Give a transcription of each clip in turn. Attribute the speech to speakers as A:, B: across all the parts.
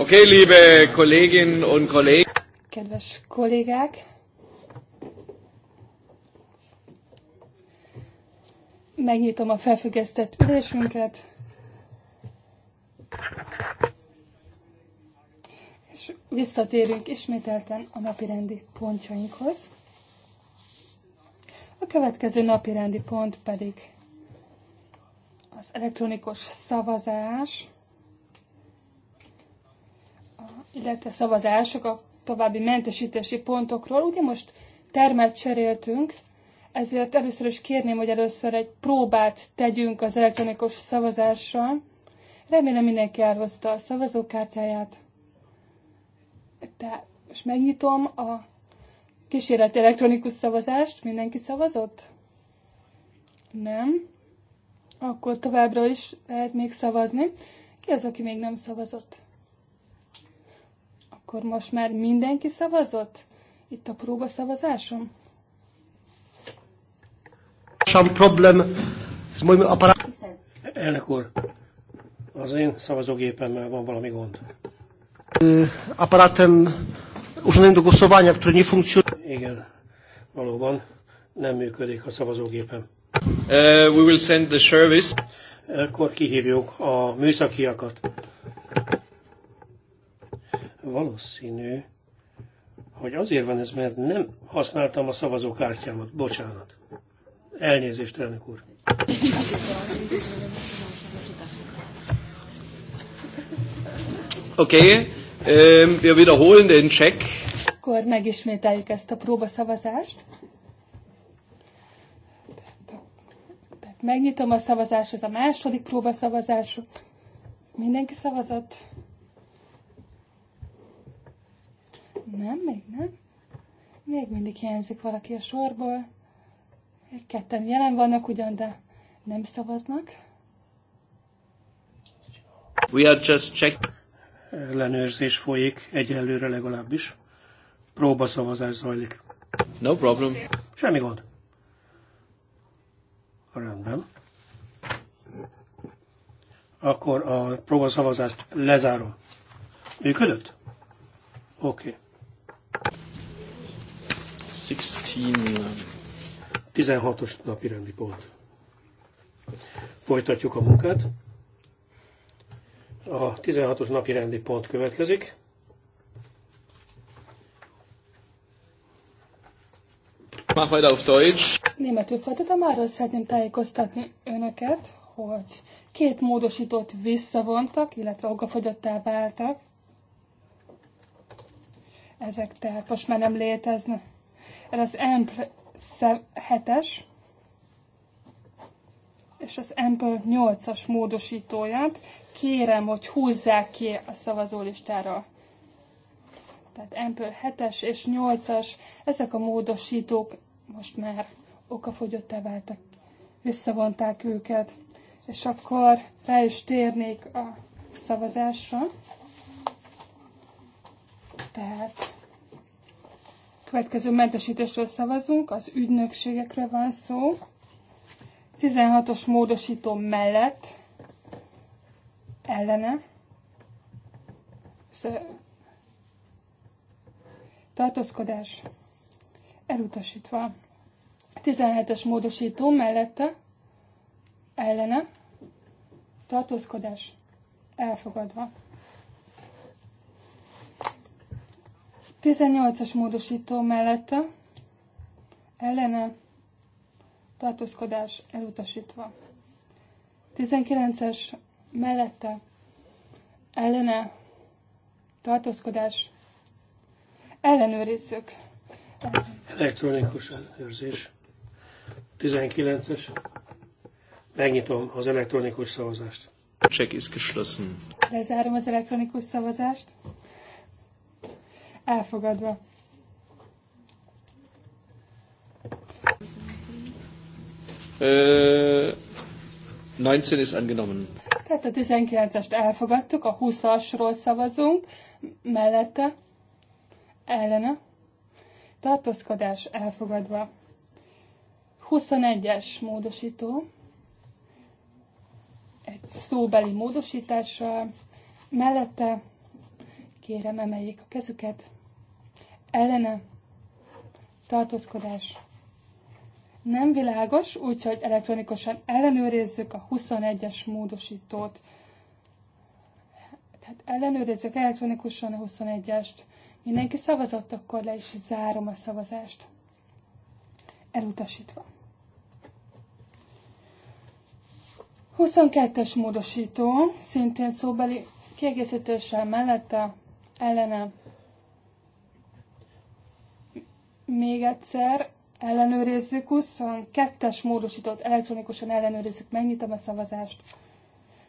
A: Okay, liebe Kolleginnen und Kollegen.
B: Kedves kollégák! Megnyitom a felfüggesztett ülésünket. És visszatérünk ismételten a napirendi pontjainkhoz. A következő napirendi pont pedig az elektronikus szavazás illetve szavazások a további mentesítési pontokról. Ugye most termet cseréltünk, ezért először is kérném, hogy először egy próbát tegyünk az elektronikus szavazással. Remélem mindenki elhozta a szavazókártyáját. Tehát most megnyitom a kísérleti elektronikus szavazást. Mindenki szavazott? Nem. Akkor továbbra is lehet még szavazni. Ki az, aki még nem szavazott? Akkor most már mindenki szavazott? Itt a próbaszavazáson?
C: Sem problém. z moim aparatem. Elnök úr, az én szavazógépemmel van valami gond. Aparatem urządzeniem do głosowania, który nie funkcjonuje. Igen, valóban nem működik a szavazógépem. Uh, we will send the service. Akkor kihívjuk a műszakiakat valószínű, hogy azért van ez, mert nem használtam a szavazókártyámat. Bocsánat. Elnézést, elnök úr.
A: Oké, okay. um, ehm, wir den Check.
B: Akkor megismételjük ezt a próbaszavazást. Megnyitom a szavazást, ez a második próbaszavazás. Mindenki szavazott? Nem, még nem. Még mindig hiányzik valaki a sorból. Ketten jelen vannak ugyan, de nem szavaznak.
A: We are just
C: check. Ellenőrzés folyik, egyelőre legalábbis. Próbaszavazás zajlik. No problem. Semmi gond. Rendben. Akkor a próbaszavazást lezárom. Működött? Oké. Okay. 16-os napi rendi pont. Folytatjuk a munkát. A 16-os napi rendi pont következik.
A: Mach auf Deutsch.
B: Németül folytatom, arról szeretném tájékoztatni önöket, hogy két módosítót visszavontak, illetve ogafogyottá váltak. Ezek tehát most már nem léteznek ez az Ample 7-es, és az Ample 8-as módosítóját. Kérem, hogy húzzák ki a szavazólistára. Tehát Ample 7-es és 8-as, ezek a módosítók most már okafogyottá váltak, visszavonták őket. És akkor rá is térnék a szavazásra. Tehát Következő mentesítésről szavazunk, az ügynökségekre van szó. 16-os módosító mellett ellene tartózkodás elutasítva. 17-es módosító mellette ellene tartózkodás elfogadva. 18-as módosító mellette ellene tartózkodás elutasítva. 19-es mellette ellene tartózkodás ellenőrizzük.
C: Elektronikus ellenőrzés. 19-es. Megnyitom az elektronikus szavazást.
A: Check is geschlossen.
B: Lezárom az elektronikus szavazást elfogadva.
A: Ö, 19 is angenommen.
B: Tehát a 19-est elfogadtuk, a 20-asról szavazunk, mellette, ellene, tartózkodás elfogadva. 21-es módosító, egy szóbeli módosítással, mellette, kérem, emeljék a kezüket. Ellene tartózkodás nem világos, úgyhogy elektronikusan ellenőrizzük a 21-es módosítót. Tehát ellenőrizzük elektronikusan a 21-est. Mindenki szavazott, akkor le is zárom a szavazást. Elutasítva. 22-es módosító, szintén szóbeli kiegészítéssel mellette ellene. Még egyszer ellenőrizzük, 22-es módosított elektronikusan ellenőrizzük, megnyitom a szavazást.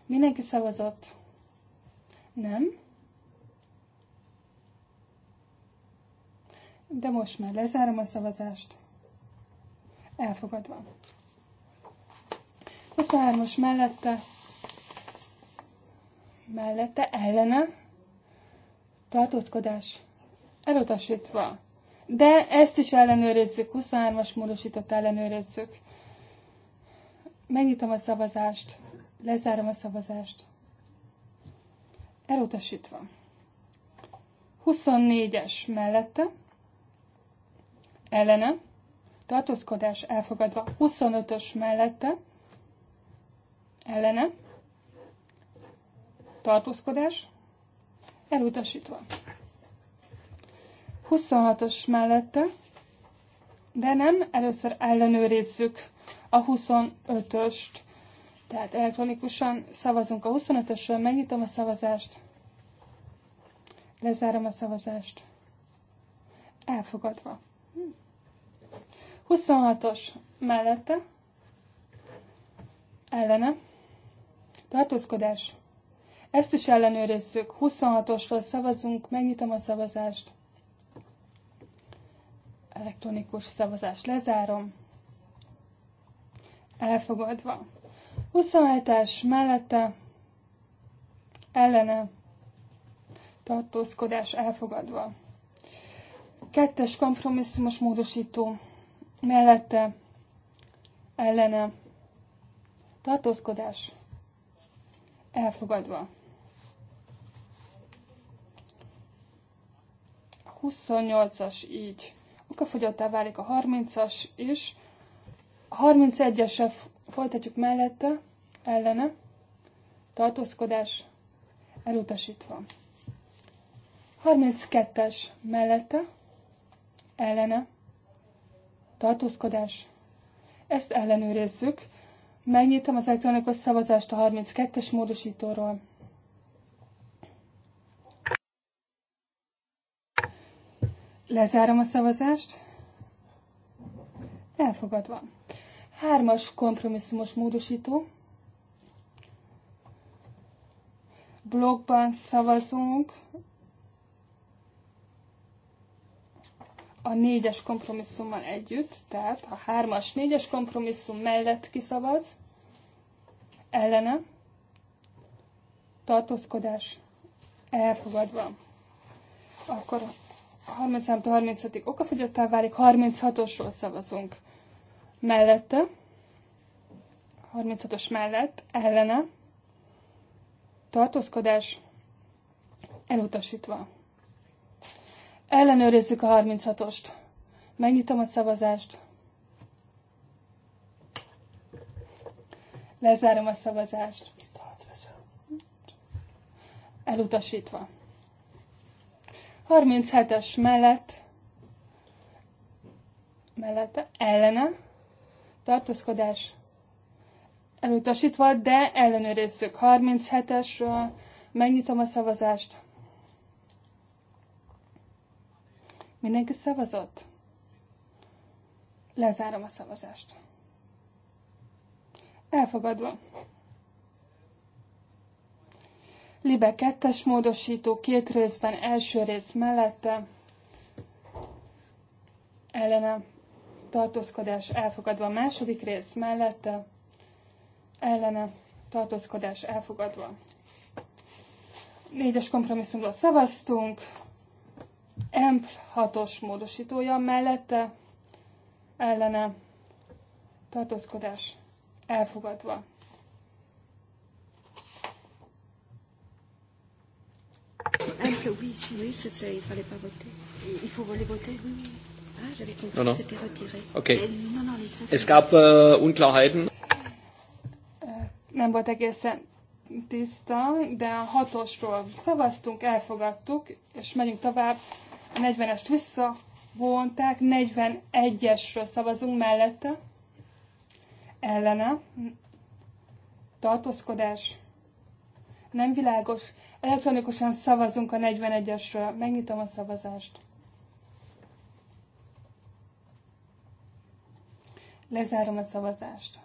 B: Mindenki szavazott? Nem. De most már lezárom a szavazást. Elfogadva. 23-as mellette mellette ellene tartózkodás elutasítva. De ezt is ellenőrizzük, 23-as módosított ellenőrizzük. Megnyitom a szavazást, lezárom a szavazást. Elutasítva. 24-es mellette, ellene, tartózkodás elfogadva. 25-ös mellette, ellene, tartózkodás elutasítva. 26-os mellette, de nem, először ellenőrizzük a 25-öst. Tehát elektronikusan szavazunk a 25-ösről, megnyitom a szavazást, lezárom a szavazást. Elfogadva. 26-os mellette, ellene, tartózkodás, ezt is ellenőrizzük. 26-osról szavazunk, megnyitom a szavazást. Elektronikus szavazást lezárom. Elfogadva. 27-es mellette ellene tartózkodás elfogadva. Kettes kompromisszumos módosító mellette ellene tartózkodás elfogadva. 28-as így okafogyottá válik a 30-as is. A 31-esre folytatjuk mellette, ellene, tartózkodás elutasítva. 32-es mellette, ellene, tartózkodás. Ezt ellenőrizzük. Megnyitom az elektronikus szavazást a 32-es módosítóról. Lezárom a szavazást. Elfogadva. Hármas kompromisszumos módosító. Blogban szavazunk a négyes kompromisszummal együtt, tehát a hármas négyes kompromisszum mellett kiszavaz, ellene, tartózkodás elfogadva. Akkor 33-től 35-ig okafogyottá válik, 36-osról szavazunk mellette, 36-os mellett, ellene, tartózkodás elutasítva. Ellenőrizzük a 36-ost. Megnyitom a szavazást. Lezárom a szavazást. Elutasítva. 37-es mellett mellette ellene tartózkodás elutasítva, de ellenőrizzük 37 es Megnyitom a szavazást. Mindenki szavazott? Lezárom a szavazást. Elfogadva. Libe 2-es módosító két részben, első rész mellette, ellene, tartózkodás elfogadva, második rész mellette, ellene, tartózkodás elfogadva. Négyes kompromisszumról szavaztunk, EMP 6-os módosítója mellette, ellene, tartózkodás elfogadva. oui, si, oui, il ne fallait pas voter. Il faut voter, oui. Ah, j'avais compris non, non. que c'était retiré. OK. Et, non, non, les es gab
A: euh, Unklarheiten.
B: Nem volt egészen tiszta, de a hatosról szavaztunk, elfogadtuk, és megyünk tovább. A 40-est visszavonták, 41-esről szavazunk mellette. Ellene. Tartózkodás nem világos. Elektronikusan szavazunk a 41-esről. Megnyitom a szavazást. Lezárom a szavazást.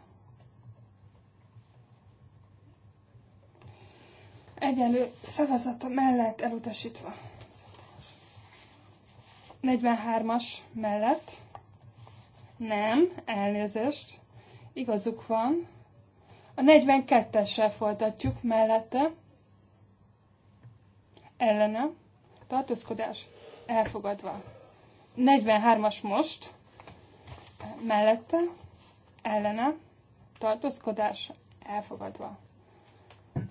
B: Egyenlő szavazata mellett elutasítva. 43-as mellett. Nem, elnézést. Igazuk van. A 42-essel folytatjuk mellette. Ellene. Tartózkodás elfogadva. 43-as most. Mellette. Ellene. Tartózkodás elfogadva.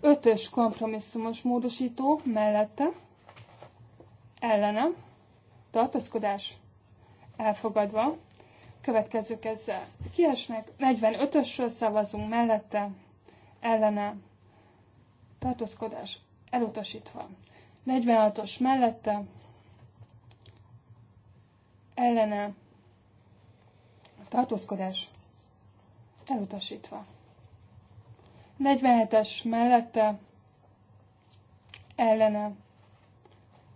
B: 5-ös kompromisszumos módosító mellette. Ellene. Tartózkodás elfogadva következők ezzel kiesnek. 45-ösről szavazunk mellette, ellene, tartózkodás elutasítva. 46-os mellette, ellene, tartózkodás elutasítva. 47-es mellette, ellene,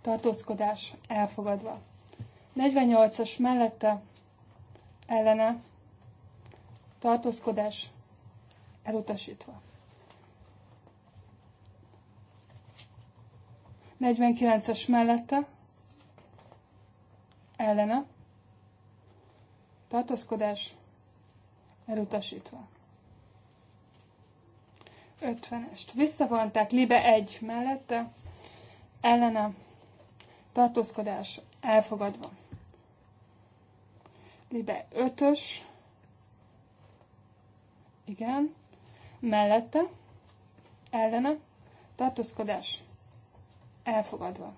B: tartózkodás elfogadva. 48-as mellette, ellene tartózkodás elutasítva. 49-es mellette ellene tartózkodás elutasítva. 50-est visszavonták, libe 1 mellette ellene tartózkodás elfogadva. Libe 5-ös. Igen. Mellette. Ellene. Tartózkodás. Elfogadva.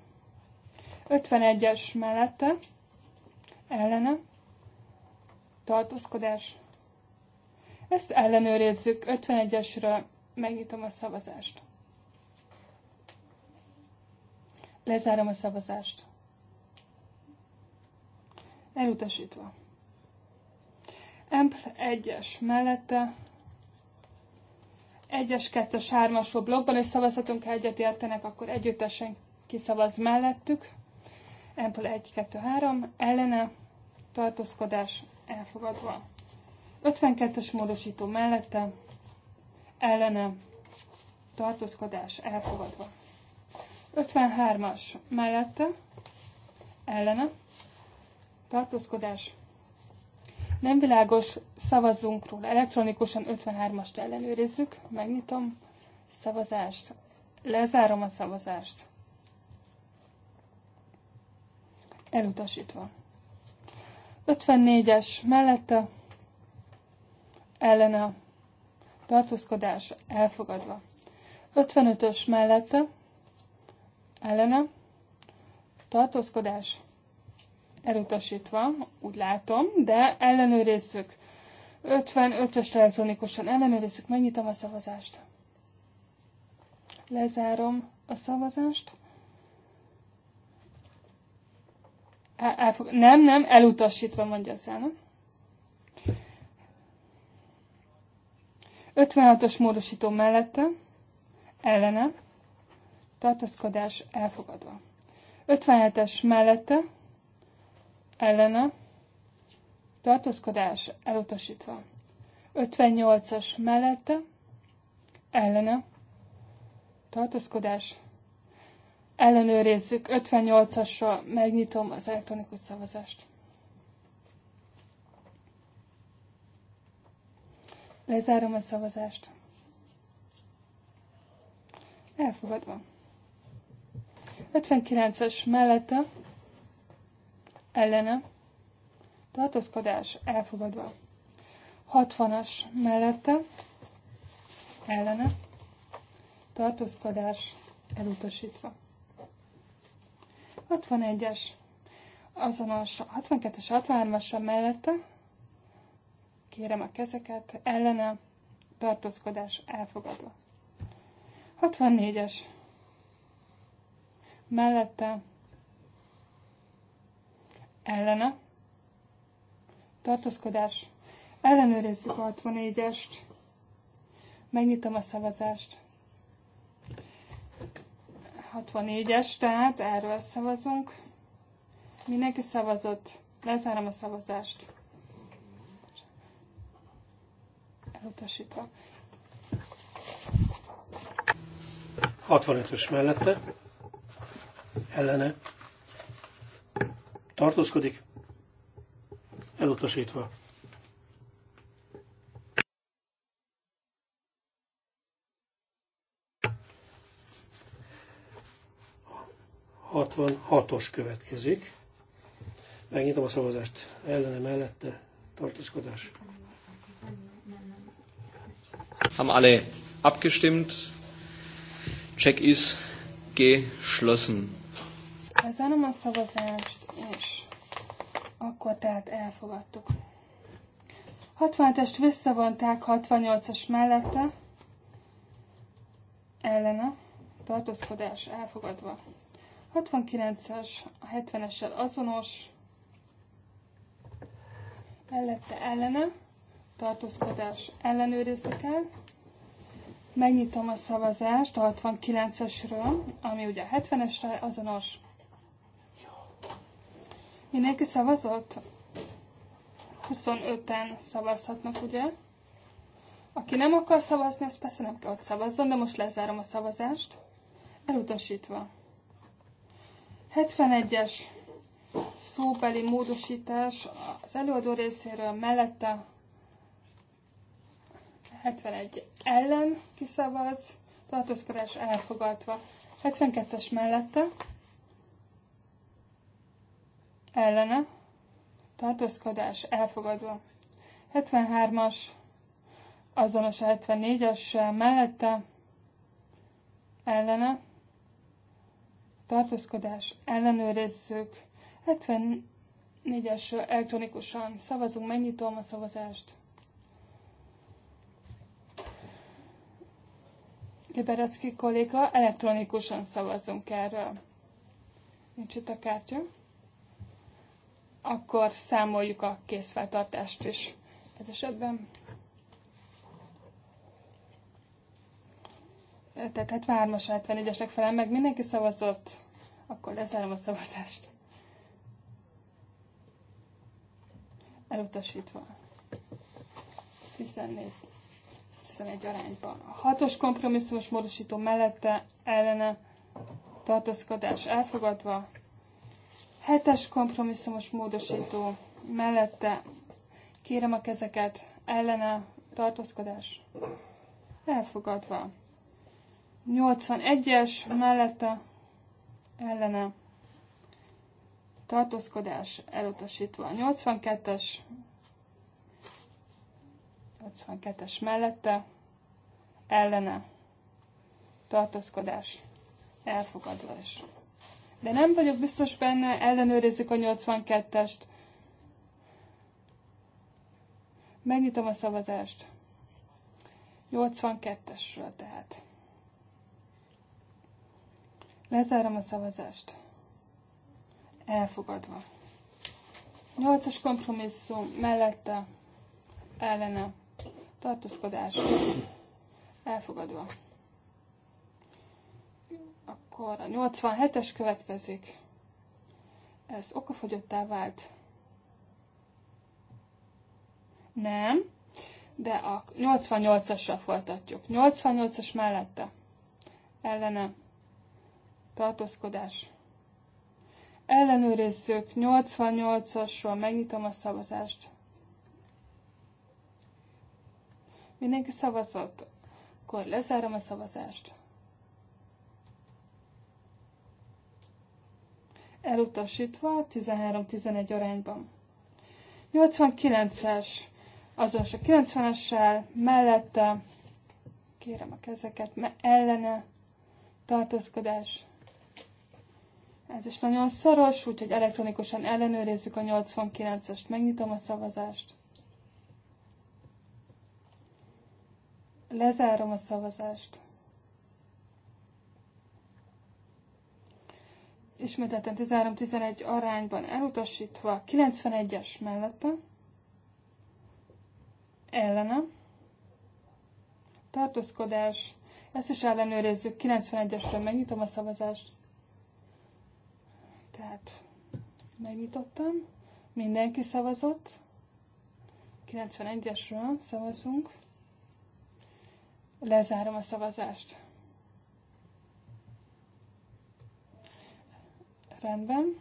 B: 51-es mellette. Ellene. Tartózkodás. Ezt ellenőrizzük. 51-esről megnyitom a szavazást. Lezárom a szavazást. Elutasítva. Ample 1-es mellette, 1-es, 2-es, 3-asról blokkban, és szavazhatunk, ha egyet értenek, akkor együttesen kiszavaz mellettük. Ample 1, 2, 3, ellene, tartózkodás elfogadva. 52-es módosító mellette, ellene, tartózkodás elfogadva. 53-as mellette, ellene, tartózkodás elfogadva nem világos, szavazzunk róla. Elektronikusan 53-ast ellenőrizzük. Megnyitom szavazást. Lezárom a szavazást. Elutasítva. 54-es mellette ellene tartózkodás elfogadva. 55-ös mellette ellene tartózkodás elutasítva, úgy látom, de ellenőrizzük. 55-ös elektronikusan ellenőrizzük, megnyitom a szavazást. Lezárom a szavazást. El, elfog... Nem, nem, elutasítva mondja az 56-os módosító mellette, ellene, tartózkodás elfogadva. 57-es mellette, ellene, tartózkodás elutasítva. 58-as mellette, ellene, tartózkodás ellenőrizzük. 58-asra megnyitom az elektronikus szavazást. Lezárom a szavazást. Elfogadva. 59-es mellette ellene, tartózkodás elfogadva. 60-as mellette, ellene, tartózkodás elutasítva. 61-es azonos 62-es, 63 as mellette, kérem a kezeket, ellene, tartózkodás elfogadva. 64-es mellette, ellene, tartózkodás, ellenőrizzük a 64-est, megnyitom a szavazást. 64-es, tehát erről szavazunk. Mindenki szavazott, lezárom a szavazást. Elutasítva.
C: 65-ös mellette, ellene, tartózkodik, elutasítva. Hatvan hatos következik. Megnyitom a szavazást. Ellene mellette tartózkodás.
A: Haben alle abgestimmt. Check is geschlossen.
B: Lezárom a szavazást, és akkor tehát elfogadtuk. 60-est visszavonták 68-as mellette, ellene, tartózkodás elfogadva. 69-es, a 70-essel azonos, mellette ellene, tartózkodás ellenőrizni kell. Megnyitom a szavazást a 69-esről, ami ugye a 70-esre azonos, Mindenki szavazott? 25-en szavazhatnak, ugye? Aki nem akar szavazni, az persze nem kell ott szavazzon, de most lezárom a szavazást. Elutasítva. 71-es szóbeli módosítás az előadó részéről mellette 71 ellen kiszavaz, tartózkodás elfogadva. 72-es mellette ellene, tartózkodás elfogadva. 73-as azonos a 74-essel mellette ellene tartózkodás ellenőrizzük. 74-es elektronikusan szavazunk, megnyitom a szavazást. Geberecki kolléga, elektronikusan szavazunk erről. Nincs itt a kártya akkor számoljuk a készfeltartást is ez esetben. Tehát 73-as, 74-esnek felel meg, mindenki szavazott, akkor lezárom a szavazást. Elutasítva. 14 11 arányban. A hatos kompromisszumos módosító mellette ellene tartózkodás elfogadva, Hetes kompromisszumos módosító mellette kérem a kezeket ellene tartózkodás elfogadva. 81-es mellette ellene tartózkodás elutasítva. 82-es 82-es mellette ellene tartózkodás elfogadva is de nem vagyok biztos benne, ellenőrizzük a 82-est. Megnyitom a szavazást. 82-esről tehát. Lezárom a szavazást. Elfogadva. 8-as kompromisszum mellette ellene tartózkodás. Elfogadva. Akkor a 87-es következik. Ez okafogyottá vált. Nem, de a 88-assal folytatjuk. 88-as mellette. Ellene. Tartózkodás. Ellenőrizzük 88-asról. Megnyitom a szavazást. Mindenki szavazott. Akkor lezárom a szavazást. elutasítva 13-11 arányban. 89-es azonos a 90-essel, mellette, kérem a kezeket, me ellene tartózkodás. Ez is nagyon szoros, úgyhogy elektronikusan ellenőrizzük a 89-est, megnyitom a szavazást. Lezárom a szavazást. ismételten 13-11 arányban elutasítva, 91-es mellette, ellene, tartózkodás, ezt is ellenőrizzük, 91-esre megnyitom a szavazást. Tehát megnyitottam, mindenki szavazott, 91-esről szavazunk, lezárom a szavazást. Rendben.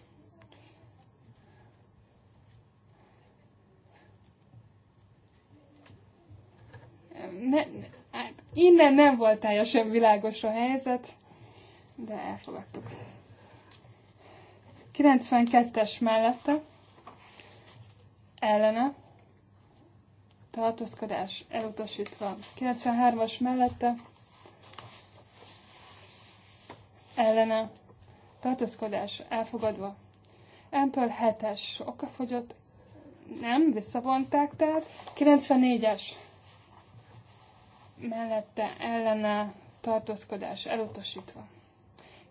B: Ne, hát innen nem volt teljesen világos a helyzet, de elfogadtuk. 92-es mellette ellene tartózkodás elutasítva. 93-as mellette ellene tartózkodás elfogadva. Ample 7-es okafogyott, nem, visszavonták, tehát 94-es mellette ellene tartózkodás elutasítva.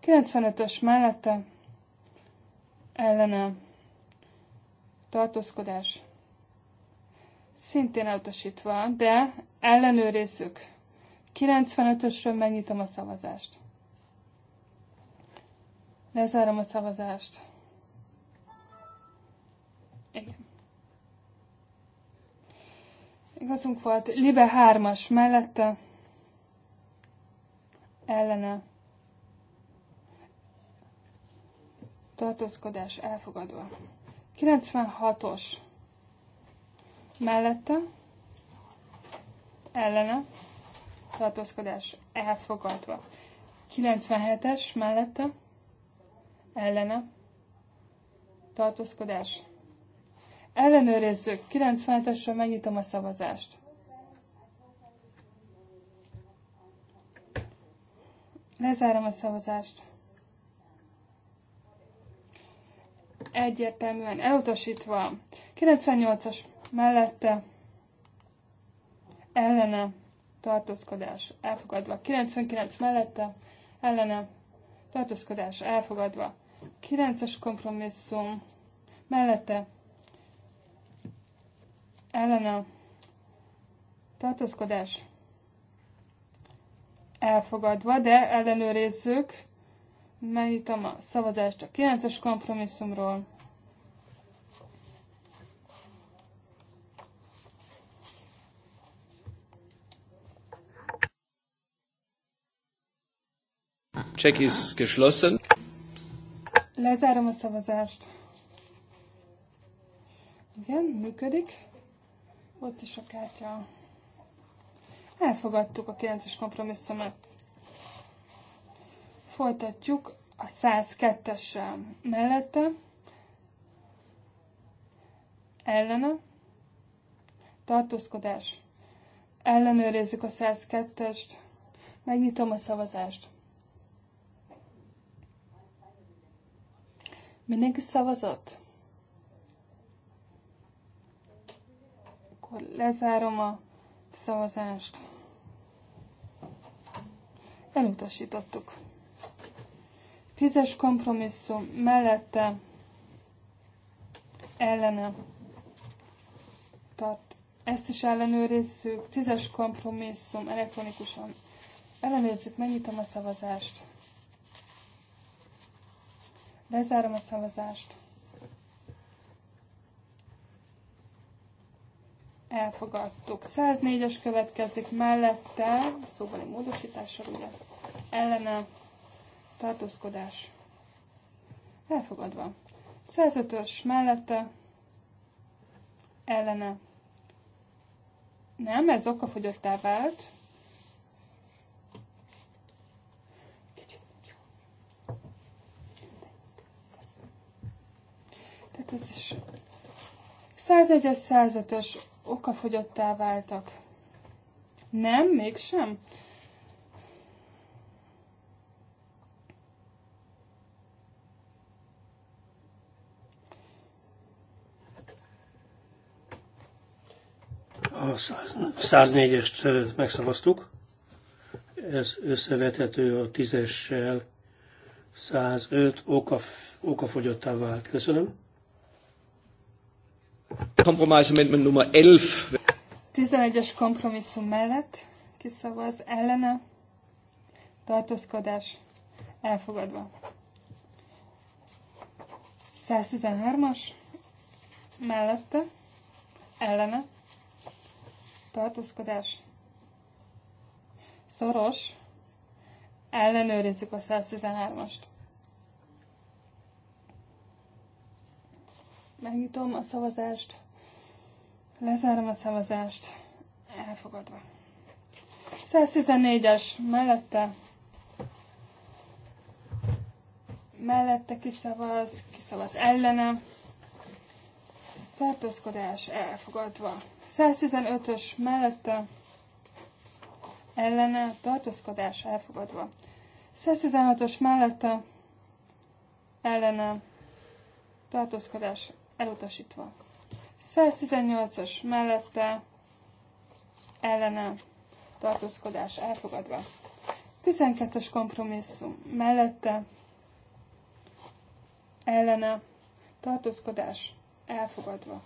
B: 95-ös mellette ellene tartózkodás szintén elutasítva, de ellenőrizzük. 95-ösről megnyitom a szavazást. Lezárom a szavazást. Igen. Igazunk volt. Libe 3-as mellette. Ellene. Tartózkodás elfogadva. 96-os mellette. Ellene. Tartózkodás elfogadva. 97-es mellette ellene, tartózkodás. Ellenőrizzük, 97-esről megnyitom a szavazást. Lezárom a szavazást. Egyértelműen elutasítva. 98-as mellette ellene tartózkodás elfogadva. 99 mellette ellene tartózkodás elfogadva. 9-es kompromisszum mellette a tartózkodás elfogadva, de ellenőrizzük. Megnyitom a szavazást a 9-es kompromisszumról.
A: Check is geschlossen.
B: Lezárom a szavazást. Igen, működik. Ott is a kártya. Elfogadtuk a 9-es kompromisszumot. Folytatjuk a 102-essel mellette. Ellene. Tartózkodás. Ellenőrizzük a 102-est. Megnyitom a szavazást. Mindenki szavazott? Akkor lezárom a szavazást. Elutasítottuk. Tízes kompromisszum mellette ellene. Tart. Ezt is ellenőrizzük. Tízes kompromisszum elektronikusan. Ellenőrizzük, megnyitom a szavazást. Lezárom a szavazást. Elfogadtuk. 104-es következik mellette, szóval egy módosítással ugye, ellene, tartózkodás. Elfogadva. 105-ös mellette, ellene. Nem, ez okafogyottá vált. Hát ez is 101-es, 105-ös okafogyottá váltak. Nem, mégsem.
C: A 104-est megszavaztuk. Ez összevethető a 10-essel. 105 okafogyottá vált. Köszönöm.
A: Compromise Amendment Nummer 11.
B: 11-es kompromisszum mellett kiszavaz ellene tartózkodás elfogadva. 113-as mellette ellene tartózkodás szoros ellenőrizzük a 113-ast. Megnyitom a szavazást. Lezárom a szavazást. Elfogadva. 114-es mellette. Mellette kiszavaz, kiszavaz ellene. Tartózkodás elfogadva. 115-ös mellette. Ellene. Tartózkodás elfogadva. 116-os mellette. Ellene. Tartózkodás elutasítva. 118-as mellette ellene tartózkodás elfogadva. 12-es kompromisszum mellette ellene tartózkodás elfogadva.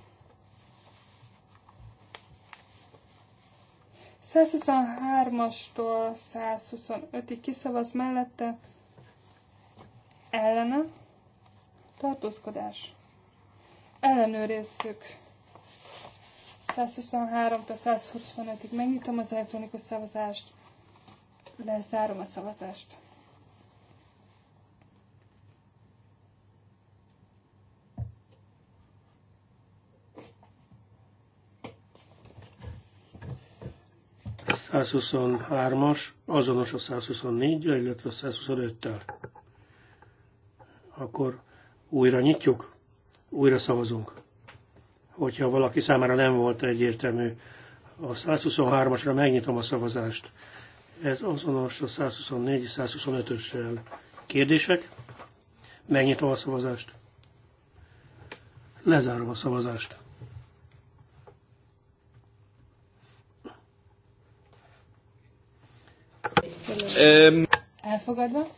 B: 123-astól 125-ig kiszavaz mellette ellene tartózkodás. Ellenőrizzük 123-tól 125-ig megnyitom az elektronikus szavazást, lezárom a szavazást.
C: A 123-as, azonos a 124 el illetve 125-tel. Akkor újra nyitjuk, újra szavazunk hogyha valaki számára nem volt egyértelmű. A 123-asra megnyitom a szavazást. Ez azonos a 124 125-össel. Kérdések? Megnyitom a szavazást. Lezárom a szavazást.
B: Elfogadva.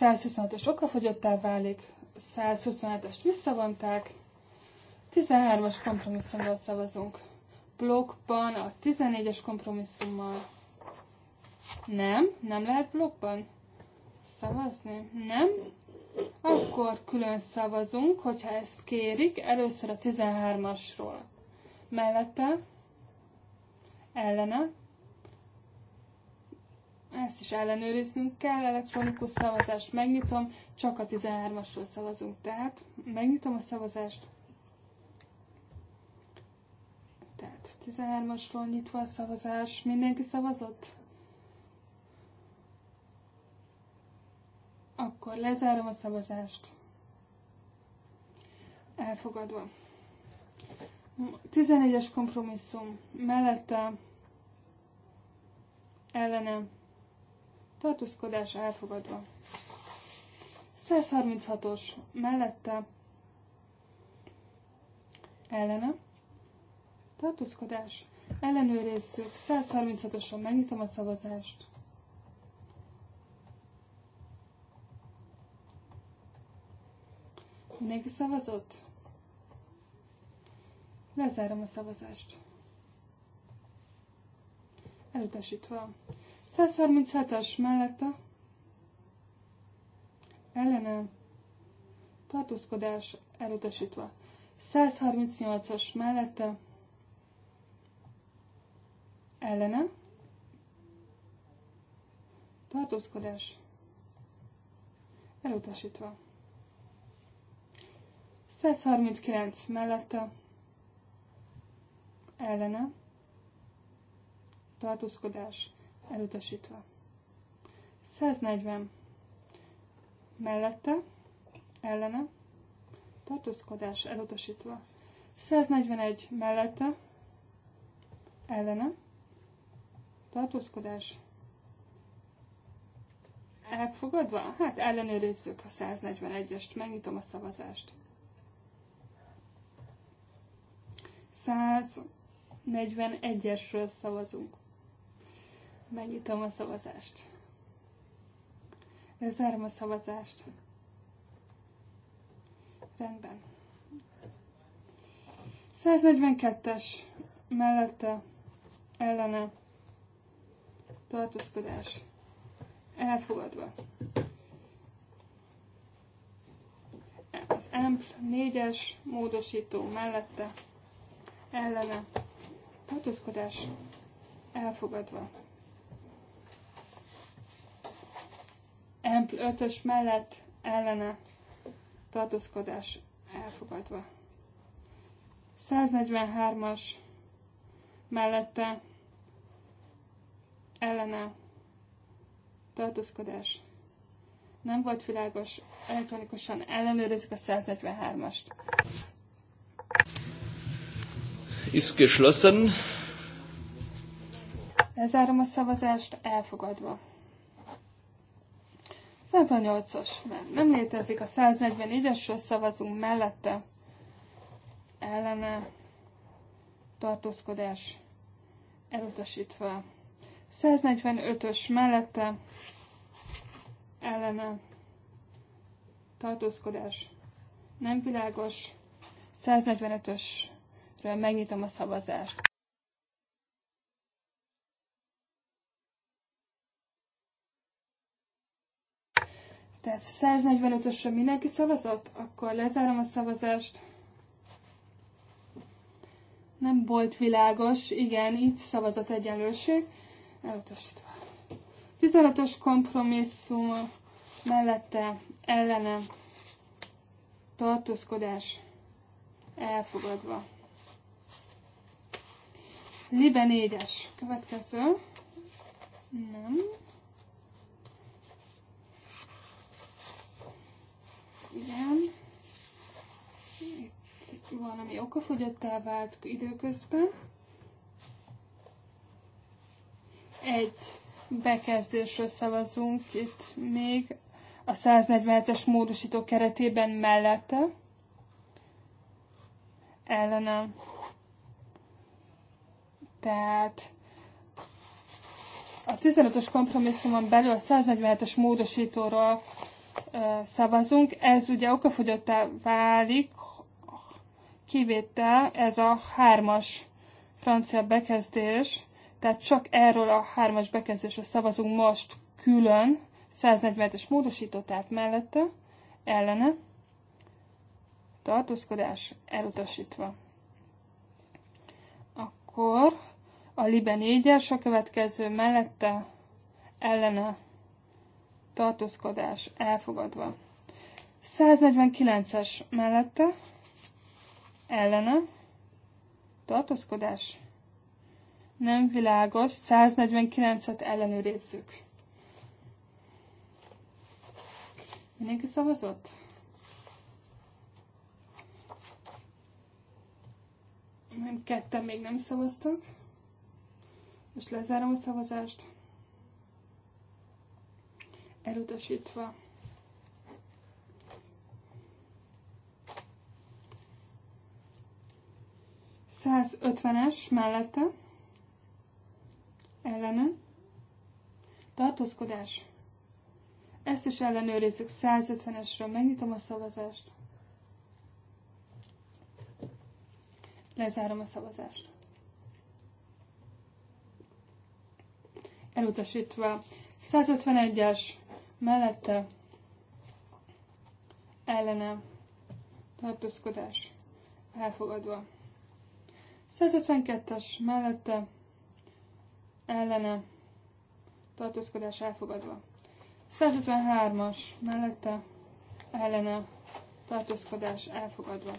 B: 126-os okafogyottá válik, 127-est visszavonták, 13-as kompromisszumról szavazunk. Blokkban a 14-es kompromisszummal. Nem? Nem lehet blokkban szavazni? Nem? Akkor külön szavazunk, hogyha ezt kérik, először a 13-asról. Mellette, ellene, ezt is ellenőriznünk kell, elektronikus szavazást megnyitom, csak a 13-asról szavazunk, tehát megnyitom a szavazást. Tehát 13-asról nyitva a szavazás, mindenki szavazott? Akkor lezárom a szavazást. Elfogadva. 11-es kompromisszum mellette ellenem tartózkodás elfogadva. 136-os mellette ellene tartózkodás ellenőrizzük. 136-oson megnyitom a szavazást. Mindenki szavazott? Lezárom a szavazást. Elutasítva. 137-es mellette ellene tartózkodás elutasítva. 138-as mellette ellene tartózkodás elutasítva. 139 mellette ellene tartózkodás elutasítva. 140 mellette, ellene, tartózkodás elutasítva. 141 mellette, ellene, tartózkodás elfogadva? Hát ellenőrizzük a 141-est, megnyitom a szavazást. 141-esről szavazunk. Megnyitom a szavazást. Lezárom a szavazást. Rendben. 142-es mellette ellene tartózkodás elfogadva. Az EMP 4-es módosító mellette ellene tartózkodás elfogadva. Amp 5-ös mellett ellene tartózkodás elfogadva. 143-as mellette ellene tartózkodás nem volt világos, elektronikusan ellenőrizzük a 143-ast.
A: Ist geschlossen.
B: Lezárom a szavazást, elfogadva. 78 os nem létezik, a 144-esről szavazunk mellette ellene tartózkodás elutasítva. 145-ös mellette ellene tartózkodás nem világos. 145-ösről megnyitom a szavazást. Tehát 145-ösre mindenki szavazott? Akkor lezárom a szavazást. Nem volt világos. Igen, itt szavazat egyenlőség. Elutasítva. 15-ös kompromisszum mellette ellene tartózkodás elfogadva. Libe 4-es. Következő. Nem. Igen. Itt valami okafogyottá vált időközben. Egy bekezdésről szavazunk itt még a 147-es módosító keretében mellette. Ellenem. Tehát a 15-ös kompromisszumon belül a 147-es módosítóról szavazunk. Ez ugye okafogyottá válik, kivétel ez a hármas francia bekezdés, tehát csak erről a hármas bekezdésre szavazunk most külön, 140 es módosító, tehát mellette, ellene, tartózkodás elutasítva. Akkor a Libe 4-es, a következő mellette, ellene, tartózkodás elfogadva. 149-es mellette ellene tartózkodás nem világos, 149-et ellenőrizzük. Mindenki szavazott? Nem, ketten még nem szavaztak. Most lezárom a szavazást elutasítva. Száz ötvenes mellette ellene tartózkodás. Ezt is ellenőrizzük 150-esről. Megnyitom a szavazást. Lezárom a szavazást. Elutasítva. 151-es mellette ellene tartózkodás elfogadva. 152-es mellette ellene tartózkodás elfogadva. 153-as mellette ellene tartózkodás elfogadva.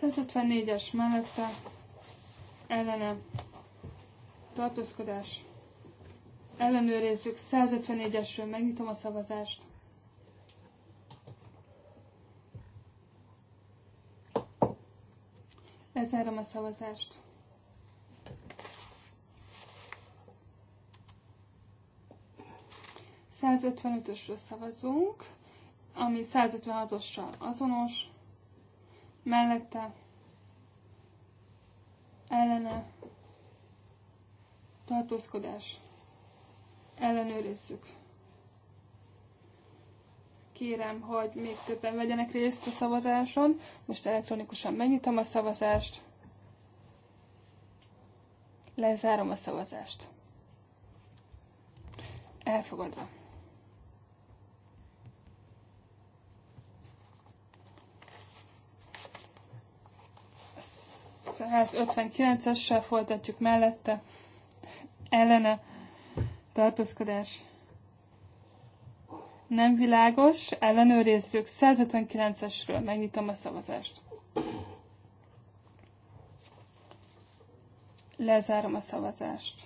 B: 154-es mellette ellene tartózkodás Ellenőrizzük. 154. esről megnyitom a szavazást. Lezárom a szavazást. ösről szavazunk, ami 156-ossal azonos, mellette ellene tartózkodás ellenőrizzük. Kérem, hogy még többen vegyenek részt a szavazáson. Most elektronikusan megnyitom a szavazást. Lezárom a szavazást. Elfogadva. A 159-essel folytatjuk mellette, ellene tartózkodás nem világos, ellenőrizzük 159-esről, megnyitom a szavazást. Lezárom a szavazást.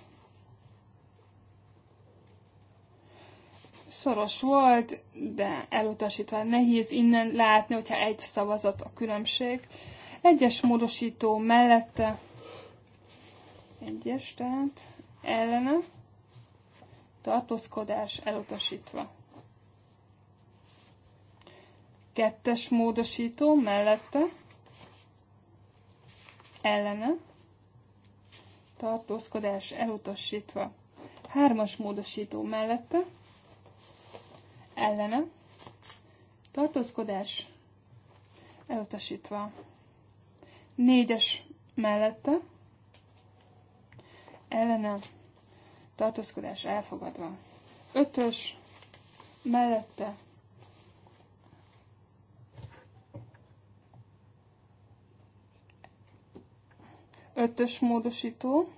B: Szoros volt, de elutasítva nehéz innen látni, hogyha egy szavazat a különbség. Egyes módosító mellette, egyes tehát, ellene, tartózkodás elutasítva. Kettes módosító mellette, ellene, tartózkodás elutasítva. Hármas módosító mellette, ellene, tartózkodás elutasítva. Négyes mellette, ellene, tartózkodás elfogadva. Ötös mellette ötös módosító.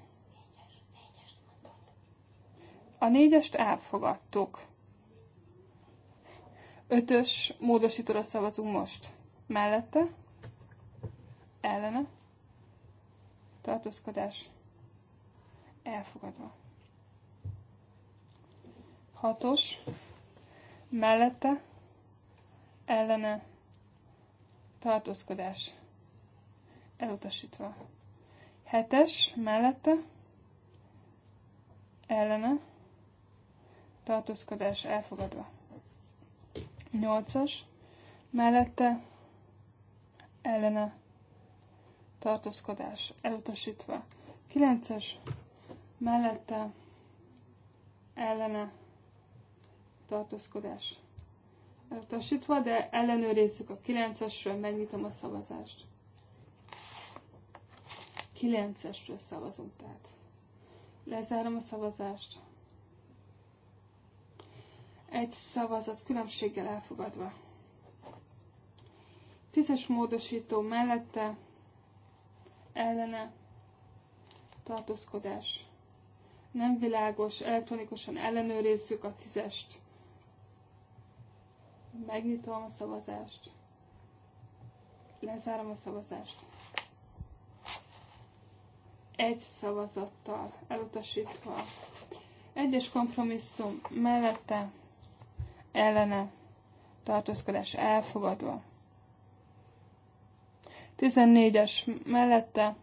B: A négyest elfogadtuk. Ötös módosítóra szavazunk most. Mellette, ellene, tartózkodás, elfogadva. Hatos. Mellette. Ellene. Tartózkodás. Elutasítva. Hetes. Mellette. Ellene. Tartózkodás elfogadva. Nyolcas. Mellette. Ellene. Tartózkodás elutasítva. Kilences mellette, ellene tartózkodás elutasítva, de ellenőrizzük a 9-esről, megnyitom a szavazást. 9-esről szavazunk tehát. Lezárom a szavazást. Egy szavazat különbséggel elfogadva. Tízes módosító mellette ellene tartózkodás. Nem világos, elektronikusan ellenőrizzük a tízest. Megnyitom a szavazást. Lezárom a szavazást. Egy szavazattal elutasítva. Egyes kompromisszum mellette, ellene, tartózkodás elfogadva. 14-es mellette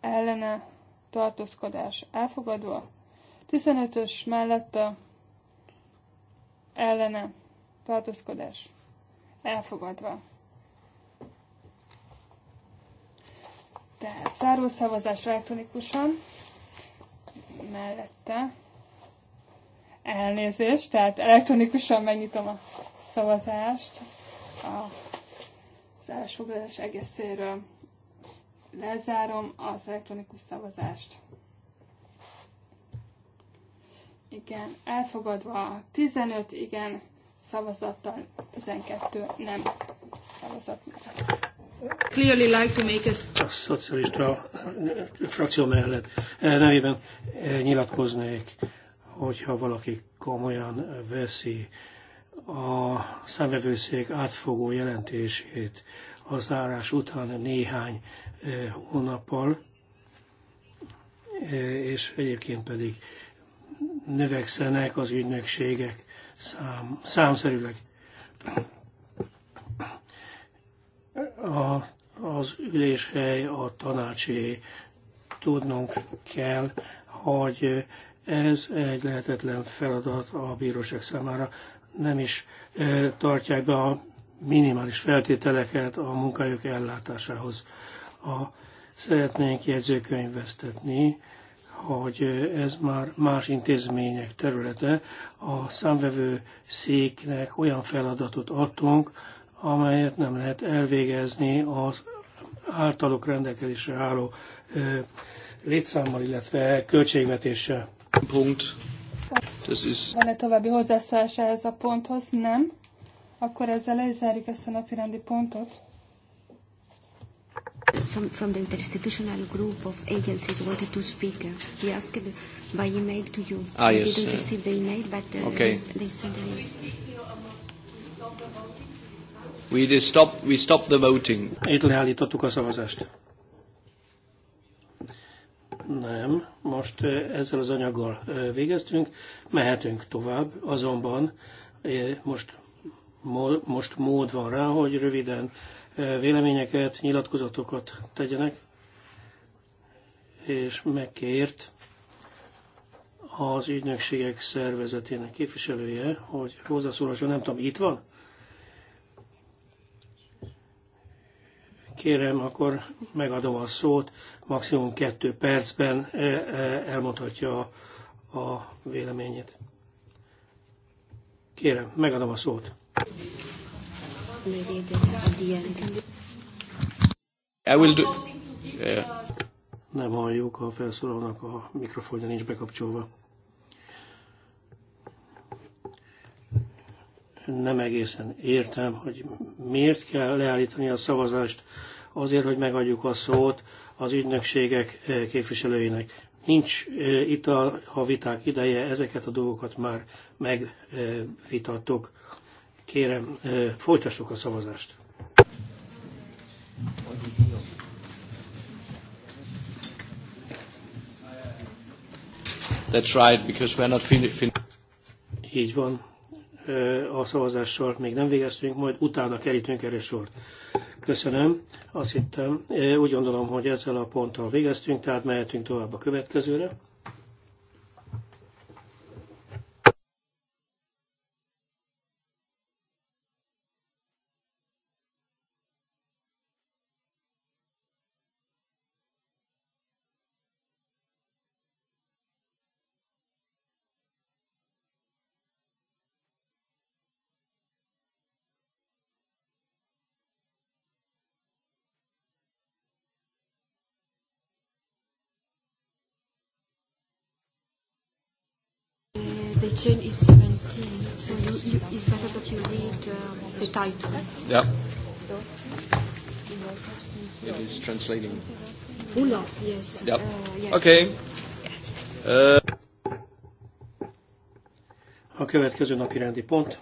B: ellene tartózkodás elfogadva, 15-ös mellette ellene tartózkodás elfogadva. Tehát száró szavazás elektronikusan mellette elnézést, tehát elektronikusan megnyitom a szavazást a szállásfoglalás egészéről. Lezárom az elektronikus szavazást igen, elfogadva 15, igen, szavazattal 12 nem szavazat. Clearly like to make a... a
C: szocialista frakció mellett e, nevében e, nyilatkoznék, hogyha valaki komolyan veszi a számvevőszék átfogó jelentését a zárás után néhány e, hónappal, és egyébként pedig növekszenek az ügynökségek szám, számszerűleg. A, az üléshely a tanácsé. Tudnunk kell, hogy ez egy lehetetlen feladat a bíróság számára. Nem is tartják be a minimális feltételeket a munkájuk ellátásához. A, szeretnénk jegyzőkönyvesztetni hogy ez már más intézmények területe. A számvevő széknek olyan feladatot adtunk, amelyet nem lehet elvégezni az általuk rendelkezésre álló létszámmal, illetve költségvetéssel. Punkt.
B: Van-e további hozzászólása ez a ponthoz? Nem. Akkor ezzel lezárjuk ezt a napirendi pontot some from the
D: interinstitutional group of agencies wanted to speak. Uh, he asked by email to you. Ah, yes, didn't uh, receive the email, but uh, okay. they, they said. Uh,
A: We, did stop, we stopped the voting.
C: Itt leállítottuk a szavazást. Nem, most ezzel az anyaggal végeztünk, mehetünk tovább, azonban most, most mód van rá, hogy röviden véleményeket, nyilatkozatokat tegyenek, és megkért az ügynökségek szervezetének képviselője, hogy hozzászólásra nem tudom, itt van? Kérem, akkor megadom a szót, maximum kettő percben e, e, elmondhatja a véleményét. Kérem, megadom a szót.
A: I will
D: do...
C: Nem halljuk, a felszólalónak a mikrofonja nincs bekapcsolva. Nem egészen értem, hogy miért kell leállítani a szavazást azért, hogy megadjuk a szót az ügynökségek eh, képviselőinek. Nincs eh, itt a, a viták ideje, ezeket a dolgokat már megvitattuk. Kérem, folytassuk a szavazást.
A: That's right, because we're not fin-
C: Így van. A szavazással még nem végeztünk, majd utána kerítünk erre sort. Köszönöm. Azt hittem, úgy gondolom, hogy ezzel a ponttal végeztünk, tehát mehetünk tovább a következőre.
B: question is 17, so you, you, it's better that you read uh, the title.
A: Yeah. It is translating.
B: Ula. Yes. Yep. Uh, yes. Okay.
A: Uh.
C: A következő napi rendi pont.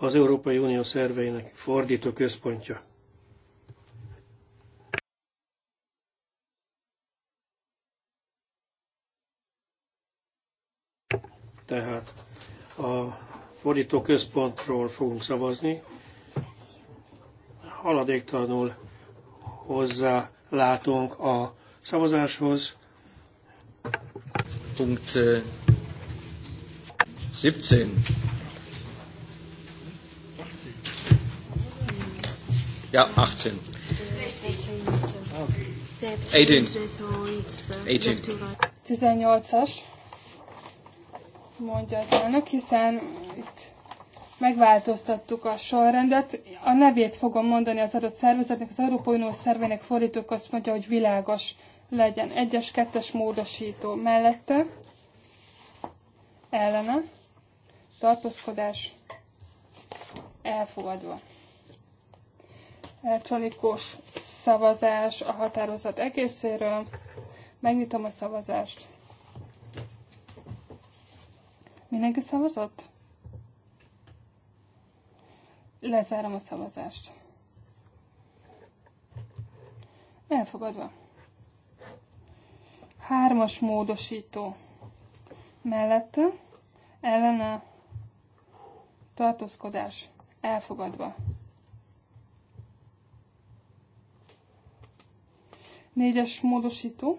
C: az Európai Unió szerveinek fordító központja. Tehát a fordító központról fogunk szavazni. Haladéktalanul hozzá látunk a szavazáshoz.
A: Punkt 17. Äh, Ja, 18.
B: 18. 18-as, mondja az elnök, hiszen itt megváltoztattuk a sorrendet. A nevét fogom mondani az adott szervezetnek, az Európai Unió szervének fordítók azt mondja, hogy világos legyen. Egyes, kettes módosító mellette, ellene, tartózkodás, elfogadva. Elektronikus szavazás a határozat egészéről. Megnyitom a szavazást. Mindenki szavazott? Lezárom a szavazást. Elfogadva. Hármas módosító. Mellette ellene tartózkodás elfogadva. négyes módosító.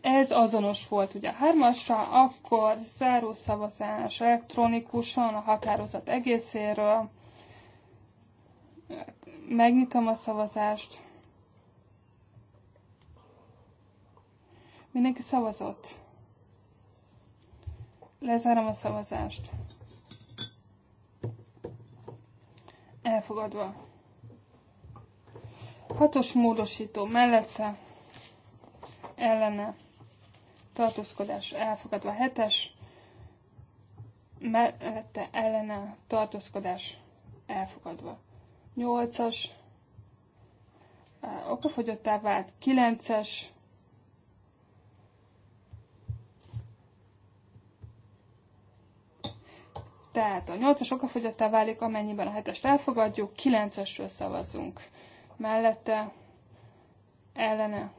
B: Ez azonos volt ugye a hármasra, akkor záró szavazás elektronikusan a határozat egészéről. Megnyitom a szavazást. Mindenki szavazott. Lezárom a szavazást. Elfogadva. Hatos módosító mellette ellene tartózkodás elfogadva. Hetes mellette ellene tartózkodás elfogadva. Nyolcas okafogyottá vált. Kilences Tehát a 8-as okafogyottá válik, amennyiben a 7-est elfogadjuk, 9-esről szavazunk mellette ellene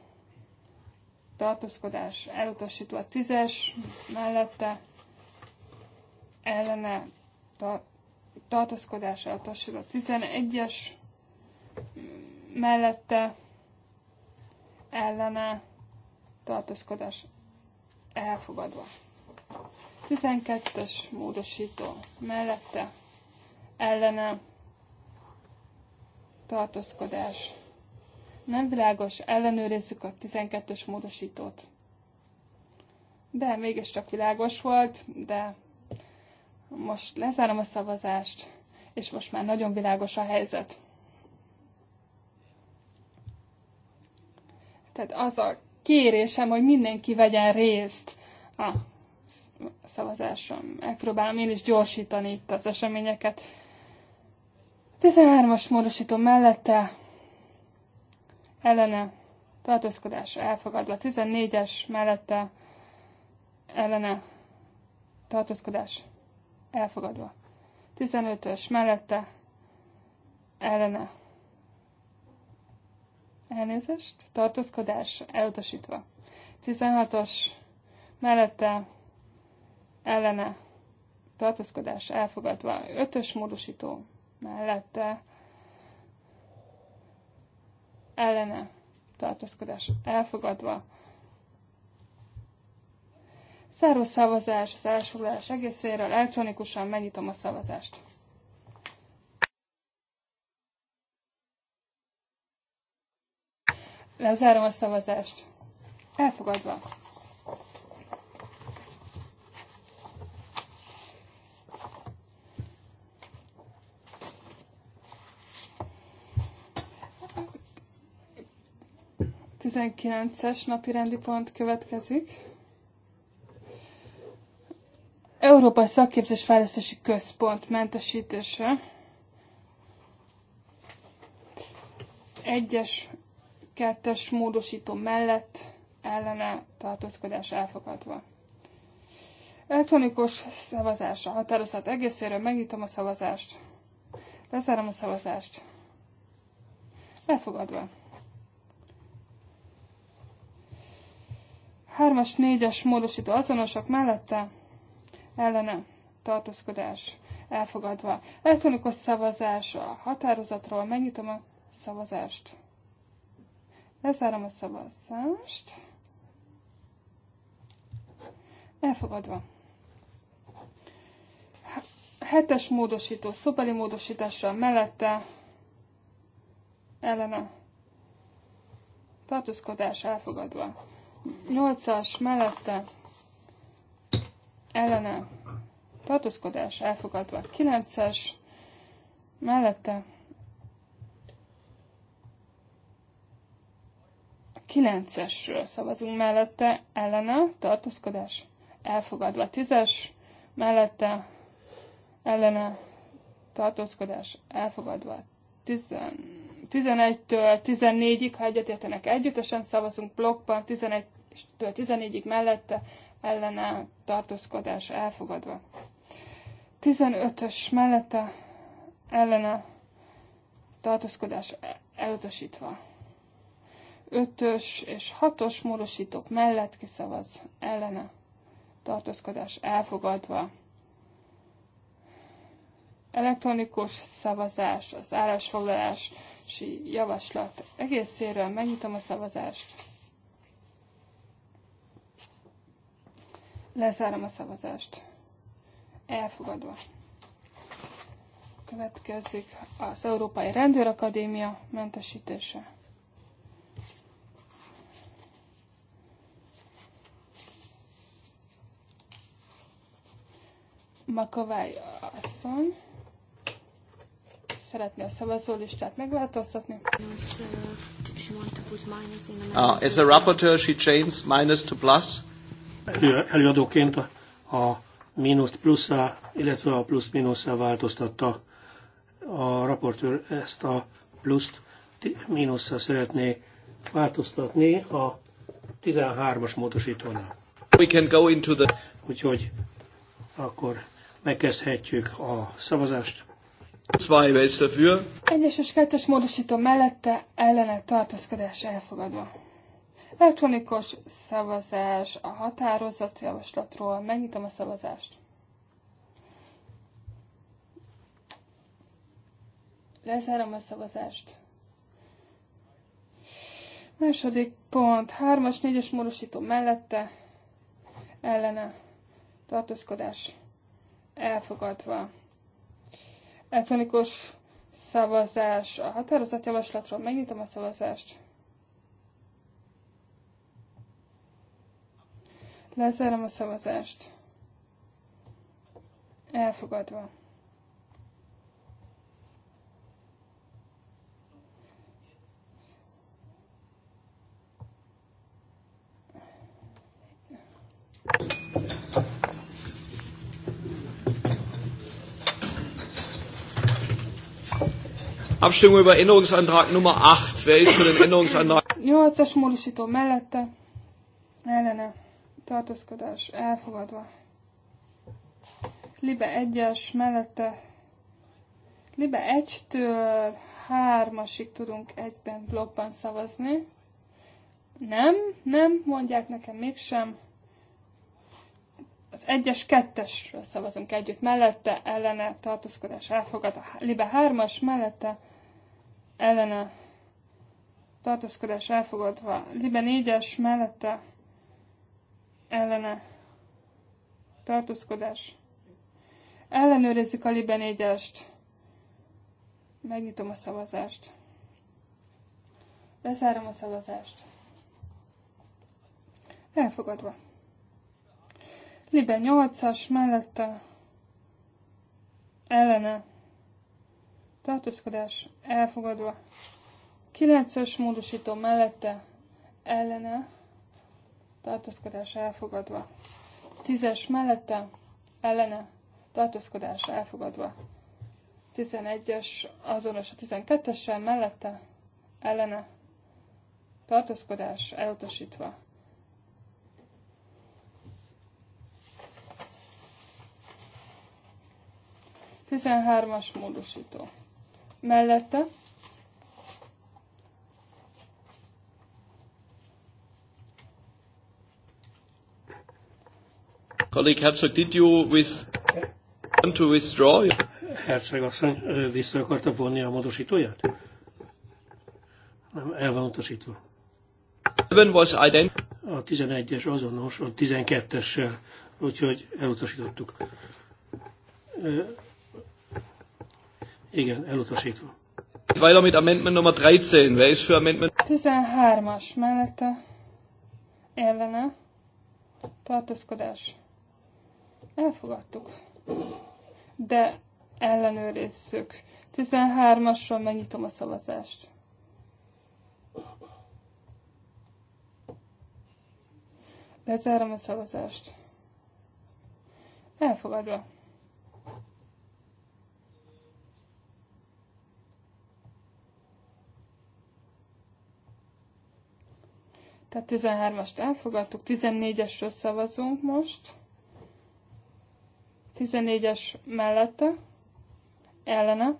B: tartózkodás elutasítva a tízes mellette ellene tartózkodás elutasítva a tizenegyes mellette ellene tartózkodás elfogadva. 12-es módosító mellette ellene tartózkodás. Nem világos, ellenőrizzük a 12-ös módosítót. De mégiscsak világos volt, de most lezárom a szavazást, és most már nagyon világos a helyzet. Tehát az a kérésem, hogy mindenki vegyen részt a szavazáson. Megpróbálom én is gyorsítani itt az eseményeket. 13-as módosító mellette ellene tartózkodás elfogadva. 14-es mellette ellene tartózkodás elfogadva. 15-ös mellette ellene elnézést, tartózkodás elutasítva. 16-os mellette ellene tartózkodás elfogadva. 5-ös módosító mellette ellene tartózkodás elfogadva. Száros szavazás, az elsőlás egészéről elektronikusan megnyitom a szavazást. Lezárom a szavazást. Elfogadva. 19-es napi rendi pont következik. Európai Szakképzés Fejlesztési Központ mentesítése. Egyes, kettes módosító mellett ellene tartózkodás elfogadva. Elektronikus szavazás a határozat egészéről. Megnyitom a szavazást. Lezárom a szavazást. Elfogadva. 3-as, 4-es módosító azonosak mellette ellene tartózkodás elfogadva. Elektronikus szavazás a határozatról. Megnyitom a szavazást. Lezárom a szavazást. Elfogadva. Hetes módosító, szobeli módosításra mellette ellene tartózkodás elfogadva. 8-as mellette ellene tartózkodás elfogadva. 9-es mellette 9-esről szavazunk mellette ellene tartózkodás elfogadva. 10-es mellette ellene tartózkodás elfogadva. 11 11-től 14-ig, ha egyetértenek együttesen, szavazunk blokkban 11-től 14-ig mellette ellene tartózkodás elfogadva. 15-ös mellette ellene tartózkodás e- elutasítva. 5-ös és 6-os módosítók mellett kiszavaz ellene tartózkodás elfogadva. Elektronikus szavazás, az állásfoglalás jogalkotási javaslat egészéről. Megnyitom a szavazást. Lezárom a szavazást. Elfogadva. Következik az Európai Rendőrakadémia mentesítése. Makovály asszony szeretné a szavazólistát megváltoztatni. Ah, as a
A: rapporteur, she changes minus to plus. Előadóként
C: a, a mínuszt pluszá, illetve a plusz mínuszá változtatta a raportőr ezt a pluszt mínuszra szeretné változtatni a 13-as módosítónál.
A: We can go into
C: the... Úgyhogy akkor megkezdhetjük a szavazást.
B: Egyes és kettes módosító mellette ellene tartózkodás elfogadva. Elektronikus szavazás a határozat javaslatról. Megnyitom a szavazást. Lezárom a szavazást. Második pont. Hármas, négyes módosító mellette ellene tartózkodás elfogadva. Elektronikus szavazás a határozatjavaslatról. Megnyitom a szavazást. Lezárom a szavazást. Elfogadva.
A: Thank you. Abstimmung über Änderungsantrag Nummer 8. Wer ist für den Änderungsantrag?
B: 8-as módosító mellette, ellene, tartózkodás elfogadva. Libe 1-es mellette, Libe 1-től 3-asig tudunk egyben blokkban szavazni. Nem, nem, mondják nekem mégsem. Az 1-es, 2-esre szavazunk együtt mellette, ellene, tartózkodás elfogad. A Libe 3-as mellette, ellene tartózkodás elfogadva. Libe 4-es mellette ellene tartózkodás. Ellenőrizzük a Libe 4-est. Megnyitom a szavazást. Lezárom a szavazást. Elfogadva. Libe 8-as mellette ellene tartózkodás elfogadva. 9-es módosító mellette ellene tartózkodás elfogadva. 10-es mellette ellene tartózkodás elfogadva. 11-es azonos a 12-essel mellette ellene tartózkodás elutasítva. Tizenhármas módosító mellette.
A: Colleague Herzog, did you with... want to withdraw?
C: Herzog asszony vissza akarta vonni a módosítóját? Nem, el van utasítva. Was ident- a 11-es azonos a 12-essel,
A: úgyhogy elutasítottuk. Igen, elutasítva. Weiler mit Amendment Nummer 13. Wer ist für Amendment?
B: 13-as mellette ellene tartózkodás. Elfogadtuk. De ellenőrizzük. 13-asról megnyitom a szavazást. Lezárom a szavazást. Elfogadva. Tehát 13-ast elfogadtuk, 14-esről szavazunk most. 14-es mellette, ellene,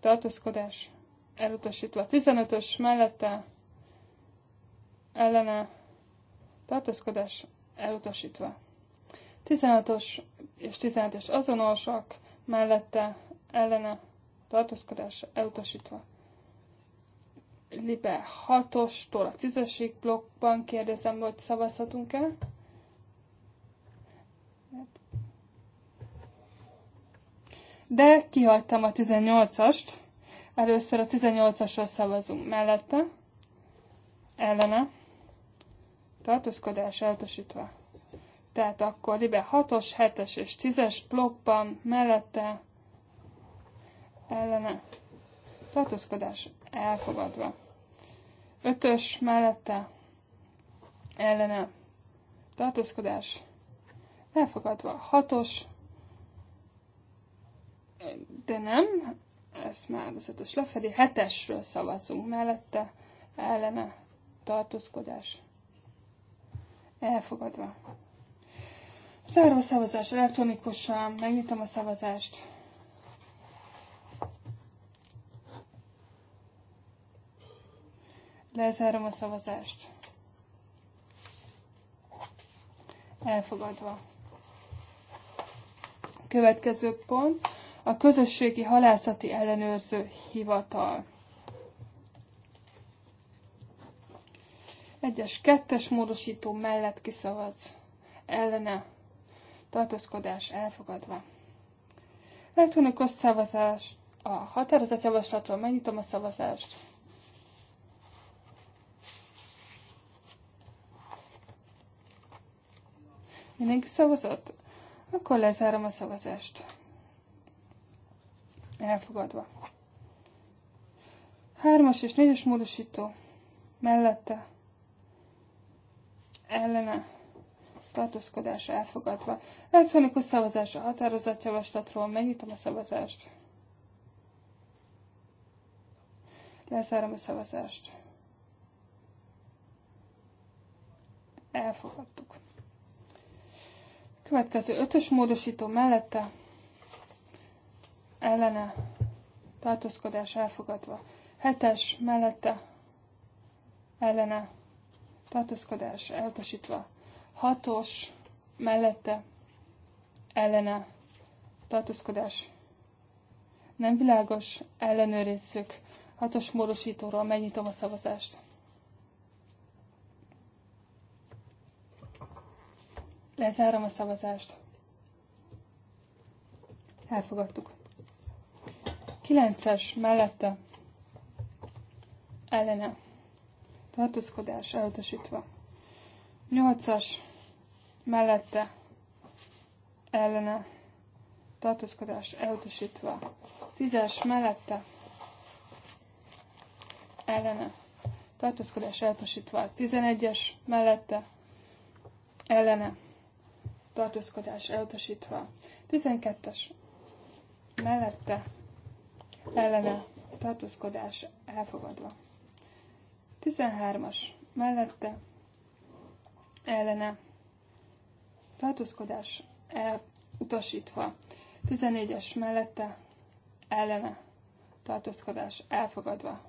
B: tartózkodás elutasítva. 15-ös mellette, ellene, tartózkodás elutasítva. 16-os és 17-es azonosak, mellette, ellene, tartózkodás elutasítva. Libe 6-ostól a 10 blokkban kérdezem, hogy szavazhatunk-e. De kihagytam a 18-ast. Először a 18-asról szavazunk mellette. Ellene. Tartózkodás eltosítva. Tehát akkor Libe 6-os, 7-es és 10-es blokkban mellette ellene tartózkodás elfogadva. Ötös mellette ellene tartózkodás elfogadva. Hatos, de nem, ez már ötös lefelé. Hetesről szavazunk mellette ellene tartózkodás elfogadva. Zárva szavazás elektronikusan, megnyitom a szavazást. Lezárom a szavazást. Elfogadva. Következő pont a Közösségi Halászati Ellenőrző Hivatal. Egyes kettes módosító mellett kiszavaz. Ellene. Tartózkodás elfogadva. Elektronikus szavazás. A határozatjavaslatról megnyitom a szavazást. Mindenki szavazott? Akkor lezárom a szavazást. Elfogadva. Hármas és négyes módosító. Mellette. Ellene. Tartózkodás elfogadva. Elektronikus szavazás a határozatjavaslatról. Megnyitom a szavazást. Lezárom a szavazást. Elfogadtuk. Következő ötös módosító mellette ellene tartózkodás elfogadva. Hetes mellette ellene tartózkodás elutasítva. Hatos mellette ellene tartózkodás nem világos, ellenőrizzük. Hatos módosítóról megnyitom a szavazást. Lezárom a szavazást. Elfogadtuk. 9-es mellette ellene tartózkodás elutasítva. 8-as mellette ellene tartózkodás elutasítva. 10-es mellette ellene tartózkodás elutasítva. 11-es mellette ellene tartózkodás elutasítva. 12-es mellette ellene tartózkodás elfogadva. 13-as mellette ellene tartózkodás elutasítva. 14-es mellette ellene tartózkodás elfogadva.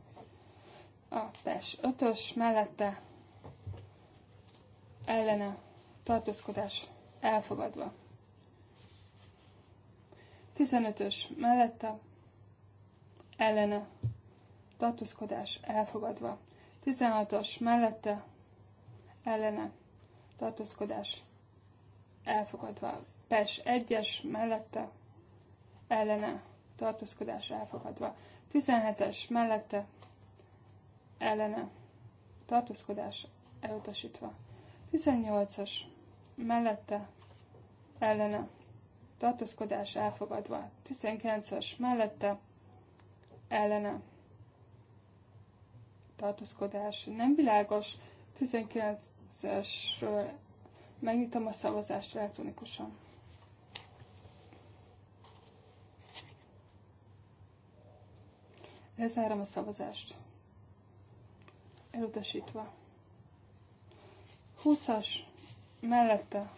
B: A PES 5-ös mellette ellene tartózkodás elfogadva. 15-ös mellette ellene tartózkodás elfogadva. 16-os mellette ellene tartózkodás elfogadva. PES 1-es mellette ellene tartózkodás elfogadva. 17-es mellette ellene tartózkodás elutasítva. 18-as mellette ellene tartózkodás elfogadva. 19-es mellette ellene tartózkodás nem világos. 19-es megnyitom a szavazást elektronikusan. Lezárom a szavazást. Elutasítva. 20-as mellette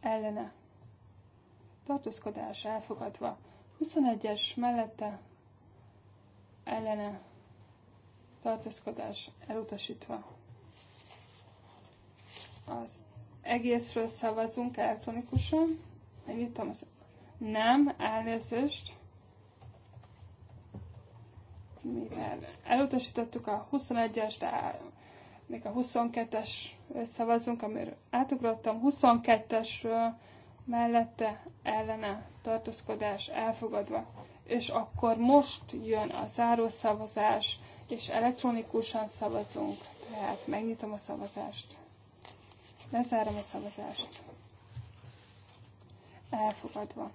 B: ellene tartózkodás elfogadva. 21-es mellette ellene tartózkodás elutasítva. Az egészről szavazunk elektronikusan. Megnyitom az nem, elnézést. Mivel elutasítottuk a 21-es, de még a 22-es szavazunk, amiről átugrottam, 22-es mellette ellene tartózkodás elfogadva. És akkor most jön a záró szavazás, és elektronikusan szavazunk. Tehát megnyitom a szavazást. Lezárom a szavazást. Elfogadva.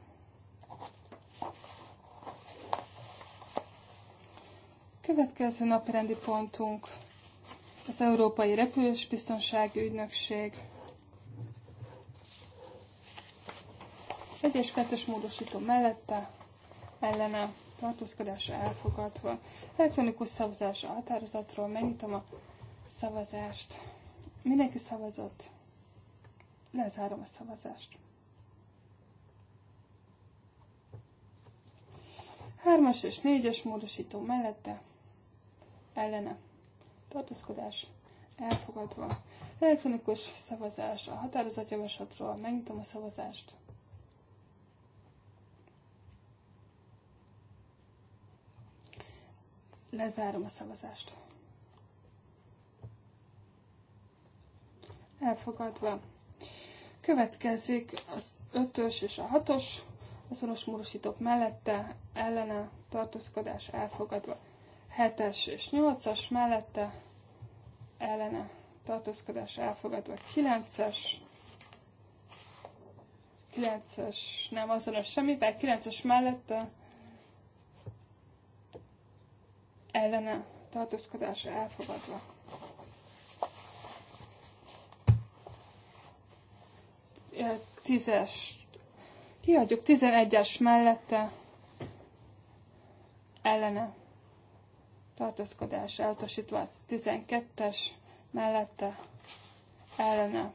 B: Következő napi rendi pontunk az Európai Repülős Biztonsági Ügynökség. Egyes kettes módosító mellette ellene tartózkodása elfogadva. Elektronikus szavazás a határozatról. Megnyitom a szavazást. Mindenki szavazott. Lezárom a szavazást. Hármas és négyes módosító mellette ellene tartózkodás elfogadva. Elektronikus szavazás a határozatjavaslatról. Megnyitom a szavazást. Lezárom a szavazást. Elfogadva. Következik az ötös és a hatos, azonos módosítók mellette, ellene, tartózkodás elfogadva. 7-es és 8-as mellette ellene tartózkodás elfogadva 9-es, 9-es nem azonos semmi, tehát 9-es mellette ellene tartózkodás elfogadva. Tízes. Kiadjuk 11-es mellette ellene tartózkodás elutasítva 12-es mellette ellene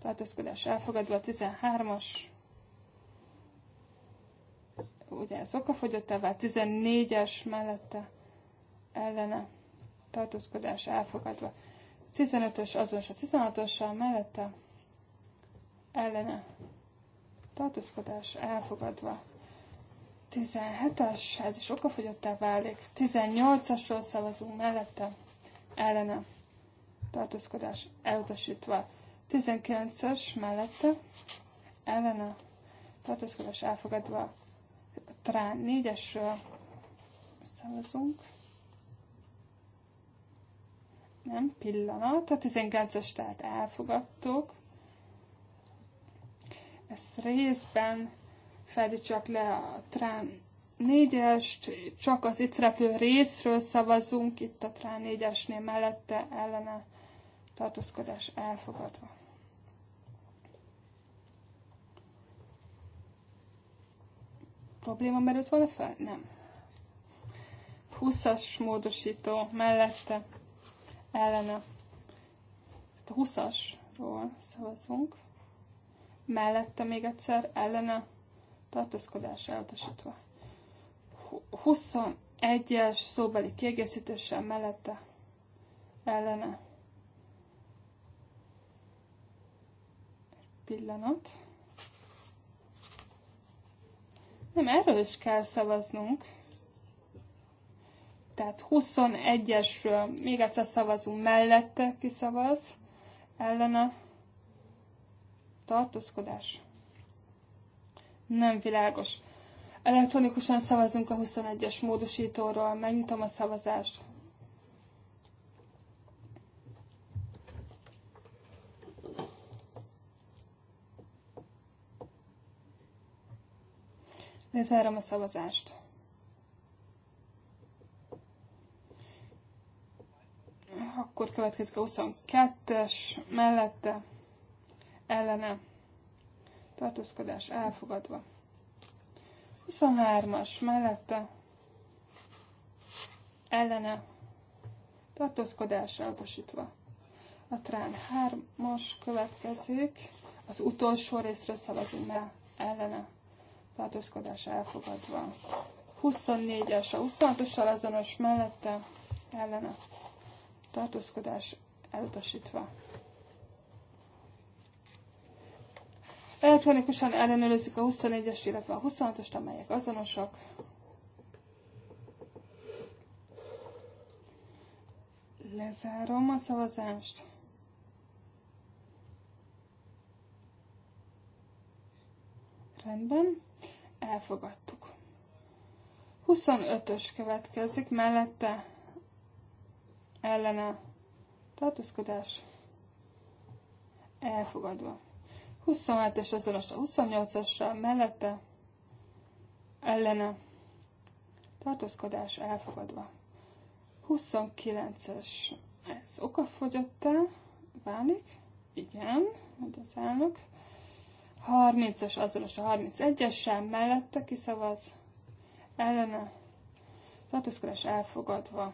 B: tartózkodás elfogadva 13-as ugye ez okafogyott vált 14-es mellette ellene tartózkodás elfogadva 15-ös azonos a 16-ossal mellette ellene tartózkodás elfogadva 17-es, ez hát is okafogyottá válik. 18-asról szavazunk mellette, ellene tartózkodás elutasítva. 19-es mellette, ellene tartózkodás elfogadva. Trán 4-esről szavazunk. Nem, pillanat. A 19-es tehát elfogadtuk. Ezt részben csak le a Trán 4-est, csak az itt repülő részről szavazunk, itt a Trán 4-esnél mellette ellene tartózkodás elfogadva. Probléma merült volna fel? Nem. 20-as módosító mellette ellene. Tehát a 20-asról szavazunk. Mellette még egyszer ellene tartózkodás elutasítva. 21-es szóbeli kiegészítéssel mellette ellene pillanat. Nem, erről is kell szavaznunk. Tehát 21-esről még egyszer szavazunk mellette, kiszavaz, ellene tartózkodás nem világos. Elektronikusan szavazunk a 21-es módosítóról. Megnyitom a szavazást. Lezárom a szavazást. Akkor következik a 22-es mellette ellene tartózkodás elfogadva. 23-as mellette ellene tartózkodás elutasítva. A trán 3-as következik, az utolsó részről szavazunk meg ellene tartózkodás elfogadva. 24-es, a 26-ossal azonos mellette ellene tartózkodás elutasítva. Elektronikusan ellenőrizzük a 24 es illetve a 26-ost, amelyek azonosak. Lezárom a szavazást. Rendben, elfogadtuk. 25-ös következik, mellette ellene tartózkodás elfogadva. 27-es azonos a 28-assal mellette ellene tartózkodás elfogadva. 29-es ez okafogyottá válik. Igen, hogy az elnök. 30-as azonos a 31-essel mellette kiszavaz ellene tartózkodás elfogadva.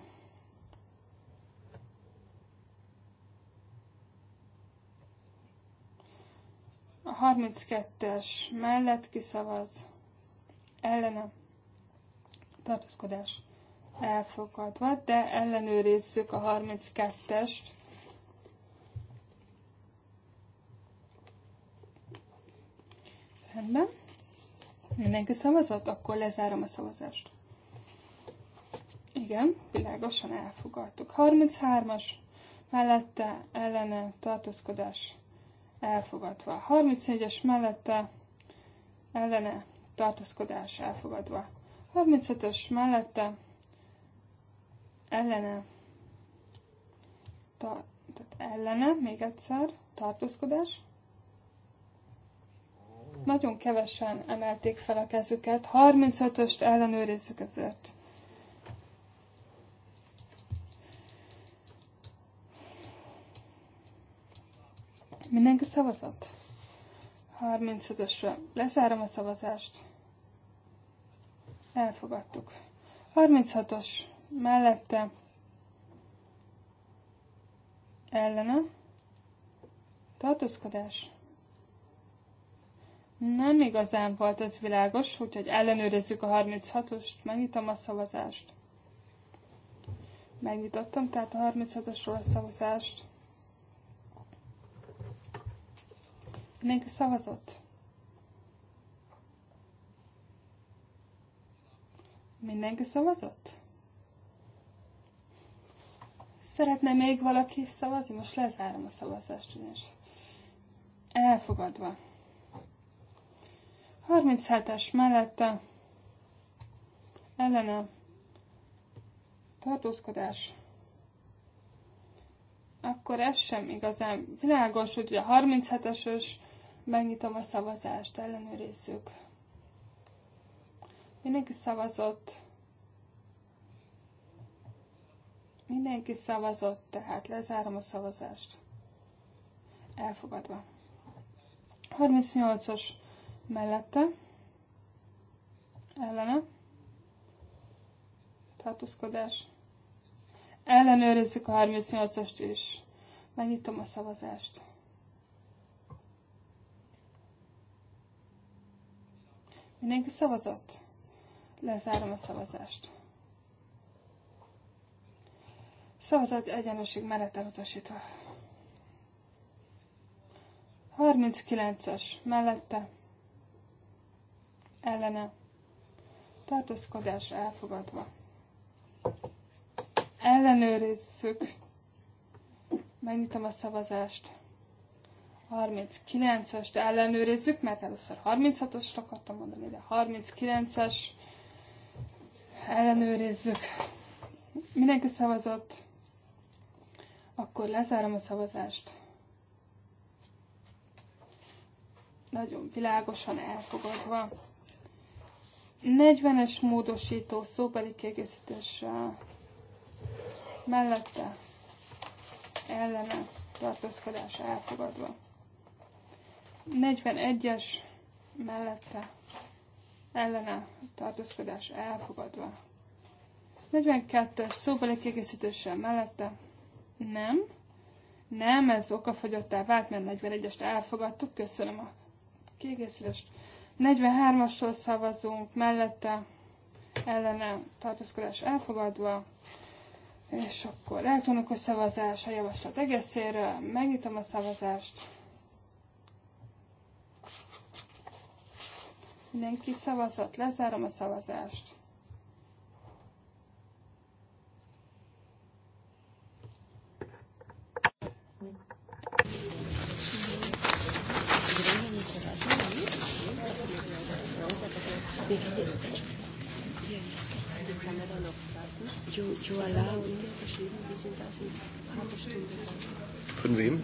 B: A 32-es mellett kiszavaz, ellene tartózkodás elfogadva, de ellenőrizzük a 32-est. Rendben. Mindenki szavazott? Akkor lezárom a szavazást. Igen, világosan elfogadtuk. 33-as mellette ellene tartózkodás elfogadva. 34-es mellette ellene tartózkodás elfogadva. 35-ös mellette ellene, ta, tehát ellene, még egyszer, tartózkodás. Nagyon kevesen emelték fel a kezüket. 35-öst ellenőrizzük ezért. Mindenki szavazott? 35 ösre lezárom a szavazást. Elfogadtuk. 36-os mellette ellene tartózkodás. Nem igazán volt ez világos, úgyhogy ellenőrizzük a 36-ost, megnyitom a szavazást. Megnyitottam tehát a 36-osról a szavazást. Mindenki szavazott? Mindenki szavazott? Szeretne még valaki szavazni? Most lezárom a szavazást ugyanis. Elfogadva. 37-es mellette ellene tartózkodás. Akkor ez sem igazán világos, hogy a 37-esös Megnyitom a szavazást, ellenőrizzük. Mindenki szavazott. Mindenki szavazott, tehát lezárom a szavazást. Elfogadva. 38-os mellette. Ellene. Tartózkodás. Ellenőrizzük a 38-ast is. Megnyitom a szavazást. Mindenki szavazott? Lezárom a szavazást. Szavazat egyenlőség mellett elutasítva. 39-es mellette ellene tartózkodás elfogadva. Ellenőrizzük. Megnyitom a szavazást. 39-est ellenőrizzük, mert először 36-ost akartam mondani, de 39-es ellenőrizzük. Mindenki szavazott, akkor lezárom a szavazást. Nagyon világosan elfogadva. 40-es módosító szóbeli kiegészítéssel mellette ellene tartózkodás elfogadva. 41-es mellette ellene tartózkodás elfogadva. 42-es szóbeli kiegészítéssel mellette nem. Nem, ez okafogyottá vált, mert 41-est elfogadtuk. Köszönöm a kiegészítést. 43-asról szavazunk, mellette ellene tartózkodás elfogadva. És akkor elektronikus szavazás a javaslat egészéről. Megnyitom a szavazást. Mindenki szavazat. lezárom a szavazást.
A: Von wem?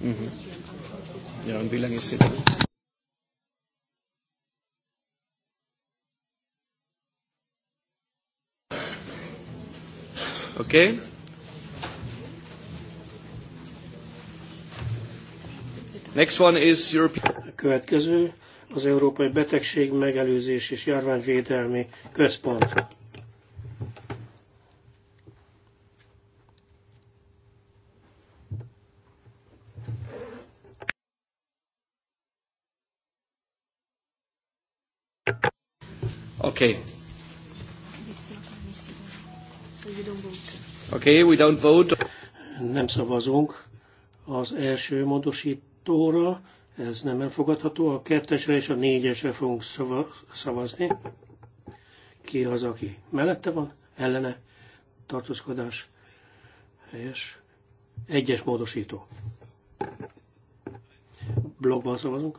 A: Mhm. Ja, und wie lange ist sie da? Okay. Next one is European. Következő az
C: Európai Betegség Megelőzés és Járványvédelmi Központ.
A: Okay. Okay, we don't vote. Nem szavazunk
C: az első módosítóra, ez nem elfogadható, a kettesre és a négyesre fogunk szavazni. Ki az, aki mellette van, ellene, tartózkodás, helyes, egyes módosító. Blogban szavazunk?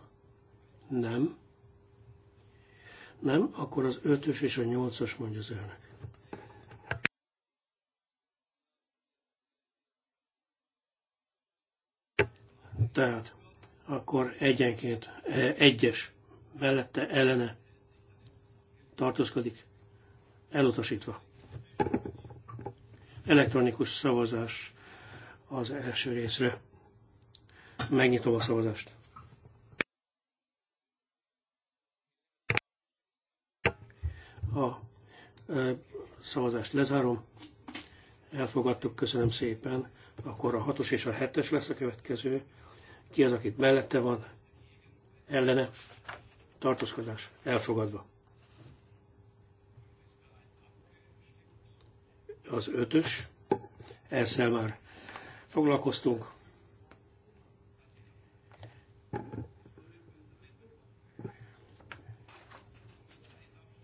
C: Nem. Nem? Akkor az ötös és a nyolcas mondja az elnök. Tehát akkor egyenként e, egyes mellette ellene tartózkodik, elutasítva. Elektronikus szavazás az első részre. Megnyitom a szavazást. A szavazást lezárom. Elfogadtuk, köszönöm szépen. Akkor a hatos és a 7-es lesz a következő. Ki az, akit mellette van? Ellene? Tartózkodás? Elfogadva. Az ötös. Ezzel már foglalkoztunk.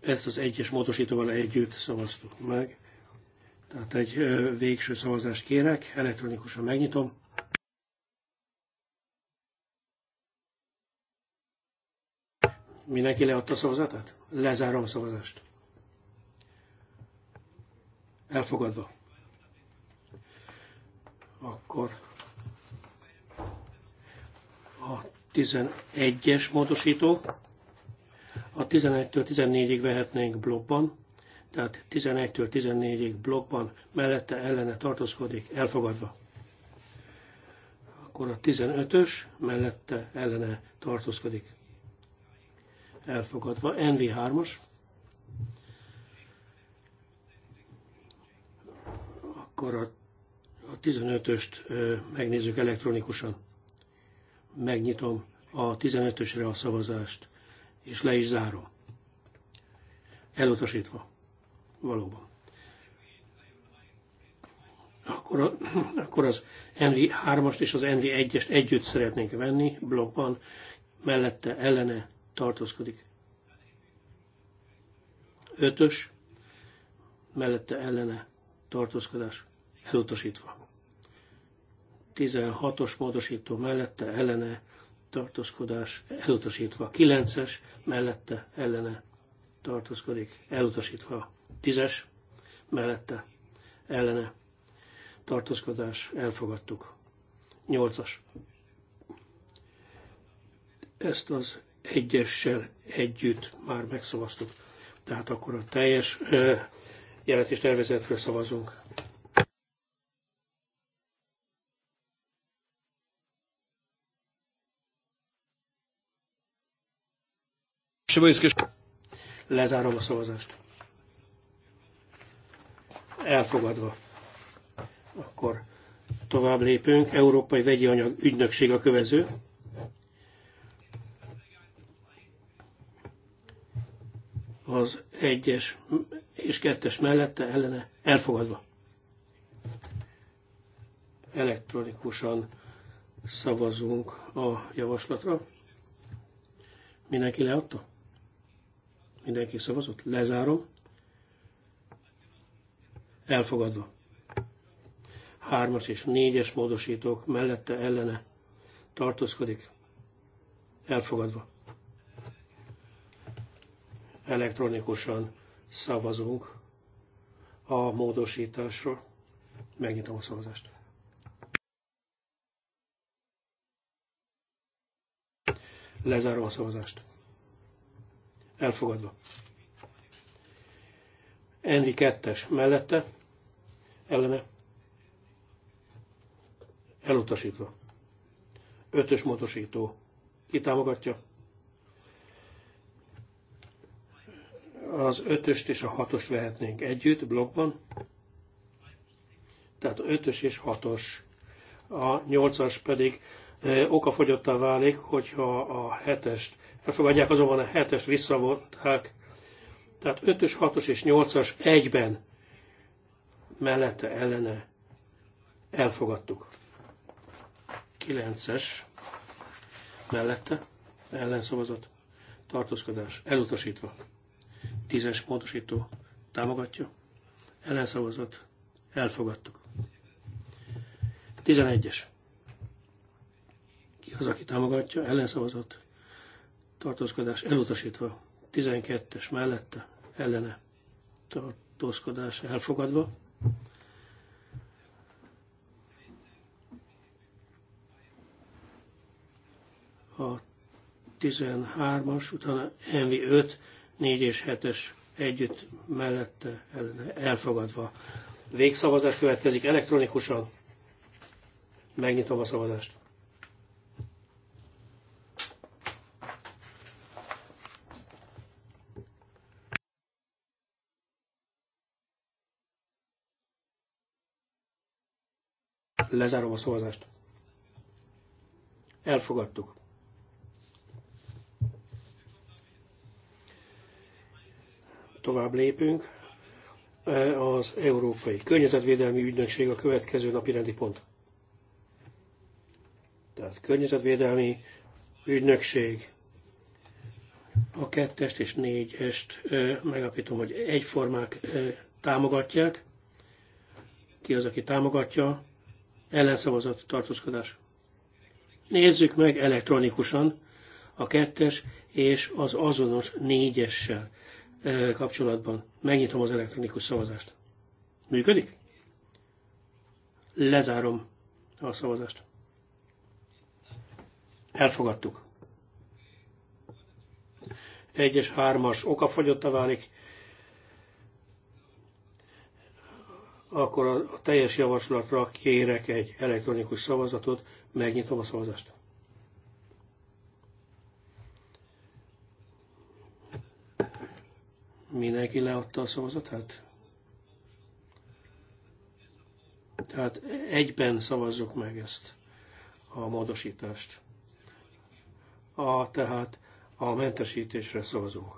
C: Ezt az egyes módosítóval együtt szavaztuk meg. Tehát egy végső szavazást kérek, elektronikusan megnyitom. Mindenki leadta a szavazatát? Lezárom a szavazást. Elfogadva. Akkor a 11-es módosító a 11-től 14-ig vehetnénk blokkban, tehát 11-től 14-ig blokkban, mellette ellene tartózkodik, elfogadva. Akkor a 15-ös mellette ellene tartózkodik, elfogadva. nv 3 os Akkor a 15-öst megnézzük elektronikusan. Megnyitom a 15-ösre a szavazást és le is zárom. Elutasítva. Valóban. Akkor, a, akkor az NV3-ast és az NV1-est együtt szeretnénk venni blokkban, mellette ellene tartózkodik. Ötös, mellette ellene tartózkodás elutasítva. 16-os módosító mellette ellene tartózkodás elutasítva. 9-es mellette ellene tartózkodik elutasítva. 10-es mellette ellene tartózkodás elfogadtuk. 8-as. Ezt az egyessel együtt már megszavaztuk. Tehát akkor a teljes jelentéstervezetről szavazunk. Lezárom a szavazást. Elfogadva. Akkor tovább lépünk. Európai Vegyi Anyag Ügynökség a kövező. Az egyes és kettes mellette ellene elfogadva. Elektronikusan szavazunk a javaslatra. Mindenki leadta? Mindenki szavazott? Lezárom. Elfogadva. Hármas és négyes módosítók mellette ellene tartózkodik. Elfogadva. Elektronikusan szavazunk a módosításról. Megnyitom a szavazást. Lezárom a szavazást elfogadva. Enri kettes mellette, ellene, elutasítva. Ötös motosító kitámogatja. Az ötöst és a hatost vehetnénk együtt blokkban. Tehát ötös és hatos. A nyolcas pedig e, okafogyottá válik, hogyha a hetest elfogadják, azonban a 7-est visszavonták. Tehát 5-ös, 6-os és 8-as egyben mellette ellene elfogadtuk. 9-es mellette ellenszavazat, tartózkodás elutasítva. 10-es módosító támogatja, ellenszavazat elfogadtuk. 11-es. Ki az, aki támogatja, ellenszavazat tartózkodás elutasítva, 12-es mellette, ellene, tartózkodás elfogadva. A 13-as, utána Envi 5 4 és 7-es együtt mellette ellene elfogadva. Végszavazás következik elektronikusan. Megnyitom a szavazást. Lezárom a szavazást. Elfogadtuk. Tovább lépünk. E, az Európai Környezetvédelmi Ügynökség a következő napi rendi pont. Tehát Környezetvédelmi Ügynökség a kettest és négyest e, megapítom, hogy egyformák e, támogatják. Ki az, aki támogatja? ellenszavazott tartózkodás. Nézzük meg elektronikusan a kettes és az azonos négyessel kapcsolatban. Megnyitom az elektronikus szavazást. Működik? Lezárom a szavazást. Elfogadtuk. Egyes, hármas okafogyottá válik, akkor a teljes javaslatra kérek egy elektronikus szavazatot, megnyitom a szavazást. Mindenki leadta a szavazatát? Tehát egyben szavazzuk meg ezt a módosítást. A, tehát a mentesítésre szavazunk.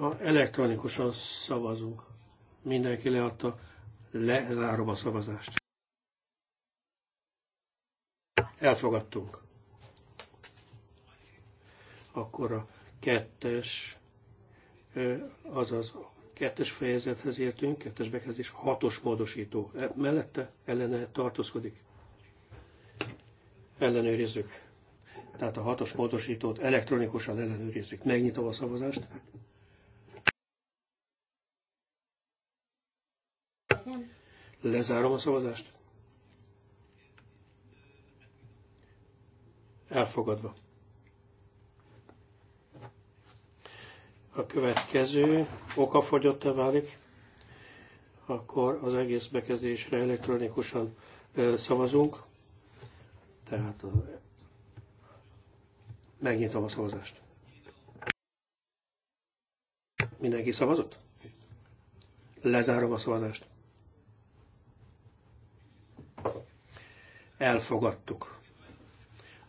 C: A elektronikusan szavazunk. Mindenki leadta, lezárom a szavazást. Elfogadtunk. Akkor a kettes, azaz a kettes fejezethez értünk, kettes bekezdés, hatos módosító. E, mellette ellene tartózkodik. Ellenőrizzük. Tehát a hatos módosítót elektronikusan ellenőrizzük. Megnyitom a szavazást. Lezárom a szavazást. Elfogadva. A következő okafogyottá válik, akkor az egész bekezdésre elektronikusan szavazunk. Tehát megnyitom a szavazást. Mindenki szavazott? Lezárom a szavazást. Elfogadtuk.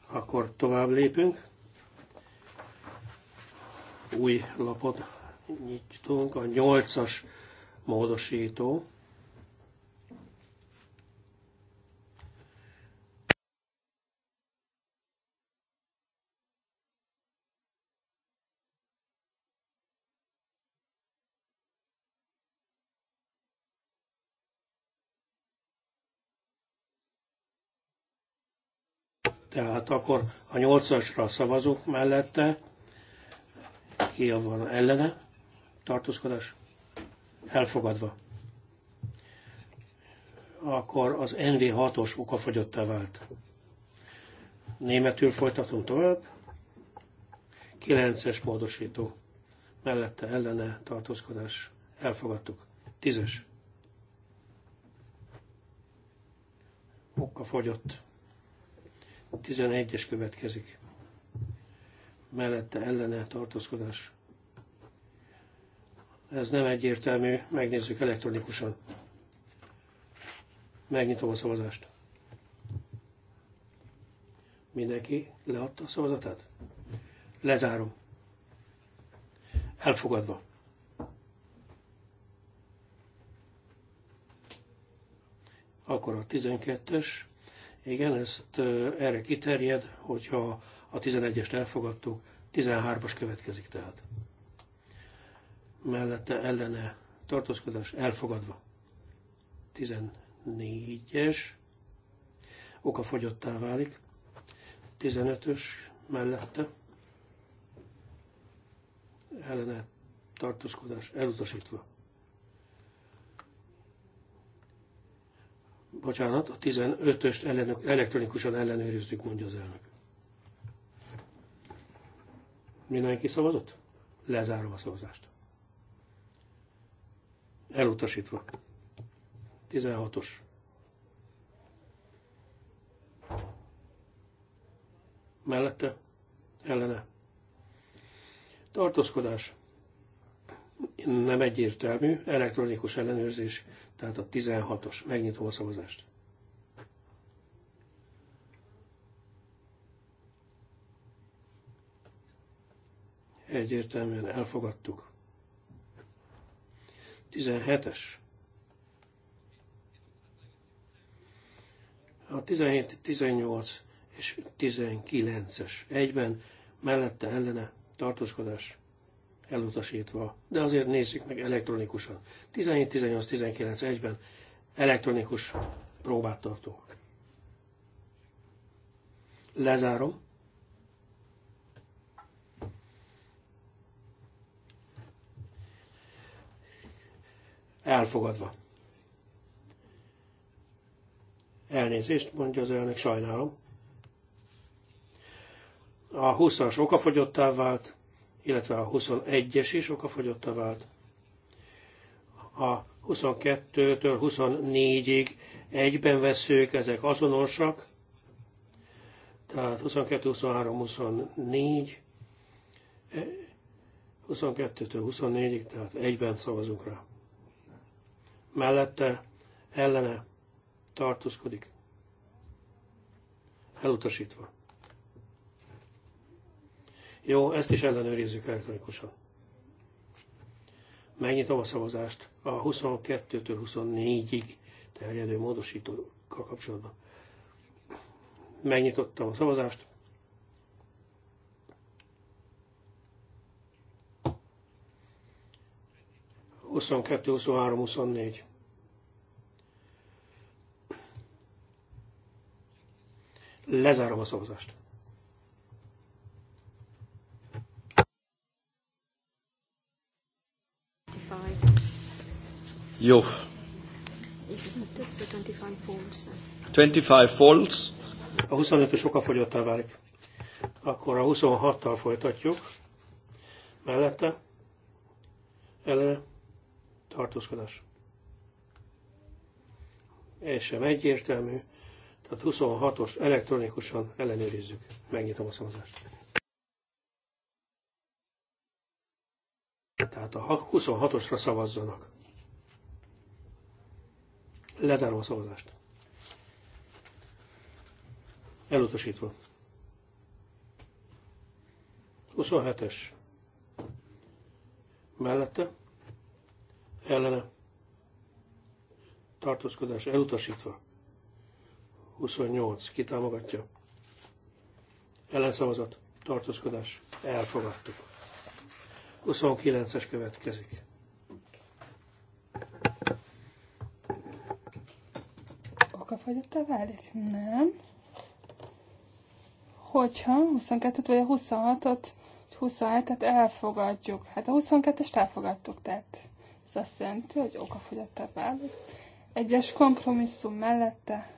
C: Akkor tovább lépünk. Új lapot nyitunk. A nyolcas módosító. Tehát akkor a 8-asra szavazunk mellette, ki a van ellene, tartózkodás elfogadva. Akkor az NV6-os okafogyottá vált. Németül folytatom tovább. 9-es módosító. Mellette ellene tartózkodás elfogadtuk. 10-es. Okafogyott. fogyott. 11-es következik. Mellette ellene tartózkodás. Ez nem egyértelmű, megnézzük elektronikusan. Megnyitom a szavazást. Mindenki leadta a szavazatát? Lezárom. Elfogadva. Akkor a 12-es igen, ezt erre kiterjed, hogyha a 11-est elfogadtuk, 13-as következik tehát. Mellette ellene tartózkodás elfogadva. 14-es okafogyottá válik. 15-ös mellette ellene tartózkodás elutasítva. bocsánat, a 15-öst elektronikusan ellenőrizzük, mondja az elnök. Mindenki szavazott? Lezárom a szavazást. Elutasítva. 16-os. Mellette? Ellene. Tartózkodás. Nem egyértelmű. Elektronikus ellenőrzés. Tehát a 16-os. Megnyitom a szavazást. Egyértelműen elfogadtuk. 17-es. A 17, 18 és 19-es egyben mellette ellene tartózkodás elutasítva, de azért nézzük meg elektronikusan. 17, 18, 19, 1-ben elektronikus próbát tartunk. Lezárom. Elfogadva. Elnézést, mondja az elnök, sajnálom. A 20-as okafogyottá vált, illetve a 21-es is okafogyottá vált. A 22-től 24-ig egyben veszők, ezek azonosak, tehát 22, 23, 24, 22-től 24-ig, tehát egyben szavazunk rá. Mellette, ellene tartózkodik, elutasítva. Jó, ezt is ellenőrizzük elektronikusan. Megnyitom a szavazást a 22-től 24-ig terjedő módosítókkal kapcsolatban. Megnyitottam a szavazást. Huszonkettő, huszonhárom, huszonnégy. Lezárom a szavazást.
A: Jó.
B: 25
A: volts. A 25-ös okafogyottá válik.
C: Akkor a 26-tal folytatjuk. Mellette. Ellene. Tartózkodás. Ez sem egyértelmű. Tehát 26-os elektronikusan ellenőrizzük. Megnyitom a szavazást. Tehát a 26-osra szavazzanak. Lezárom a szavazást. Elutasítva. 27-es. Mellette. Ellene. Tartózkodás elutasítva. 28. Kitámogatja. Ellenszavazat. Tartózkodás. Elfogadtuk. 29-es következik.
B: fagyott okafogyottá válik? Nem. Hogyha 22-t vagy a 26-ot, 27-et elfogadjuk. Hát a 22-est elfogadtuk, tehát ez azt jelenti, hogy oka fogyott a válik. Egyes kompromisszum mellette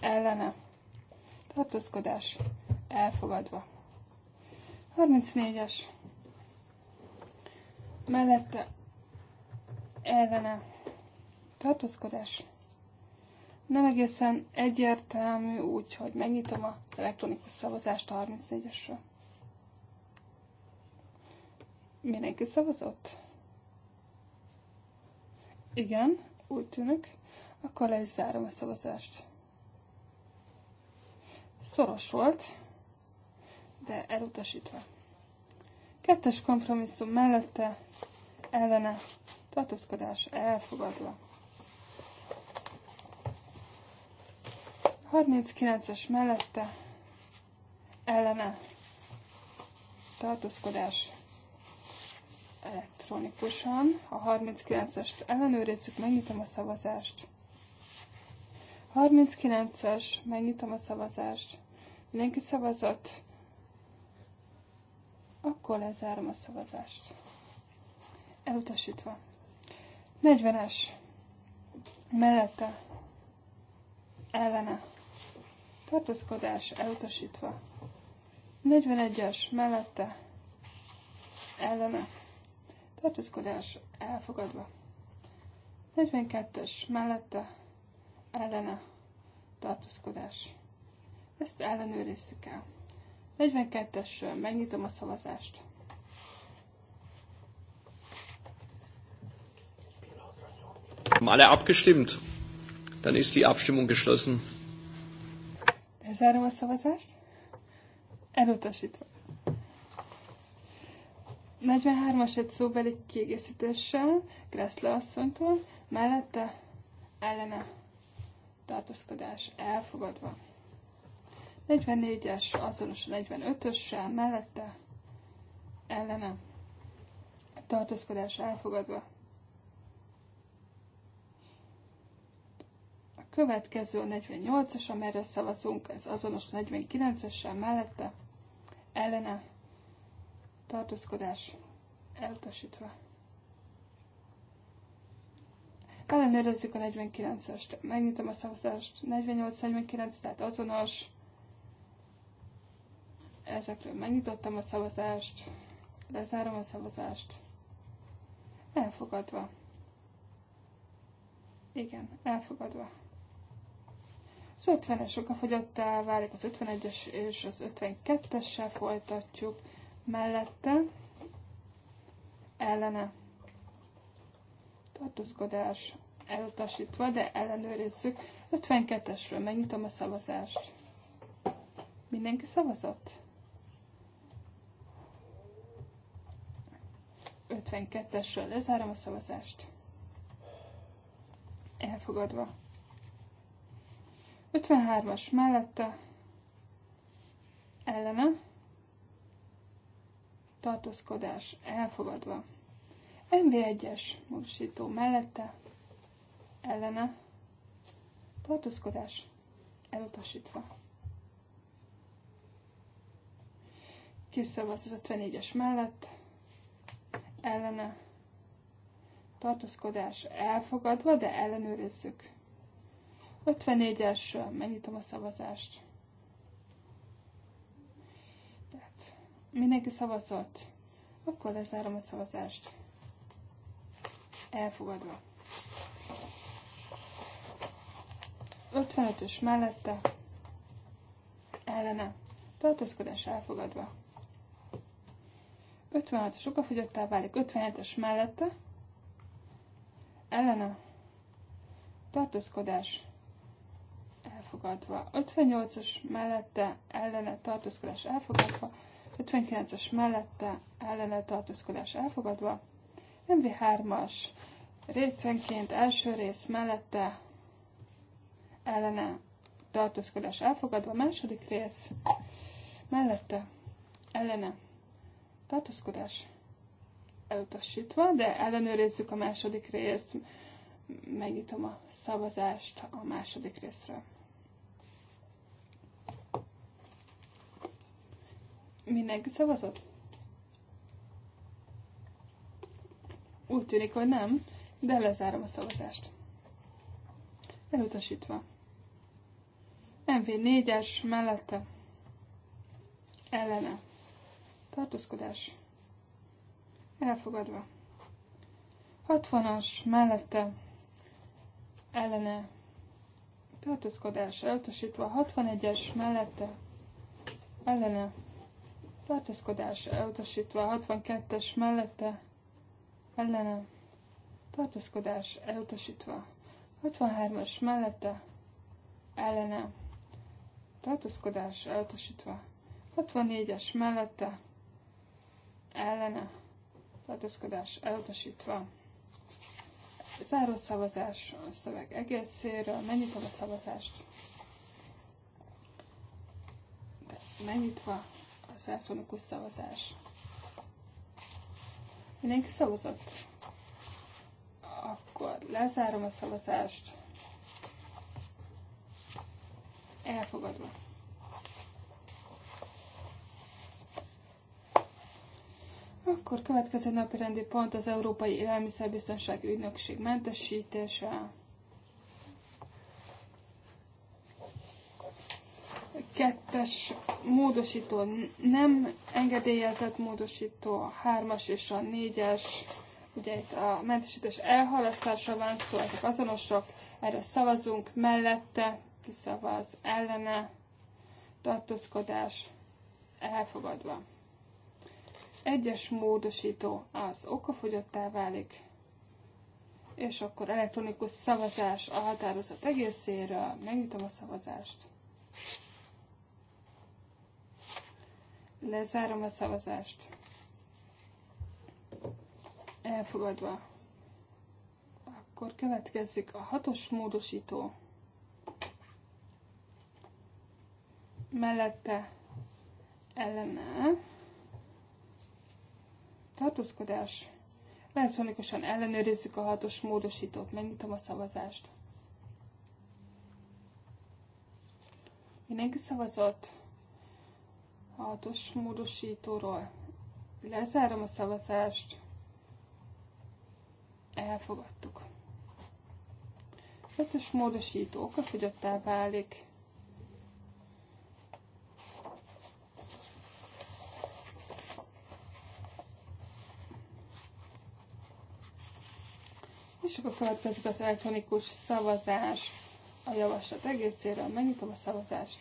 B: ellene. Tartózkodás elfogadva. 34-es. Mellette ellene tartózkodás elfogadva nem egészen egyértelmű, úgyhogy megnyitom az elektronikus szavazást a 34-esről. Mindenki szavazott? Igen, úgy tűnik. Akkor le is zárom a szavazást. Szoros volt, de elutasítva. Kettes kompromisszum mellette ellene tartózkodás elfogadva. 39-es mellette ellene tartózkodás elektronikusan. A 39-est ellenőrizzük, megnyitom a szavazást. 39-es, megnyitom a szavazást. Mindenki szavazott? Akkor lezárom a szavazást. Elutasítva. 40-es. Mellette. Ellene tartózkodás elutasítva. 41-es mellette ellene tartózkodás elfogadva. 42-es mellette ellene tartózkodás. Ezt ellenőrizzük el. 42 es megnyitom a szavazást.
A: Alle abgestimmt. Dann ist die Abstimmung geschlossen.
B: Lezárom a szavazást. Elutasítva. 43-as egy szóbeli kiegészítéssel, Kressle asszonytól, mellette ellene tartózkodás elfogadva. 44-es azonos 45-össel, mellette ellene tartózkodás elfogadva. Következő a 48-as, amelyre szavazunk, ez azonos a 49-essel mellette, ellene tartózkodás elutasítva. Ellenőrizzük a 49-est, megnyitom a szavazást, 48-49, tehát azonos. Ezekről megnyitottam a szavazást, lezárom a szavazást. Elfogadva. Igen, elfogadva. Az 50-es a fogyottá válik, az 51-es és az 52-essel folytatjuk mellette, ellene tartózkodás elutasítva, de ellenőrizzük. 52-esről megnyitom a szavazást. Mindenki szavazott? 52-esről lezárom a szavazást. Elfogadva. 53-as mellette ellene tartózkodás elfogadva. MV1-es módosító mellette ellene tartózkodás elutasítva. Kiszavaz az 54-es mellett ellene tartózkodás elfogadva, de ellenőrizzük. 54 es megnyitom a szavazást. Tehát mindenki szavazott, akkor lezárom a szavazást. Elfogadva. 55-ös mellette ellene tartózkodás elfogadva. 56-os okafogyottá válik, 57-es mellette ellene tartózkodás elfogadva, 58-as mellette ellene tartózkodás elfogadva, 59 as mellette ellene tartózkodás elfogadva, MV3-as részenként első rész mellette ellene tartózkodás elfogadva, második rész mellette ellene tartózkodás elutasítva, de ellenőrizzük a második részt, megnyitom a szavazást a második részről. Mindenki szavazott? Úgy tűnik, hogy nem, de lezárom a szavazást. Elutasítva. MV4-es mellette. Ellene. Tartózkodás. Elfogadva. 60-as mellette. Ellene. Tartózkodás. Elutasítva. 61-es mellette. Ellene tartózkodás elutasítva 62-es mellette ellene tartózkodás elutasítva 63-as mellette ellene tartózkodás elutasítva 64-es mellette ellene tartózkodás elutasítva záró szavazás a szöveg egészéről Mennyitom a szavazást Mennyitva lesz elektronikus szavazás. Mindenki szavazott? Akkor lezárom a szavazást. Elfogadva. Akkor következő napi rendi pont az Európai Élelmiszerbiztonság Ügynökség mentesítése. kettes módosító nem engedélyezett módosító, a hármas és a négyes, ugye itt a mentesítés elhalasztása van szó, ezek azonosok, erre szavazunk, mellette, kiszavaz, ellene, tartózkodás, elfogadva. Egyes módosító az okafogyottá válik, és akkor elektronikus szavazás a határozat egészéről. Megnyitom a szavazást. Lezárom a szavazást. Elfogadva. Akkor következik a hatos módosító. Mellette ellene tartózkodás. Elektronikusan ellenőrizzük a hatos módosítót. Megnyitom a szavazást. Mindenki szavazott hatos módosítóról. Lezárom a szavazást. Elfogadtuk. Ötös módosító okafogyottá válik. És akkor következik az elektronikus szavazás a javaslat egészéről. Megnyitom a szavazást.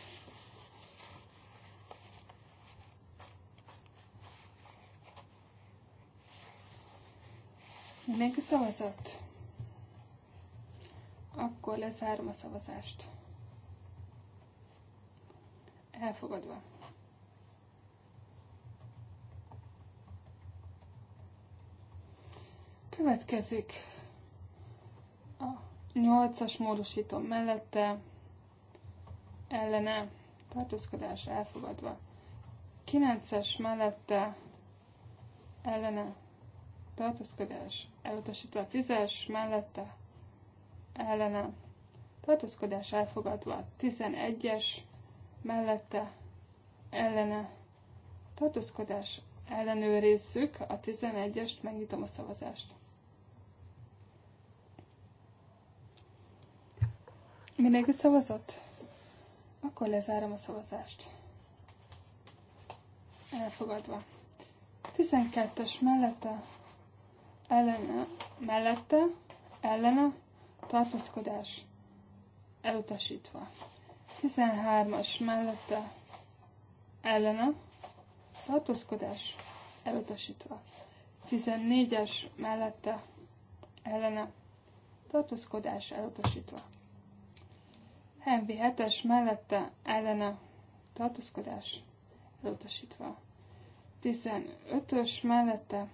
B: Mindenki szavazott? Akkor lezárom a szavazást. Elfogadva. Következik a 8-as módosító mellette ellene tartózkodás elfogadva. 9-es mellette ellene tartózkodás elutasítva a tízes mellette ellenem tartózkodás elfogadva a tizenegyes mellette ellene tartózkodás ellenőrizzük a tizenegyest, megnyitom a szavazást. Mindenki szavazott? Akkor lezárom a szavazást. Elfogadva. 12-es mellette ellene, mellette, ellene, tartózkodás elutasítva. 13-as mellette, ellene, tartózkodás elutasítva. 14-es mellette, ellene, tartózkodás elutasítva. Henvi 7-es mellette, ellene, tartózkodás elutasítva. 15-ös mellette,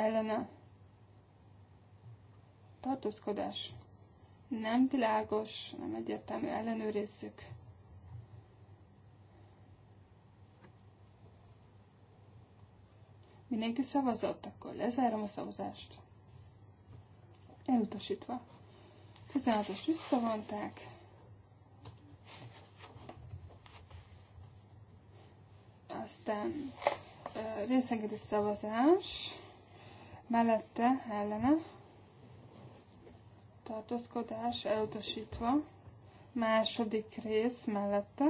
B: ellene tartózkodás nem világos, nem egyértelmű, ellenőrizzük. Mindenki szavazott, akkor lezárom a szavazást. Elutasítva. 16-os visszavonták. Aztán részenkénti szavazás mellette ellene tartózkodás elutasítva, második rész mellette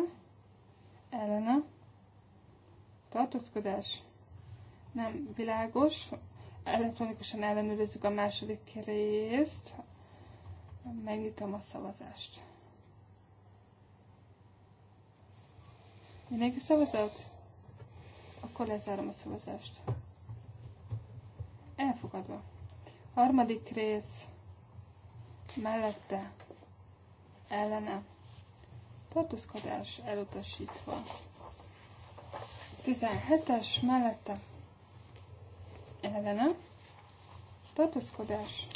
B: ellene tartózkodás nem világos, elektronikusan ellenőrizzük a második részt, megnyitom a szavazást. Mindenki szavazott? Akkor lezárom a szavazást elfogadva. Harmadik rész mellette ellene tartózkodás elutasítva. 17-es mellette ellene tartózkodás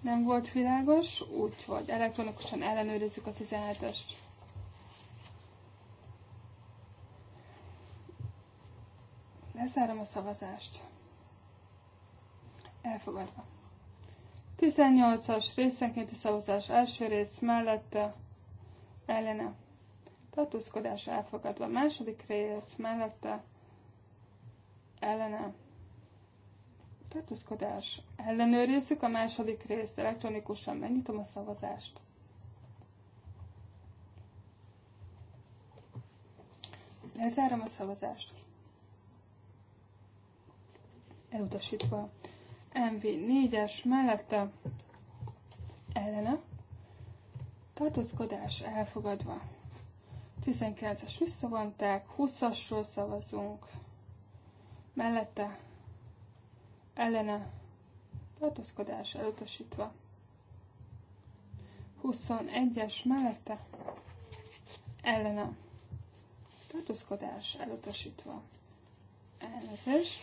B: nem volt világos, úgyhogy elektronikusan ellenőrizzük a 17-est. Lezárom a szavazást elfogadva. 18-as részenkénti szavazás első rész mellette ellene. Tartózkodás elfogadva. Második rész mellette ellene. Tartózkodás. Ellenőrizzük a második részt elektronikusan. Megnyitom a szavazást. Lezárom a szavazást. Elutasítva. MV4-es mellette ellene tartózkodás elfogadva. 19-es visszavonták, 20-asról szavazunk, mellette ellene tartózkodás elutasítva. 21-es mellette ellene tartózkodás elutasítva. Elnézést,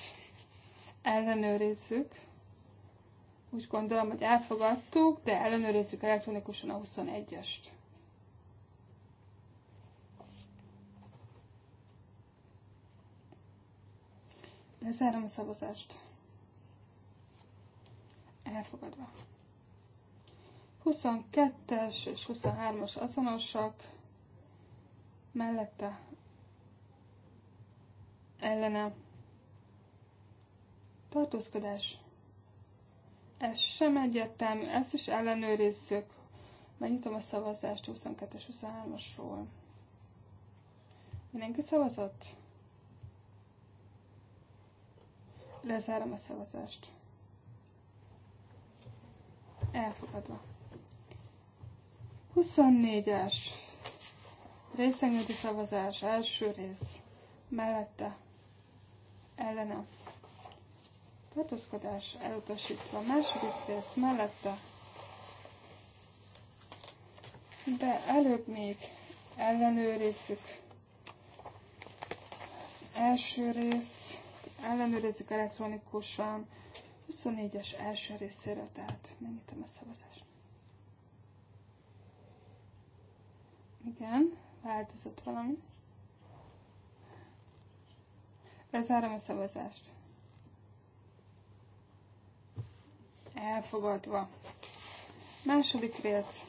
B: ellenőrizzük. Úgy gondolom, hogy elfogadtuk, de ellenőrizzük elektronikusan a 21-est. Lezárom a szavazást. Elfogadva. 22-es és 23-as azonosak. Mellette ellene tartózkodás ez sem egyértelmű, ezt is ellenőrizzük. Megnyitom a szavazást 22-23-asról. Mindenki szavazott? Lezárom a szavazást. Elfogadva. 24-es részengedi szavazás első rész mellette ellene tartózkodás elutasítva. Második rész mellette. De előbb még ellenőrizzük az első rész, ellenőrizzük elektronikusan 24-es első részére, tehát megnyitom a szavazást. Igen, változott valami. Lezárom a szavazást. elfogadva. Második rész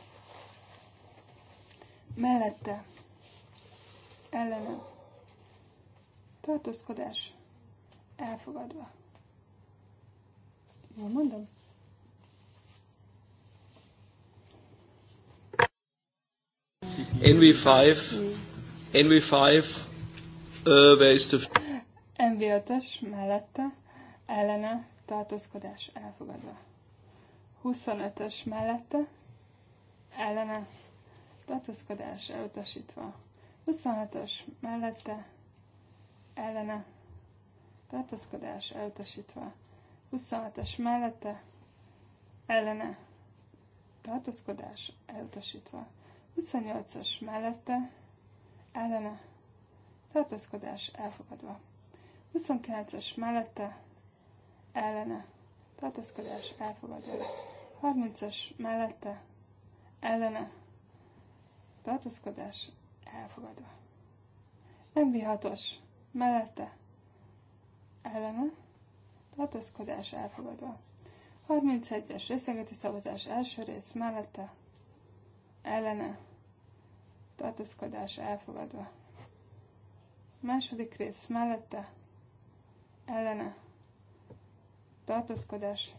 B: mellette ellenem tartózkodás elfogadva. Jól mondom?
A: NV5, NV5, uh, where is the...
B: NV5-ös mellette ellene tartózkodás elfogadva. 25-ös mellette ellene tartózkodás elutasítva. 26 ös mellette ellene tartózkodás elutasítva. 26-es mellette ellene tartózkodás elutasítva. 28-as mellette ellene tartózkodás elfogadva. 29-es mellette ellene tartózkodás elfogadva. 30-as mellette ellene tartózkodás elfogadva. MV6-os mellette ellene tartózkodás elfogadva. 31-es részlegeti szavazás első rész mellette ellene tartózkodás elfogadva. Második rész mellette ellene tartózkodás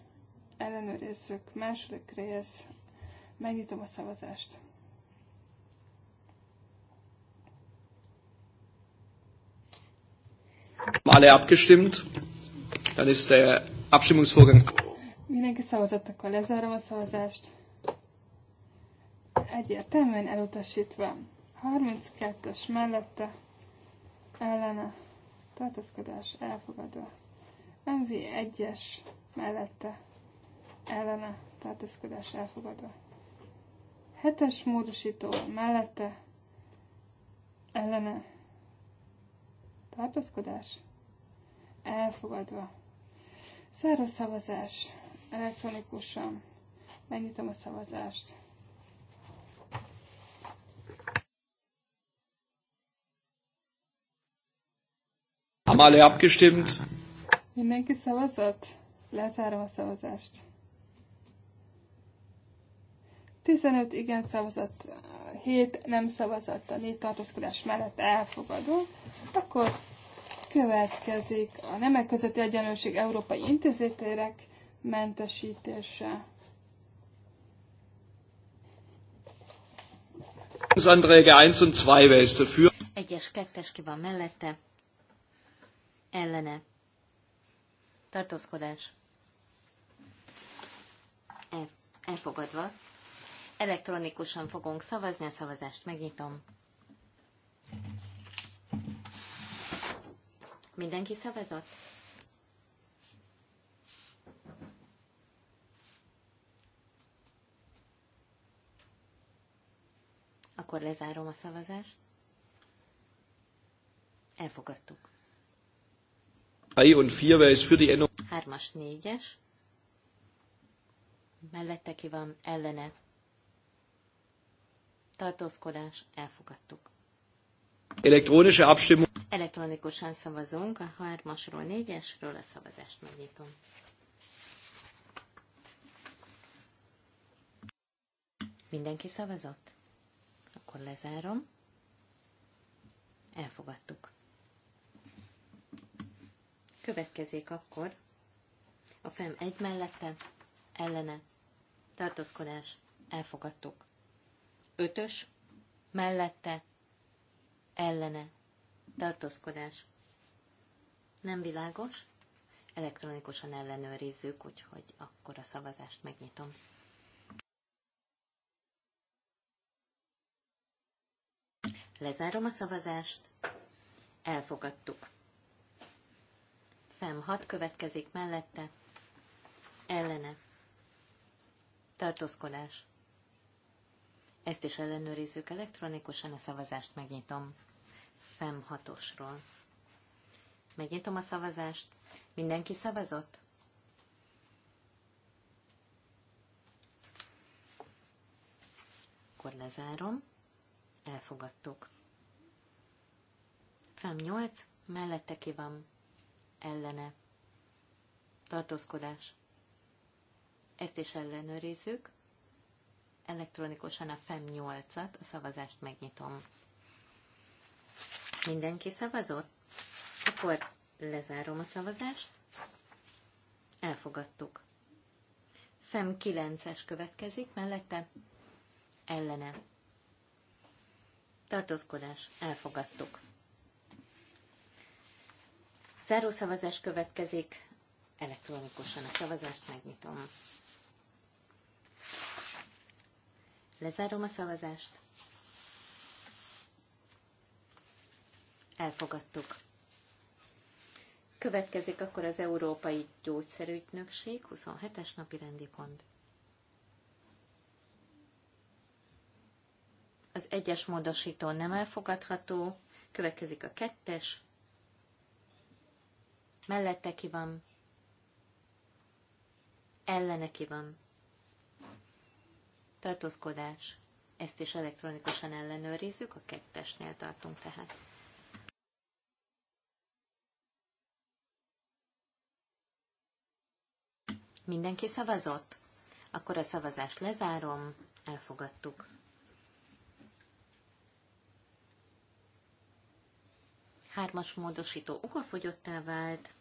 B: ellenőrizzük, második rész, megnyitom a szavazást.
A: Alle abgestimmt, dann ist der Abstimmungsvorgang.
B: Mindenki szavazott, akkor lezárom a szavazást. Egyértelműen elutasítva. 32-es mellette ellene tartózkodás elfogadva. MV1-es mellette ellene tartózkodás elfogadva. Hetes módosító mellette ellene tartózkodás elfogadva. Száraz szavazás elektronikusan. Megnyitom a szavazást.
A: Haben alle abgestimmt?
B: Mindenki szavazott? Lezárom a szavazást. 15 igen szavazat, 7 nem szavazat, a 4 tartózkodás mellett elfogadó. Akkor következik a nemek közötti egyenlőség európai intézetérek mentesítése.
A: Änderungsanträge 1 und 2, wer ist dafür?
B: Egyes, kettes
D: ki van mellette. Ellene. Tartózkodás. El, elfogadva. Elektronikusan fogunk szavazni, a szavazást megnyitom. Mindenki szavazott? Akkor lezárom a szavazást. Elfogadtuk.
A: I und 3-as,
D: 4-es. Mellette ki van ellene tartózkodás, elfogadtuk.
A: Elektronische Abstimmung.
D: Elektronikusan szavazunk a 3-asról, 4-esről, a szavazást megnyitom. Mindenki szavazott? Akkor lezárom. Elfogadtuk. Következik akkor a FEM egy mellette, ellene, tartózkodás, elfogadtuk. Ötös mellette ellene tartózkodás. Nem világos. Elektronikusan ellenőrizzük, úgyhogy akkor a szavazást megnyitom. Lezárom a szavazást. Elfogadtuk. Fem 6 következik mellette. Ellene. Tartózkodás. Ezt is ellenőrizzük elektronikusan, a szavazást megnyitom. FEM 6-osról. Megnyitom a szavazást. Mindenki szavazott? Akkor lezárom. Elfogadtuk. FEM 8, mellette ki van, ellene, tartózkodás. Ezt is ellenőrizzük elektronikusan a FEM 8-at, a szavazást megnyitom. Mindenki szavazott? Akkor lezárom a szavazást. Elfogadtuk. FEM 9-es következik, mellette ellene. Tartózkodás, elfogadtuk. Zárószavazás következik, elektronikusan a szavazást megnyitom. Lezárom a szavazást. Elfogadtuk. Következik akkor az Európai Gyógyszerügynökség 27-es napi rendi pont. Az egyes módosító nem elfogadható, következik a kettes, mellette ki van, ellene ki van, tartózkodás, ezt is elektronikusan ellenőrizzük, a kettesnél tartunk tehát. Mindenki szavazott? Akkor a szavazást lezárom, elfogadtuk. Hármas módosító okafogyottá vált,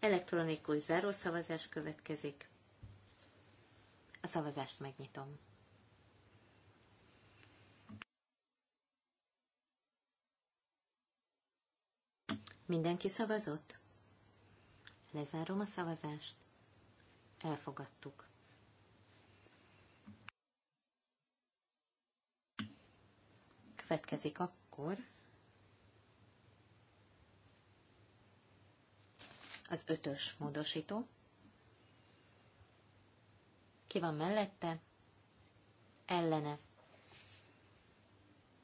D: elektronikus zárószavazás következik. A szavazást megnyitom. Mindenki szavazott? Lezárom a szavazást. Elfogadtuk. Következik akkor az ötös módosító. Ki van mellette? Ellene.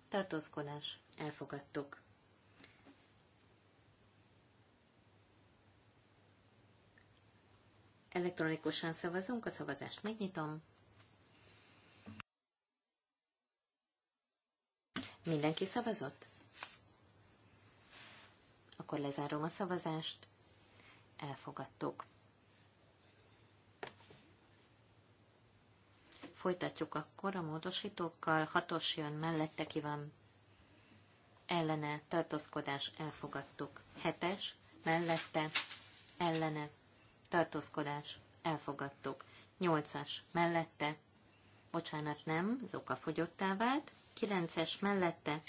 D: Tartózkodás. Elfogadtuk. Elektronikusan szavazunk, a szavazást megnyitom. Mindenki szavazott? Akkor lezárom a szavazást. Elfogadtuk. Folytatjuk akkor a módosítókkal. Hatos jön mellette ki van. Ellene tartózkodás elfogadtuk. Hetes mellette ellene tartózkodás elfogadtuk. Nyolcas mellette bocsánat nem, ez fogyottá vált. Kilences mellette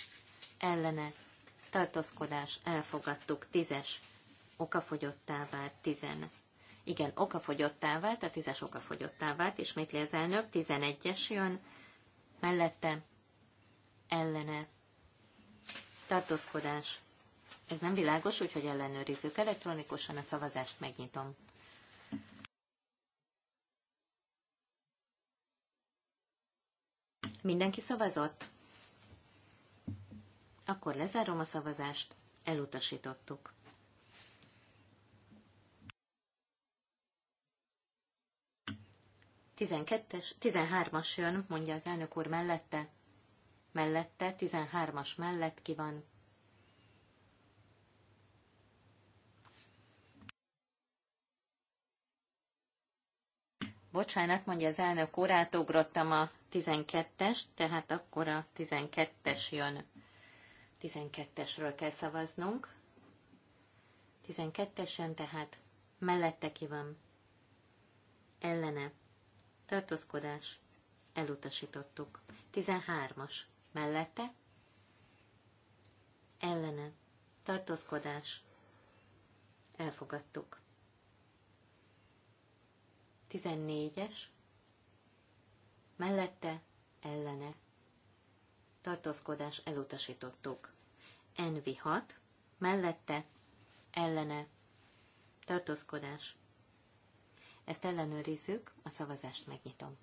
D: ellene tartózkodás elfogadtuk. Tízes okafogyottá vált. Tizen igen, okafogyottá vált, a tízes okafogyottá vált, ismétli az elnök, 11-es jön, mellette, ellene, tartózkodás. Ez nem világos, úgyhogy ellenőrizzük elektronikusan, a szavazást megnyitom. Mindenki szavazott? Akkor lezárom a szavazást, elutasítottuk. 12-es, 13-as jön, mondja az elnök úr mellette. Mellette, 13-as mellett ki van. Bocsánat, mondja az elnök úr, átugrottam a 12-es, tehát akkor a 12-es jön. 12-esről kell szavaznunk. 12-esen tehát mellette ki van. Ellene tartózkodás, elutasítottuk. 13-as, mellette, ellene, tartózkodás, elfogadtuk. 14-es, mellette, ellene, tartózkodás, elutasítottuk. Envi 6, mellette, ellene, tartózkodás, ezt ellenőrizzük, a szavazást megnyitom.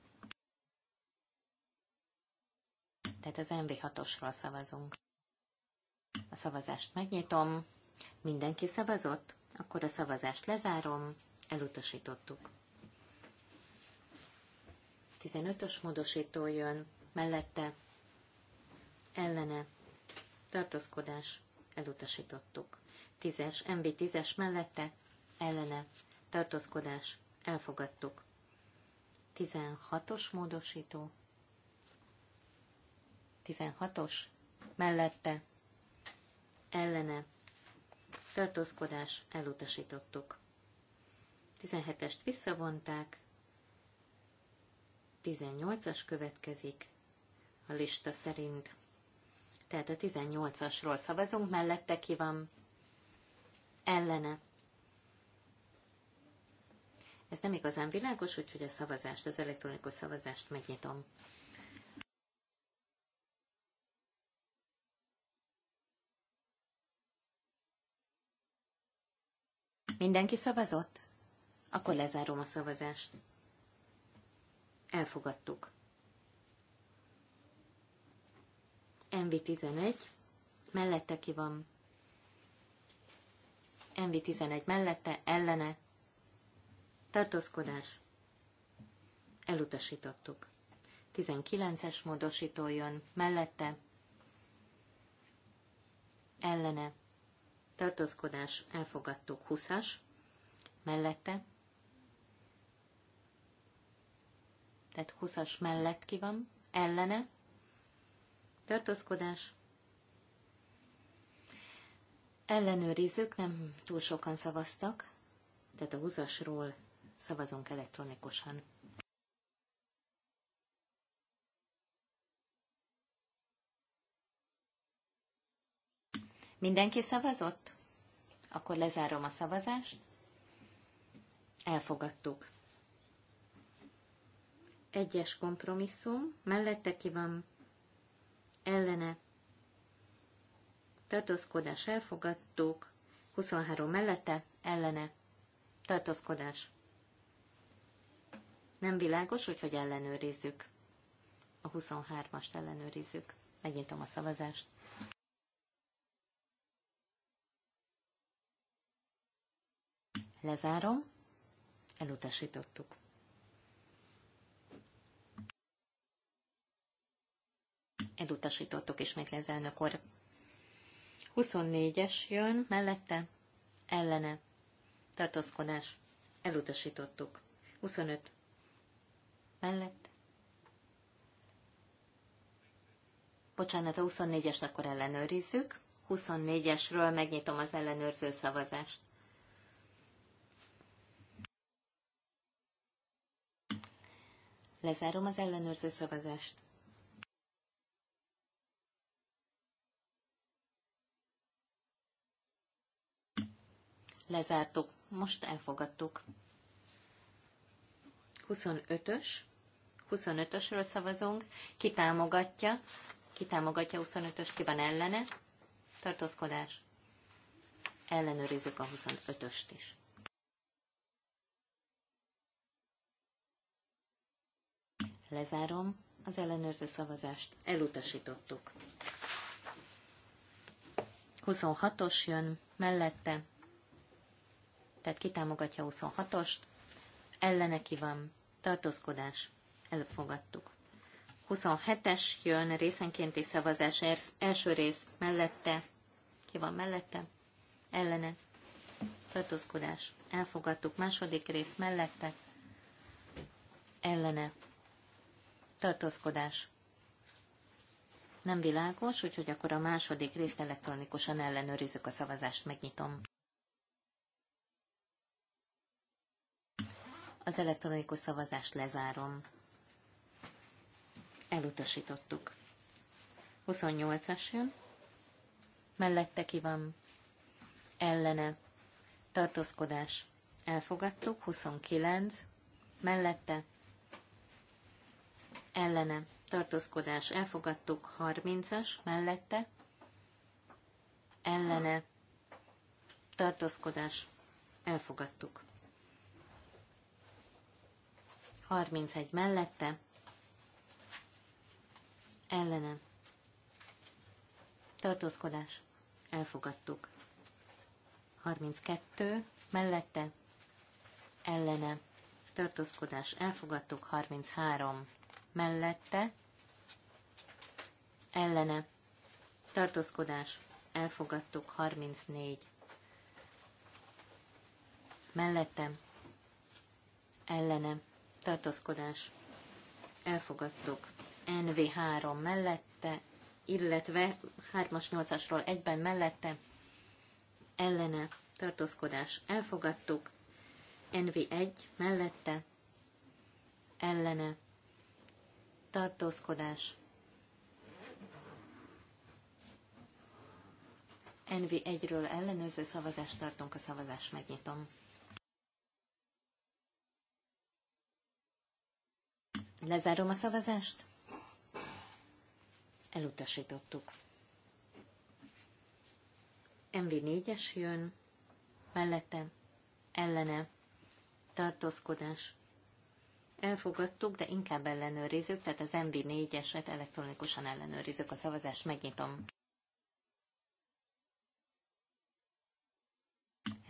D: Tehát az MV6-osról szavazunk. A szavazást megnyitom. Mindenki szavazott? Akkor a szavazást lezárom. Elutasítottuk. 15-ös módosító jön, mellette ellene tartózkodás elutasítottuk. 10-es, mv 10-es mellette ellene tartózkodás Elfogadtuk. 16-os módosító. 16-os. Mellette. Ellene. Tartózkodás. Elutasítottuk. 17-est visszavonták. 18-as következik a lista szerint. Tehát a 18-asról szavazunk, mellette ki van ellene ez nem igazán világos, úgyhogy a szavazást, az elektronikus szavazást megnyitom. Mindenki szavazott? Akkor lezárom a szavazást. Elfogadtuk. MV11, mellette ki van? MV11 mellette, ellene, tartózkodás, elutasítottuk. 19-es módosító jön, mellette, ellene, tartózkodás, elfogadtuk 20-as, mellette, tehát 20-as mellett ki van, ellene, tartózkodás, ellenőrizők, nem túl sokan szavaztak, tehát a 20-asról szavazunk elektronikusan. Mindenki szavazott? Akkor lezárom a szavazást. Elfogadtuk. Egyes kompromisszum, mellette ki van, ellene, tartózkodás elfogadtuk, 23 mellette, ellene, tartózkodás nem világos, hogy hogy ellenőrizzük. A 23-ast ellenőrizzük. Megnyitom a szavazást. Lezárom. Elutasítottuk. Elutasítottuk ismét az elnökor. 24-es jön, mellette, ellene, tartózkodás, elutasítottuk. 25 mellett. Bocsánat, a 24-est akkor ellenőrizzük. 24-esről megnyitom az ellenőrző szavazást. Lezárom az ellenőrző szavazást. Lezártuk, most elfogadtuk. 25-ös 25-ösről szavazunk. Ki támogatja? Ki támogatja 25-ös, ki van ellene? Tartózkodás. Ellenőrizzük a 25-öst is. Lezárom az ellenőrző szavazást. Elutasítottuk. 26-os jön mellette, tehát kitámogatja 26-ost, ellene ki van, tartózkodás, elfogadtuk. 27-es jön részenkénti szavazás első rész mellette. Ki van mellette? Ellene. Tartózkodás. Elfogadtuk. Második rész mellette. Ellene. Tartózkodás. Nem világos, úgyhogy akkor a második részt elektronikusan ellenőrizzük a szavazást, megnyitom. Az elektronikus szavazást lezárom elutasítottuk. 28-as jön, mellette ki van, ellene, tartózkodás, elfogadtuk, 29, mellette, ellene, tartózkodás, elfogadtuk, 30-as, mellette, ellene, tartózkodás, elfogadtuk. 31 mellette, ellene. Tartózkodás. Elfogadtuk. 32 mellette ellene. Tartózkodás. Elfogadtuk. 33 mellette ellene. Tartózkodás. Elfogadtuk. 34 mellettem ellene tartózkodás. Elfogadtuk. NV3 mellette, illetve 3-as 8-asról egyben mellette, ellene tartózkodás elfogadtuk, NV1 mellette, ellene tartózkodás NV1-ről ellenőrző szavazást tartunk, a szavazást megnyitom. Lezárom a szavazást elutasítottuk. MV4-es jön, mellette, ellene, tartózkodás. Elfogadtuk, de inkább ellenőrizzük, tehát az MV4-eset elektronikusan ellenőrizzük a szavazást, megnyitom.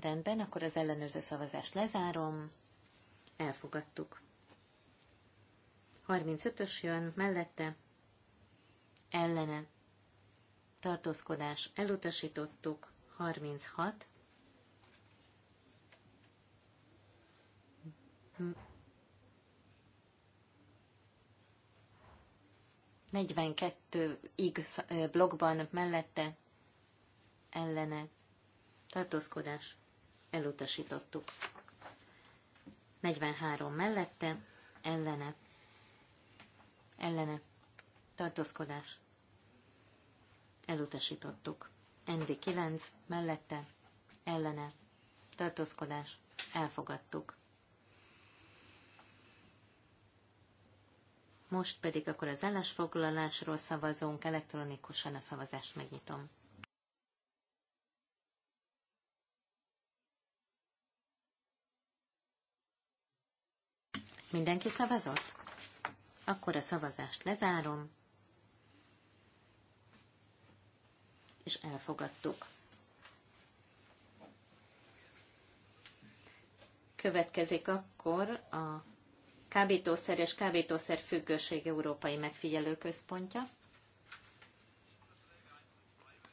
D: Rendben, akkor az ellenőrző szavazást lezárom. Elfogadtuk. 35-ös jön, mellette, ellene tartózkodás elutasítottuk, 36, 42 ig blogban mellette ellene tartózkodás elutasítottuk. 43 mellette ellene ellene tartózkodás elutasítottuk. nd 9 mellette, ellene, tartózkodás, elfogadtuk. Most pedig akkor az állásfoglalásról szavazunk, elektronikusan a szavazást megnyitom. Mindenki szavazott? Akkor a szavazást lezárom. és elfogadtuk. Következik akkor a kábítószer és kábítószer függőség Európai Megfigyelőközpontja.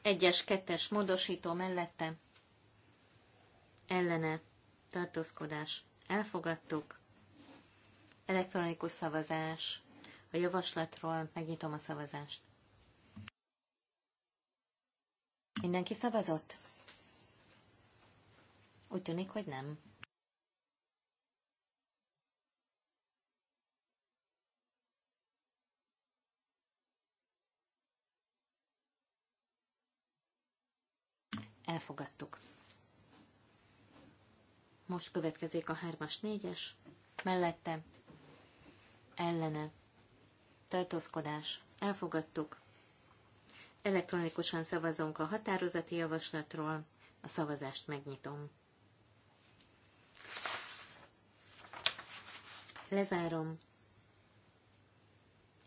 D: Egyes, kettes módosító mellette ellene tartózkodás elfogadtuk. Elektronikus szavazás a javaslatról, megnyitom a szavazást. Mindenki szavazott? Úgy tűnik, hogy nem. Elfogadtuk. Most következik a 3-as, 4-es, mellette, ellene, tartózkodás, elfogadtuk, Elektronikusan szavazunk a határozati javaslatról. A szavazást megnyitom. Lezárom.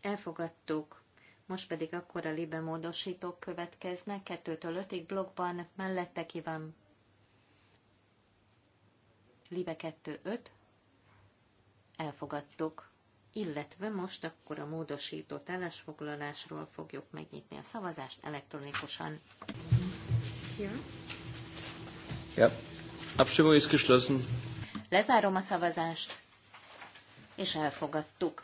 D: Elfogadtuk. Most pedig akkor a libe módosítók következnek, kettőtől ötig blogban mellette ki van libe 2-5. Elfogadtuk illetve most akkor a módosított állásfoglalásról fogjuk megnyitni a szavazást elektronikusan. Ja.
A: Ja. Abstimmung ist geschlossen.
D: Lezárom a szavazást, és elfogadtuk.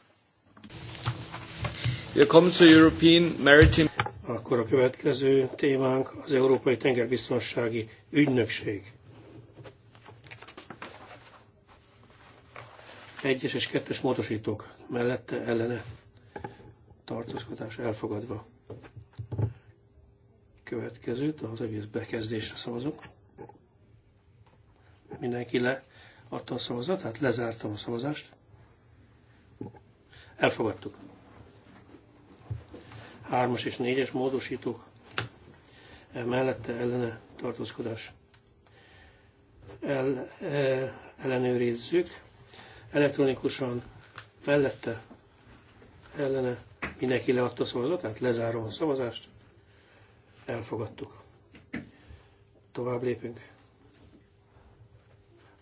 A: Wir kommen
C: zur European Maritime akkor a következő témánk az Európai Tengerbiztonsági Ügynökség. Egyes és kettes módosítók mellette ellene tartózkodás elfogadva. Következőt az egész bekezdésre szavazunk. Mindenki leadta a szavazat, tehát lezártam a szavazást. Elfogadtuk. Hármas és négyes módosítók eh, mellette ellene tartózkodás. El, eh, ellenőrizzük elektronikusan mellette ellene mindenki leadta szavazatát, lezárom a szavazást, elfogadtuk. Tovább lépünk.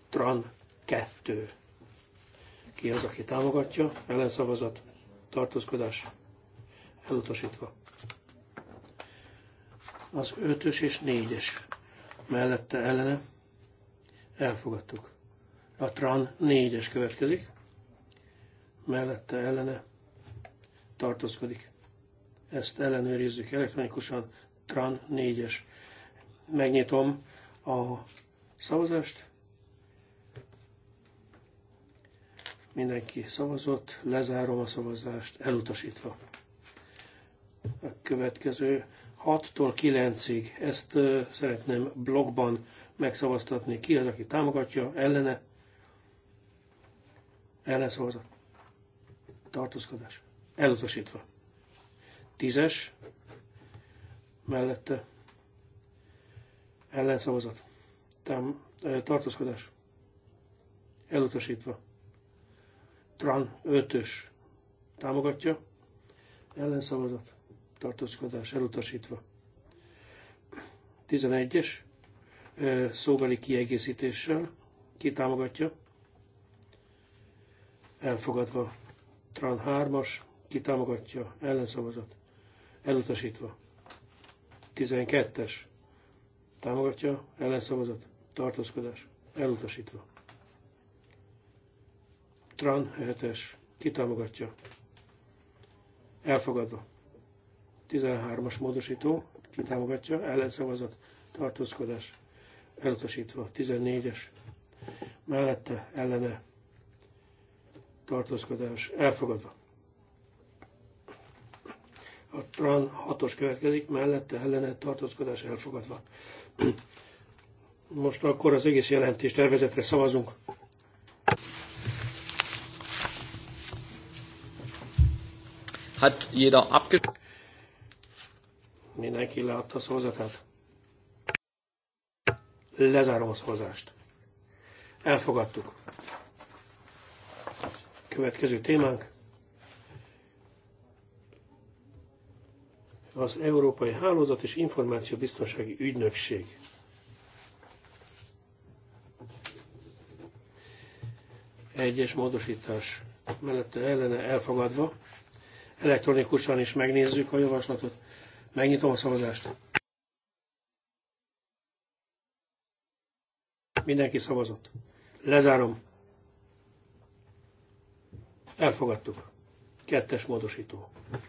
C: Tran 2. Ki az, aki támogatja? Ellenszavazat, tartózkodás, elutasítva. Az ötös és négyes mellette ellene elfogadtuk. A TRAN 4-es következik. Mellette ellene tartózkodik. Ezt ellenőrizzük elektronikusan. TRAN 4-es. Megnyitom a szavazást. Mindenki szavazott, lezárom a szavazást, elutasítva. A következő 6-tól 9-ig ezt szeretném blogban megszavaztatni. Ki az, aki támogatja, ellene ellenszavazat, tartózkodás, elutasítva. Tízes, mellette, ellenszavazat, tám, tartózkodás, elutasítva. Tran ötös támogatja, ellenszavazat, tartózkodás, elutasítva. tizenegyes szóbeli kiegészítéssel, ki támogatja, elfogadva. Tran 3-as, kitámogatja, ellenszavazat, elutasítva. 12-es, támogatja, ellenszavazat, tartózkodás, elutasítva. Tran 7-es, kitámogatja, elfogadva. 13-as módosító, kitámogatja, ellenszavazat, tartózkodás, elutasítva. 14-es, mellette, ellene, tartózkodás elfogadva. A TRAN 6-os következik, mellette ellene tartózkodás elfogadva. Most akkor az egész jelentés tervezetre szavazunk.
A: Hát jeder abge...
C: Mindenki leadta a szavazatát. Lezárom a szavazást. Elfogadtuk. Következő témánk az Európai Hálózat és Információbiztonsági Ügynökség. Egyes módosítás mellette ellene elfogadva. Elektronikusan is megnézzük a javaslatot. Megnyitom a szavazást. Mindenki szavazott. Lezárom. Elfogadtuk. Kettes módosító.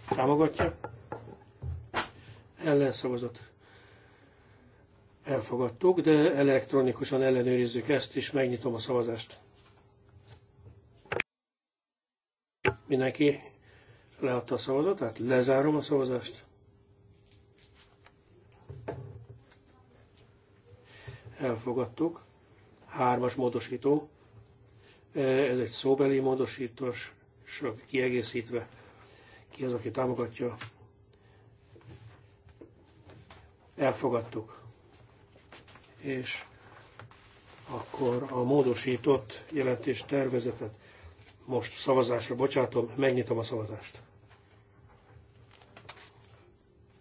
C: Támogatja. Ellenszavazat. Elfogadtuk, de elektronikusan ellenőrizzük ezt, és megnyitom a szavazást. Mindenki leadta a szavazatát? Lezárom a szavazást. Elfogadtuk. Hármas módosító. Ez egy szóbeli módosítós kiegészítve. Ki az, aki támogatja? Elfogadtuk. És akkor a módosított jelentés tervezetet most szavazásra bocsátom, megnyitom a szavazást.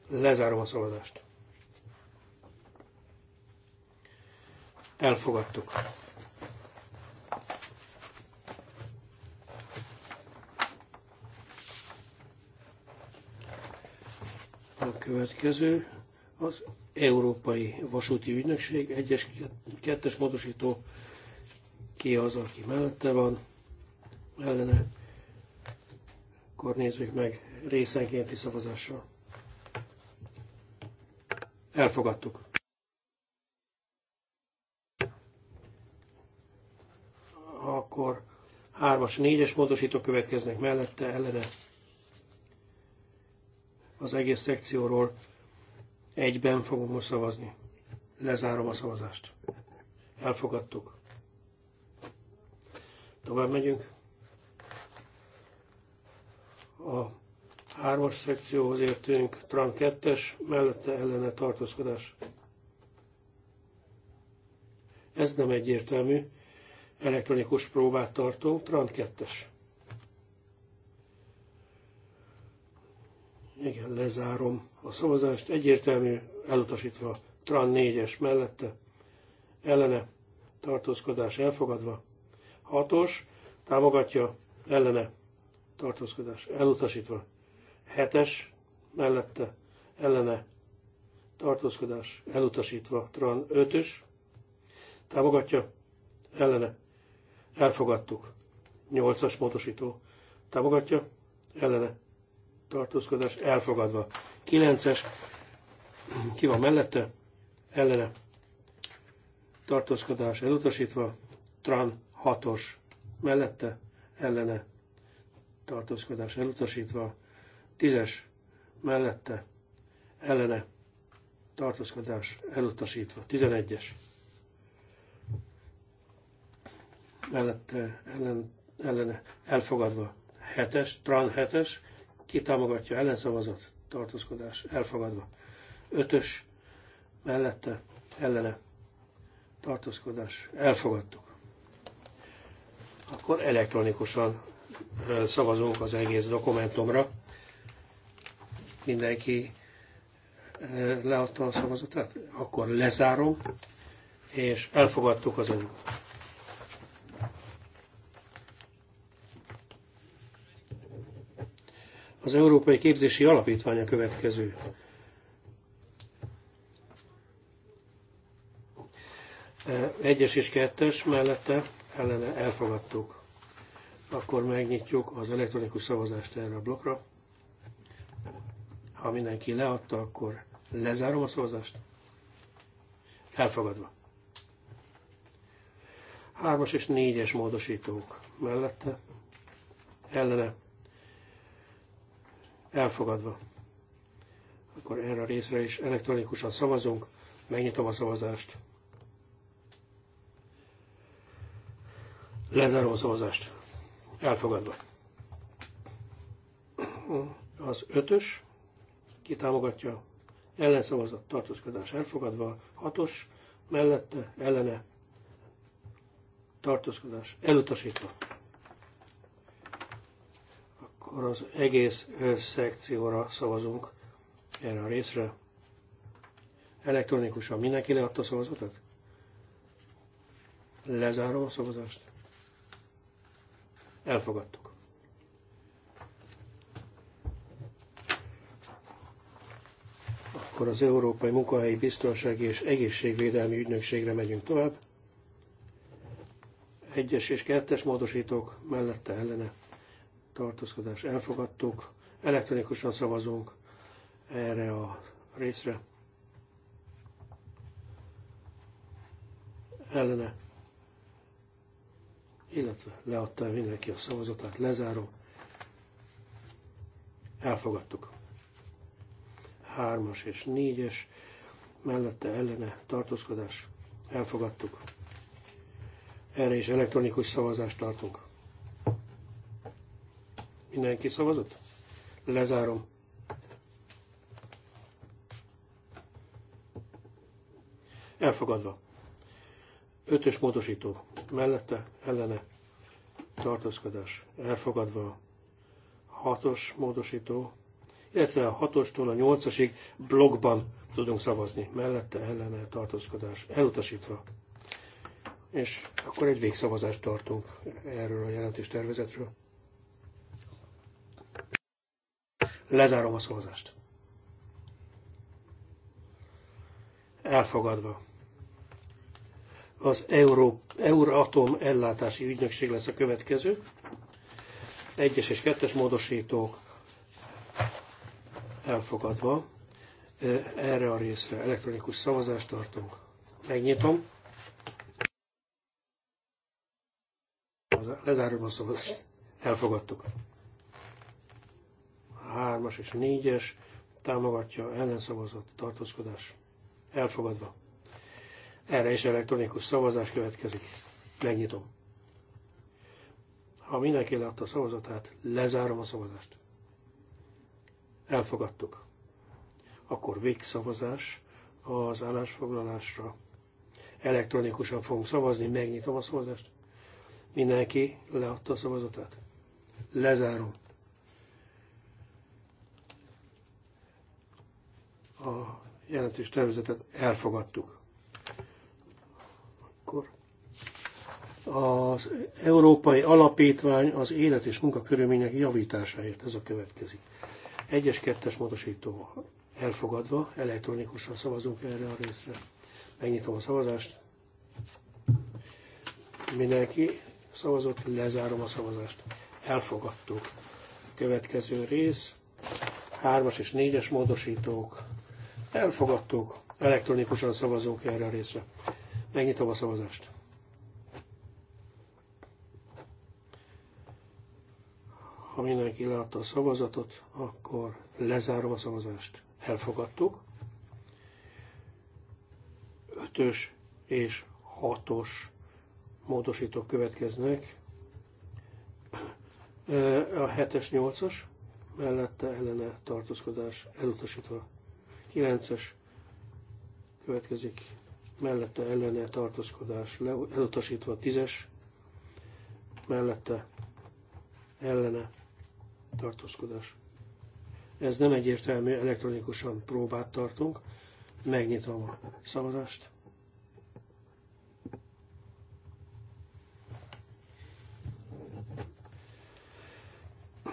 C: Lezárom a szavazást. Elfogadtuk. következő, az Európai Vasúti Ügynökség, 1-es, 2-es módosító, ki az, aki mellette van, ellene, akkor nézzük meg részenkénti szavazással. Elfogadtuk. Akkor 3-as, 4-es módosító következnek mellette, ellene, az egész szekcióról egyben fogunk most szavazni. Lezárom a szavazást. Elfogadtuk. Tovább megyünk. A hármas szekcióhoz értünk, Trump 2-es, mellette ellene tartózkodás. Ez nem egyértelmű. Elektronikus próbát tartunk, Trump 2-es. Igen, lezárom a szavazást. Egyértelmű, elutasítva Tran 4-es mellette, ellene, tartózkodás elfogadva. 6-os, támogatja, ellene, tartózkodás elutasítva. 7-es, mellette, ellene, tartózkodás elutasítva. Tran 5-ös, támogatja, ellene, elfogadtuk. 8-as módosító, támogatja, ellene, tartózkodás elfogadva. 9-es, ki van mellette, ellene, tartózkodás elutasítva, tran 6-os, mellette, ellene, tartózkodás elutasítva, 10-es, mellette, ellene, tartózkodás elutasítva, 11-es, mellette, ellen, ellene, elfogadva, 7-es, tran 7-es, ki támogatja ellenszavazat, tartózkodás elfogadva. Ötös mellette ellene tartózkodás elfogadtuk. Akkor elektronikusan szavazunk az egész dokumentumra. Mindenki leadta a szavazatát, akkor lezárom, és elfogadtuk az anyagot. Az Európai Képzési Alapítvány a következő. E, egyes és kettes mellette ellene elfogadtuk. Akkor megnyitjuk az elektronikus szavazást erre a blokkra. Ha mindenki leadta, akkor lezárom a szavazást. Elfogadva. Hármas és négyes módosítók mellette ellene elfogadva. Akkor erre a részre is elektronikusan szavazunk, megnyitom a szavazást. Lezárom a szavazást. Elfogadva. Az ötös kitámogatja, ellenszavazat, tartózkodás elfogadva, hatos, mellette, ellene, tartózkodás elutasítva akkor az egész szekcióra szavazunk erre a részre. Elektronikusan mindenki leadta a szavazatot? Lezárom a szavazást. Elfogadtuk. Akkor az Európai Munkahelyi Biztonsági és Egészségvédelmi Ügynökségre megyünk tovább. Egyes és kettes módosítók mellette ellene tartózkodás elfogadtuk, elektronikusan szavazunk erre a részre. Ellene, illetve leadta mindenki a szavazatát, lezárom. Elfogadtuk. Hármas és négyes, mellette ellene tartózkodás, elfogadtuk. Erre is elektronikus szavazást tartunk. Mindenki szavazott? Lezárom. Elfogadva. Ötös módosító. Mellette, ellene, tartózkodás. Elfogadva. Hatos módosító. Illetve a hatostól a nyolcasig blogban tudunk szavazni. Mellette, ellene, tartózkodás. Elutasítva. És akkor egy végszavazást tartunk erről a jelentéstervezetről. tervezetről. Lezárom a szavazást. Elfogadva. Az Euró, Euratom ellátási ügynökség lesz a következő. Egyes és kettes módosítók elfogadva. Erre a részre elektronikus szavazást tartunk. Megnyitom. Lezárom a szavazást. Elfogadtuk. 3-as és 4-es támogatja ellenszavazat tartózkodás elfogadva. Erre is elektronikus szavazás következik. Megnyitom. Ha mindenki látta a szavazatát, lezárom a szavazást. Elfogadtuk. Akkor végszavazás az állásfoglalásra. Elektronikusan fogunk szavazni, megnyitom a szavazást. Mindenki leadta a szavazatát. Lezárom. a jelentés tervezetet elfogadtuk. Akkor az Európai Alapítvány az élet és munkakörülmények javításáért, ez a következik. Egyes, kettes módosító elfogadva, elektronikusan szavazunk erre a részre. Megnyitom a szavazást. Mindenki szavazott, lezárom a szavazást. Elfogadtuk. Következő rész, hármas és négyes módosítók Elfogadtuk. Elektronikusan szavazók erre a részre. Megnyitom a szavazást. Ha mindenki látta a szavazatot, akkor lezárom a szavazást. Elfogadtuk. Ötös és hatos módosítók következnek. A 7-es, 8-as mellette ellene tartózkodás elutasítva. 9-es következik, mellette ellene tartózkodás elutasítva, 10-es mellette ellene tartózkodás. Ez nem egyértelmű, elektronikusan próbát tartunk. Megnyitom a szavazást.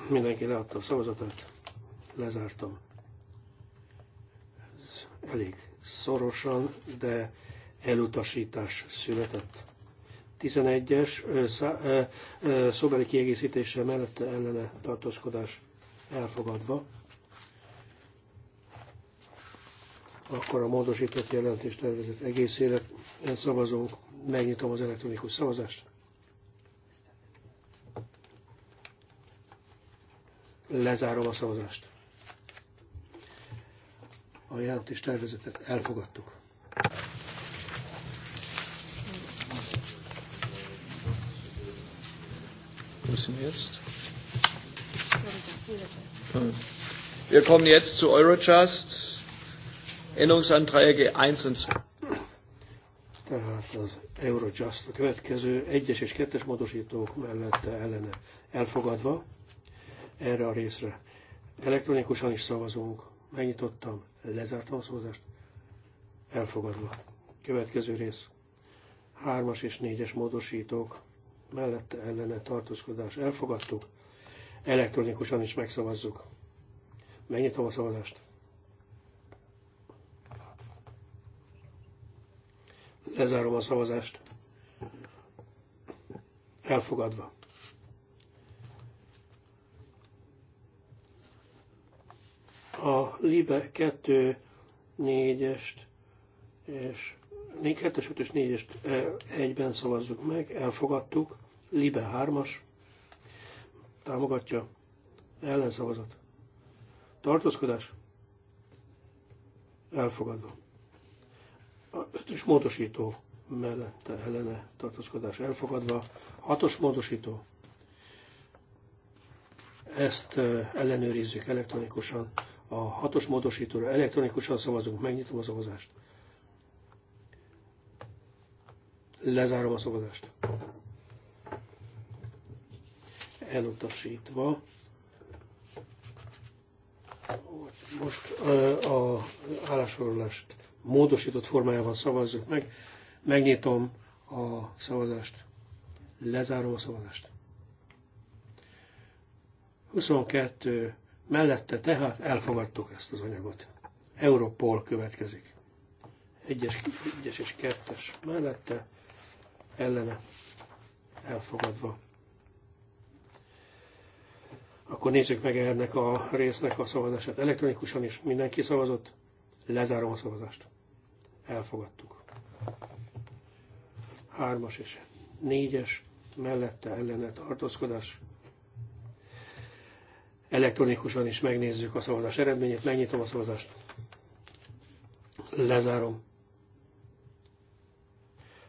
C: Mindenki leadta a szavazatát, lezártam elég szorosan, de elutasítás született. 11-es szóbeli kiegészítése mellette ellene tartózkodás elfogadva. Akkor a módosított jelentés tervezett egészére szavazunk, megnyitom az elektronikus szavazást. Lezárom a szavazást a jelentés tervezetet elfogadtuk.
A: Köszönöm. wir jetzt? Äh, wir kommen jetzt zu Eurojust. Änderungsanträge 1 und 2.
C: Tehát az Eurojust a következő egyes és kettes módosítók mellett ellene elfogadva erre a részre. Elektronikusan is szavazunk. Megnyitottam. Lezártam a Elfogadva. Következő rész. Hármas és négyes módosítók. Mellette ellene tartózkodás. Elfogadtuk. Elektronikusan is megszavazzuk. Megnyitom a szavazást. Lezárom a szavazást. Elfogadva. a Libe 2 4-est és 4 2-es, 5-ös, 4-est egyben szavazzuk meg, elfogadtuk. Libe 3-as támogatja ellenszavazat. Tartózkodás elfogadva. A 5-ös módosító mellette ellene tartózkodás elfogadva. 6-os módosító ezt ellenőrizzük elektronikusan a hatos módosítóra elektronikusan szavazunk, megnyitom a szavazást. Lezárom a szavazást. Elutasítva. Most a állásorolást módosított formájában szavazzuk meg. Megnyitom a szavazást. Lezárom a szavazást. 22 Mellette tehát elfogadtuk ezt az anyagot. Europol következik. Egyes, egyes és kettes mellette, ellene elfogadva. Akkor nézzük meg ennek a résznek a szavazását. Elektronikusan is mindenki szavazott. Lezárom a szavazást. Elfogadtuk. Hármas és négyes mellette ellene tartózkodás elektronikusan is megnézzük a szavazás eredményét, megnyitom a szavazást, lezárom,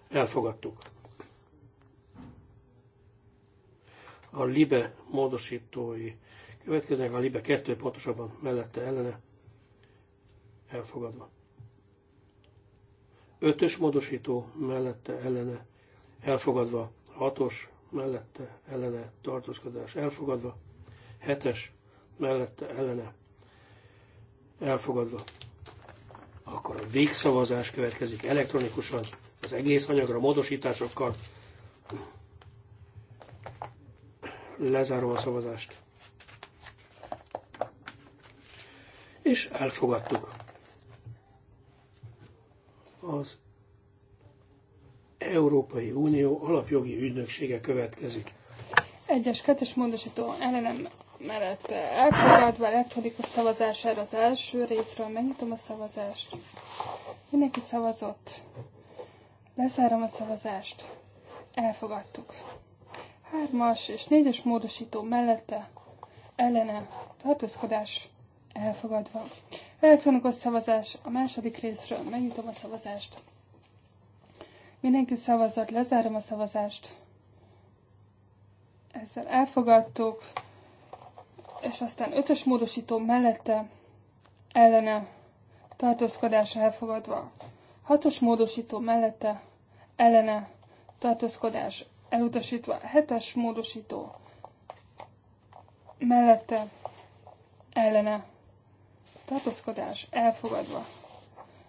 C: elfogadtuk. A libe módosítói következnek, a libe kettő pontosabban mellette ellene, elfogadva. Ötös módosító mellette ellene, elfogadva. Hatos mellette ellene tartózkodás elfogadva hetes mellette ellene elfogadva. Akkor a végszavazás következik elektronikusan az egész anyagra módosításokkal. Lezárom a szavazást. És elfogadtuk. Az Európai Unió alapjogi ügynöksége következik.
B: Egyes, kettes módosító ellenem mellette elfogadva elektronikus szavazására az első részről megnyitom a szavazást. Mindenki szavazott. Lezárom a szavazást. Elfogadtuk. Hármas és négyes módosító mellette ellene tartózkodás elfogadva. Elektronikus szavazás a második részről. Megnyitom a szavazást. Mindenki szavazott, lezárom a szavazást. Ezzel elfogadtuk és aztán ötös módosító mellette ellene tartózkodása elfogadva. Hatos módosító mellette ellene tartózkodás elutasítva. Hetes módosító mellette ellene tartózkodás elfogadva.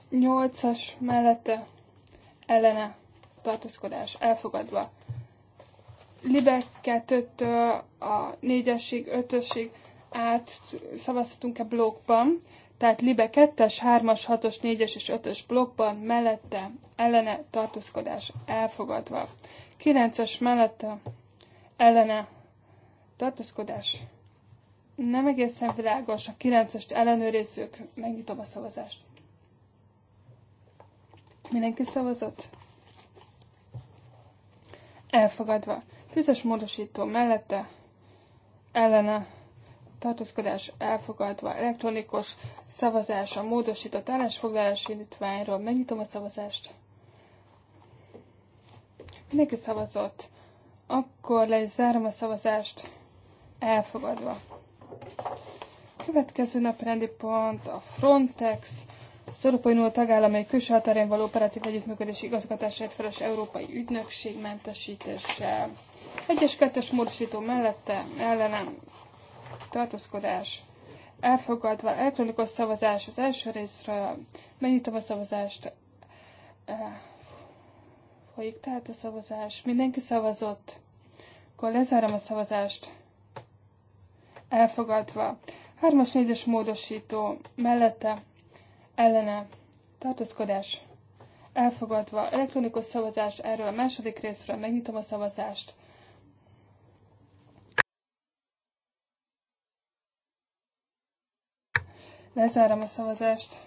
B: Nyolcas mellette ellene tartózkodás elfogadva. Libe 2-től a 4-esig, 5-ösig át szavazhatunk-e blokkban, tehát Libe 2-es, 3-as, 6-os, 4-es és 5-ös blokkban, mellette, ellene, tartózkodás elfogadva. 9-es mellette, ellene, tartózkodás nem egészen világos, a 9-est ellenőrizzük, megnyitom a szavazást. Mindenki szavazott? Elfogadva. Tízes módosító mellette ellene tartózkodás elfogadva elektronikus szavazás a módosított állásfoglalási indítványról. Megnyitom a szavazást. Mindenki szavazott. Akkor le is zárom a szavazást. Elfogadva. Következő naprendi pont a Frontex. Az Európai Unió tagállamai külső határén való operatív együttműködés igazgatásért feles Európai Ügynökség mentesítése. Egyes kettes módosító mellette ellenem tartózkodás elfogadva elektronikus szavazás az első részről. Megnyitom a szavazást. Folyik tehát a szavazás. Mindenki szavazott. Akkor lezárom a szavazást. Elfogadva. 3-as, 4 módosító. Mellette. Ellene. Tartózkodás. Elfogadva. Elektronikus szavazás erről a második részről. Megnyitom a szavazást. Lezárom a szavazást.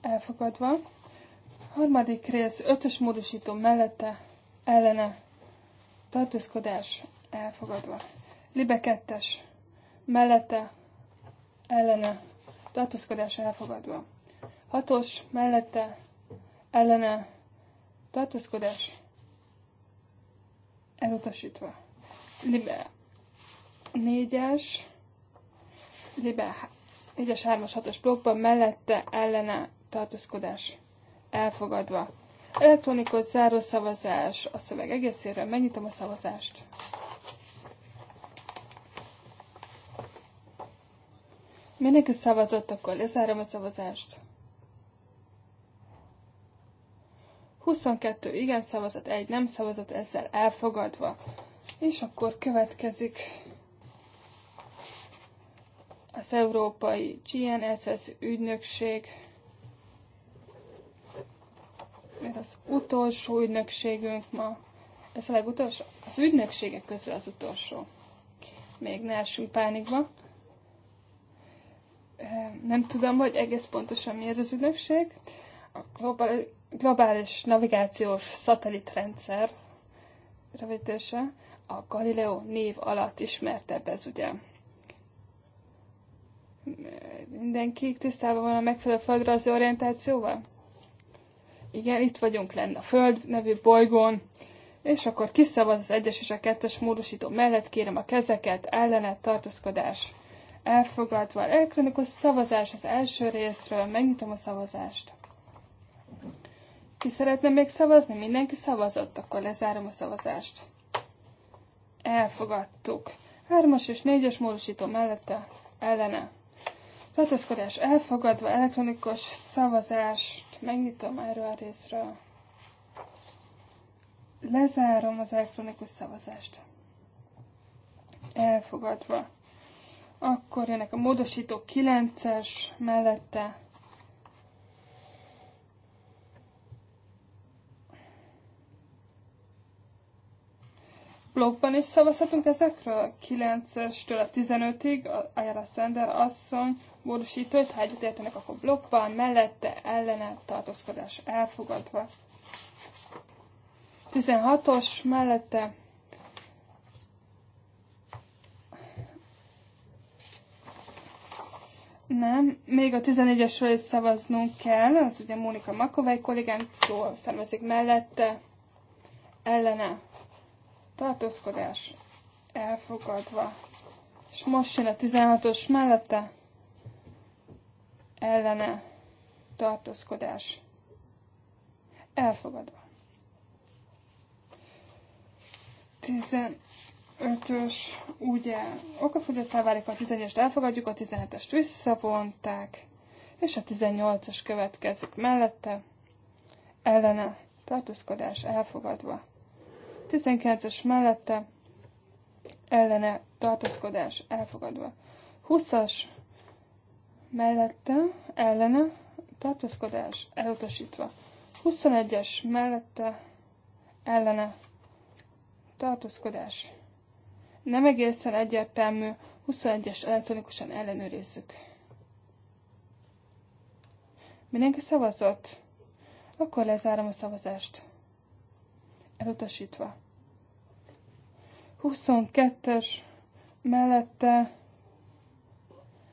B: Elfogadva. Harmadik rész, ötös módosító mellette, ellene, tartózkodás, elfogadva. Libe kettes, mellette, ellene, tartózkodás elfogadva. Hatos, mellette, ellene, tartózkodás elutasítva. Libe négyes, libe 1-es, 3-as, 6-os blokkban mellette ellene tartózkodás elfogadva. Elektronikus záró szavazás a szöveg egészére. Megnyitom a szavazást. Mindenki szavazott, akkor lezárom a szavazást. 22 igen szavazat, egy nem szavazat, ezzel elfogadva. És akkor következik az Európai GNSS ügynökség, mert az utolsó ügynökségünk ma, ez a legutolsó, az ügynökségek közül az utolsó. Még ne essünk pánikba. Nem tudom, hogy egész pontosan mi ez az ügynökség. A globális navigációs szatellitrendszer rövidítése a Galileo név alatt ismertebb ez ugye mindenki tisztában van a megfelelő földrajzi orientációval? Igen, itt vagyunk lenne a Föld nevű bolygón, és akkor kiszavaz az egyes és a kettes módosító mellett, kérem a kezeket, ellenet, tartózkodás elfogadva. Elektronikus szavazás az első részről, megnyitom a szavazást. Ki szeretne még szavazni? Mindenki szavazott, akkor lezárom a szavazást. Elfogadtuk. Hármas és négyes módosító mellette, ellene, Tartózkodás elfogadva, elektronikus szavazást megnyitom erről a részről. Lezárom az elektronikus szavazást. Elfogadva. Akkor jönnek a módosító 9-es mellette. blogban is szavazhatunk ezekről, 9-estől a 15-ig, Ayala Sender asszony, módosított, ha értenek, akkor blokkban, mellette, ellene, tartózkodás elfogadva. 16-os mellette Nem, még a 14-esről is szavaznunk kell, az ugye Mónika Makovej kollégánktól szervezik mellette, ellene tartózkodás elfogadva. És most jön a 16-os mellette, ellene tartózkodás elfogadva. 15-ös, ugye okafogyottá válik, a 11-est elfogadjuk, a 17-est visszavonták, és a 18-as következik mellette, ellene tartózkodás elfogadva. 19-es mellette ellene tartózkodás elfogadva. 20-as mellette, ellene, tartózkodás elutasítva. 21-es mellette, ellene, tartózkodás. Nem egészen egyértelmű, 21-es elektronikusan ellenőrizzük. Mindenki szavazott? Akkor lezárom a szavazást. Elutasítva. 22-es mellette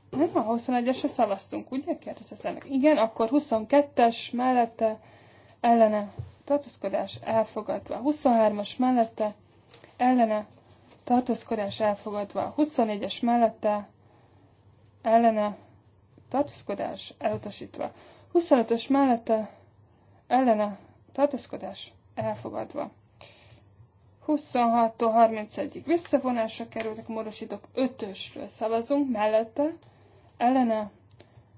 B: nem, a 21-esre szavaztunk, ugye? Kérdezett Igen, akkor 22-es mellette ellene tartózkodás elfogadva. 23-as mellette ellene tartózkodás elfogadva. 24-es mellette ellene tartózkodás elutasítva. 25-ös mellette ellene tartózkodás elfogadva. 26 31-ig visszavonásra kerültek a módosítók 5-ösről szavazunk, mellette ellene,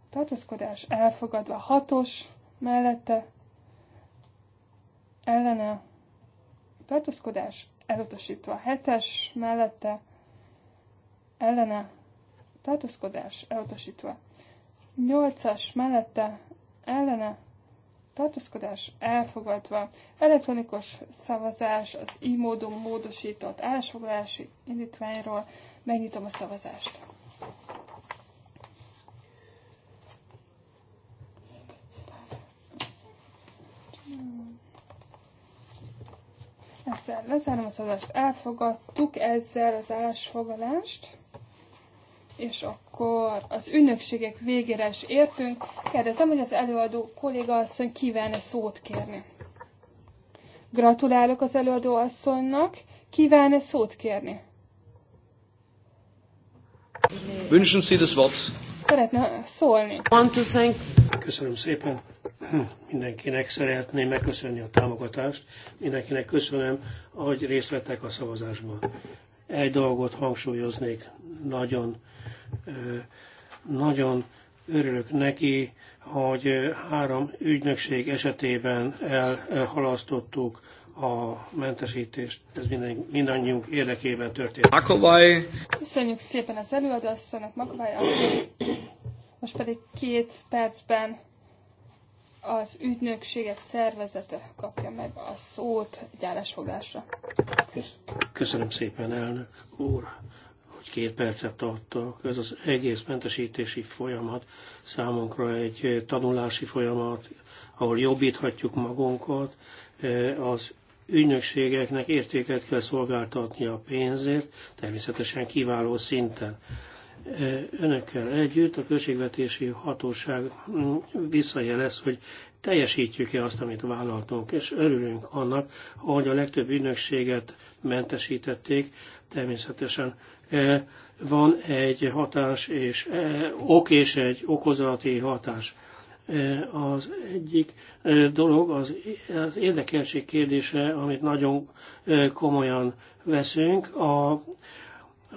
B: tartózkodás elfogadva, hatos mellette, ellene, tartózkodás elutasítva, hetes mellette, ellene, tartózkodás elutasítva, nyolcas mellette, ellene, tartózkodás elfogadva, elektronikus szavazás az e módon módosított állásfoglalási indítványról, megnyitom a szavazást. Ezzel lezárom az adást, Elfogadtuk ezzel az állásfoglalást. És akkor az ünnökségek végére is értünk. Kérdezem, hogy az előadó kolléga asszony kívánne szót kérni. Gratulálok az előadó asszonynak. Kívánne szót kérni?
A: Wünschen Sie das Wort?
B: szeretne szólni.
C: Köszönöm szépen. Mindenkinek szeretném megköszönni a támogatást. Mindenkinek köszönöm, hogy részt vettek a szavazásban. Egy dolgot hangsúlyoznék. Nagyon, nagyon örülök neki, hogy három ügynökség esetében elhalasztottuk a mentesítést. Ez minden, mindannyiunk érdekében történt. Makovai.
B: Köszönjük szépen az előadasszonynak, Makovai. Most pedig két percben az ügynökségek szervezete kapja meg a szót egy állásfoglásra.
C: Köszönöm szépen, elnök úr, hogy két percet adtak. Ez az egész mentesítési folyamat számunkra egy tanulási folyamat, ahol jobbíthatjuk magunkat, az ügynökségeknek értéket kell szolgáltatni a pénzért, természetesen kiváló szinten. Önökkel együtt a Költségvetési Hatóság mm, visszajelez, hogy teljesítjük-e azt, amit vállaltunk, és örülünk annak, hogy a legtöbb ügynökséget mentesítették, természetesen van egy hatás és ok és egy okozati hatás Eh, az egyik eh, dolog az, az érdekeltség kérdése, amit nagyon eh, komolyan veszünk, a,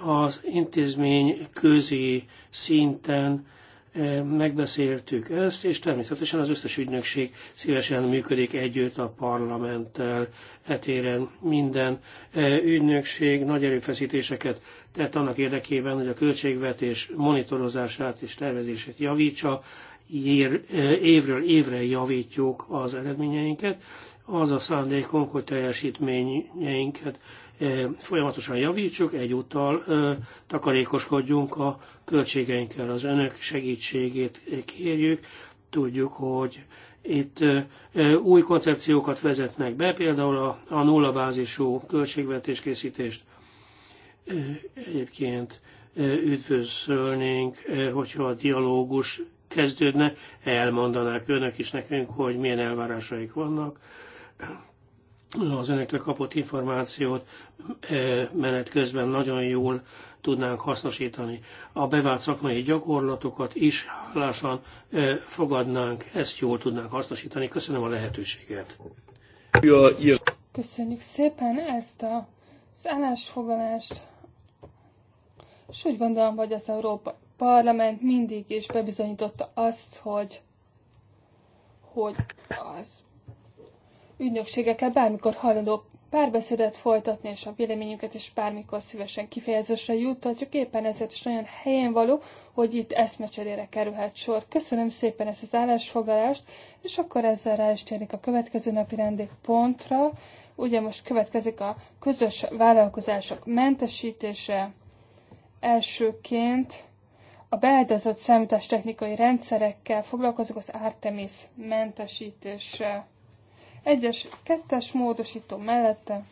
C: az intézmény közi szinten megbeszéltük ezt, és természetesen az összes ügynökség szívesen működik együtt a parlamenttel etéren. Minden ügynökség nagy erőfeszítéseket tett annak érdekében, hogy a költségvetés monitorozását és tervezését javítsa, évről évre javítjuk az eredményeinket. Az a szándékunk, hogy teljesítményeinket folyamatosan javítsuk, egyúttal takarékoskodjunk a költségeinkkel. Az önök segítségét kérjük, tudjuk, hogy itt új koncepciókat vezetnek be, például a, nullabázisú nullabázisú költségvetéskészítést. Egyébként üdvözölnénk, hogyha a dialógus kezdődne, elmondanák önök is nekünk, hogy milyen elvárásaik vannak az önöktől kapott információt e, menet közben nagyon jól tudnánk hasznosítani. A bevált szakmai gyakorlatokat is hálásan e, fogadnánk, ezt jól tudnánk hasznosítani. Köszönöm a lehetőséget.
B: Köszönjük szépen ezt a, az állásfoglalást, és úgy gondolom, hogy az Európa Parlament mindig is bebizonyította azt, hogy, hogy az ügynökségekkel bármikor hajlandó párbeszédet folytatni, és a véleményünket is bármikor szívesen kifejezésre juttatjuk. Éppen ezért is nagyon helyen való, hogy itt eszmecserére kerülhet sor. Köszönöm szépen ezt az állásfoglalást, és akkor ezzel rá is a következő napi rendi pontra. Ugye most következik a közös vállalkozások mentesítése. Elsőként a beáldozott számítástechnikai rendszerekkel foglalkozunk az Artemis mentesítéssel egyes, kettes módosító mellette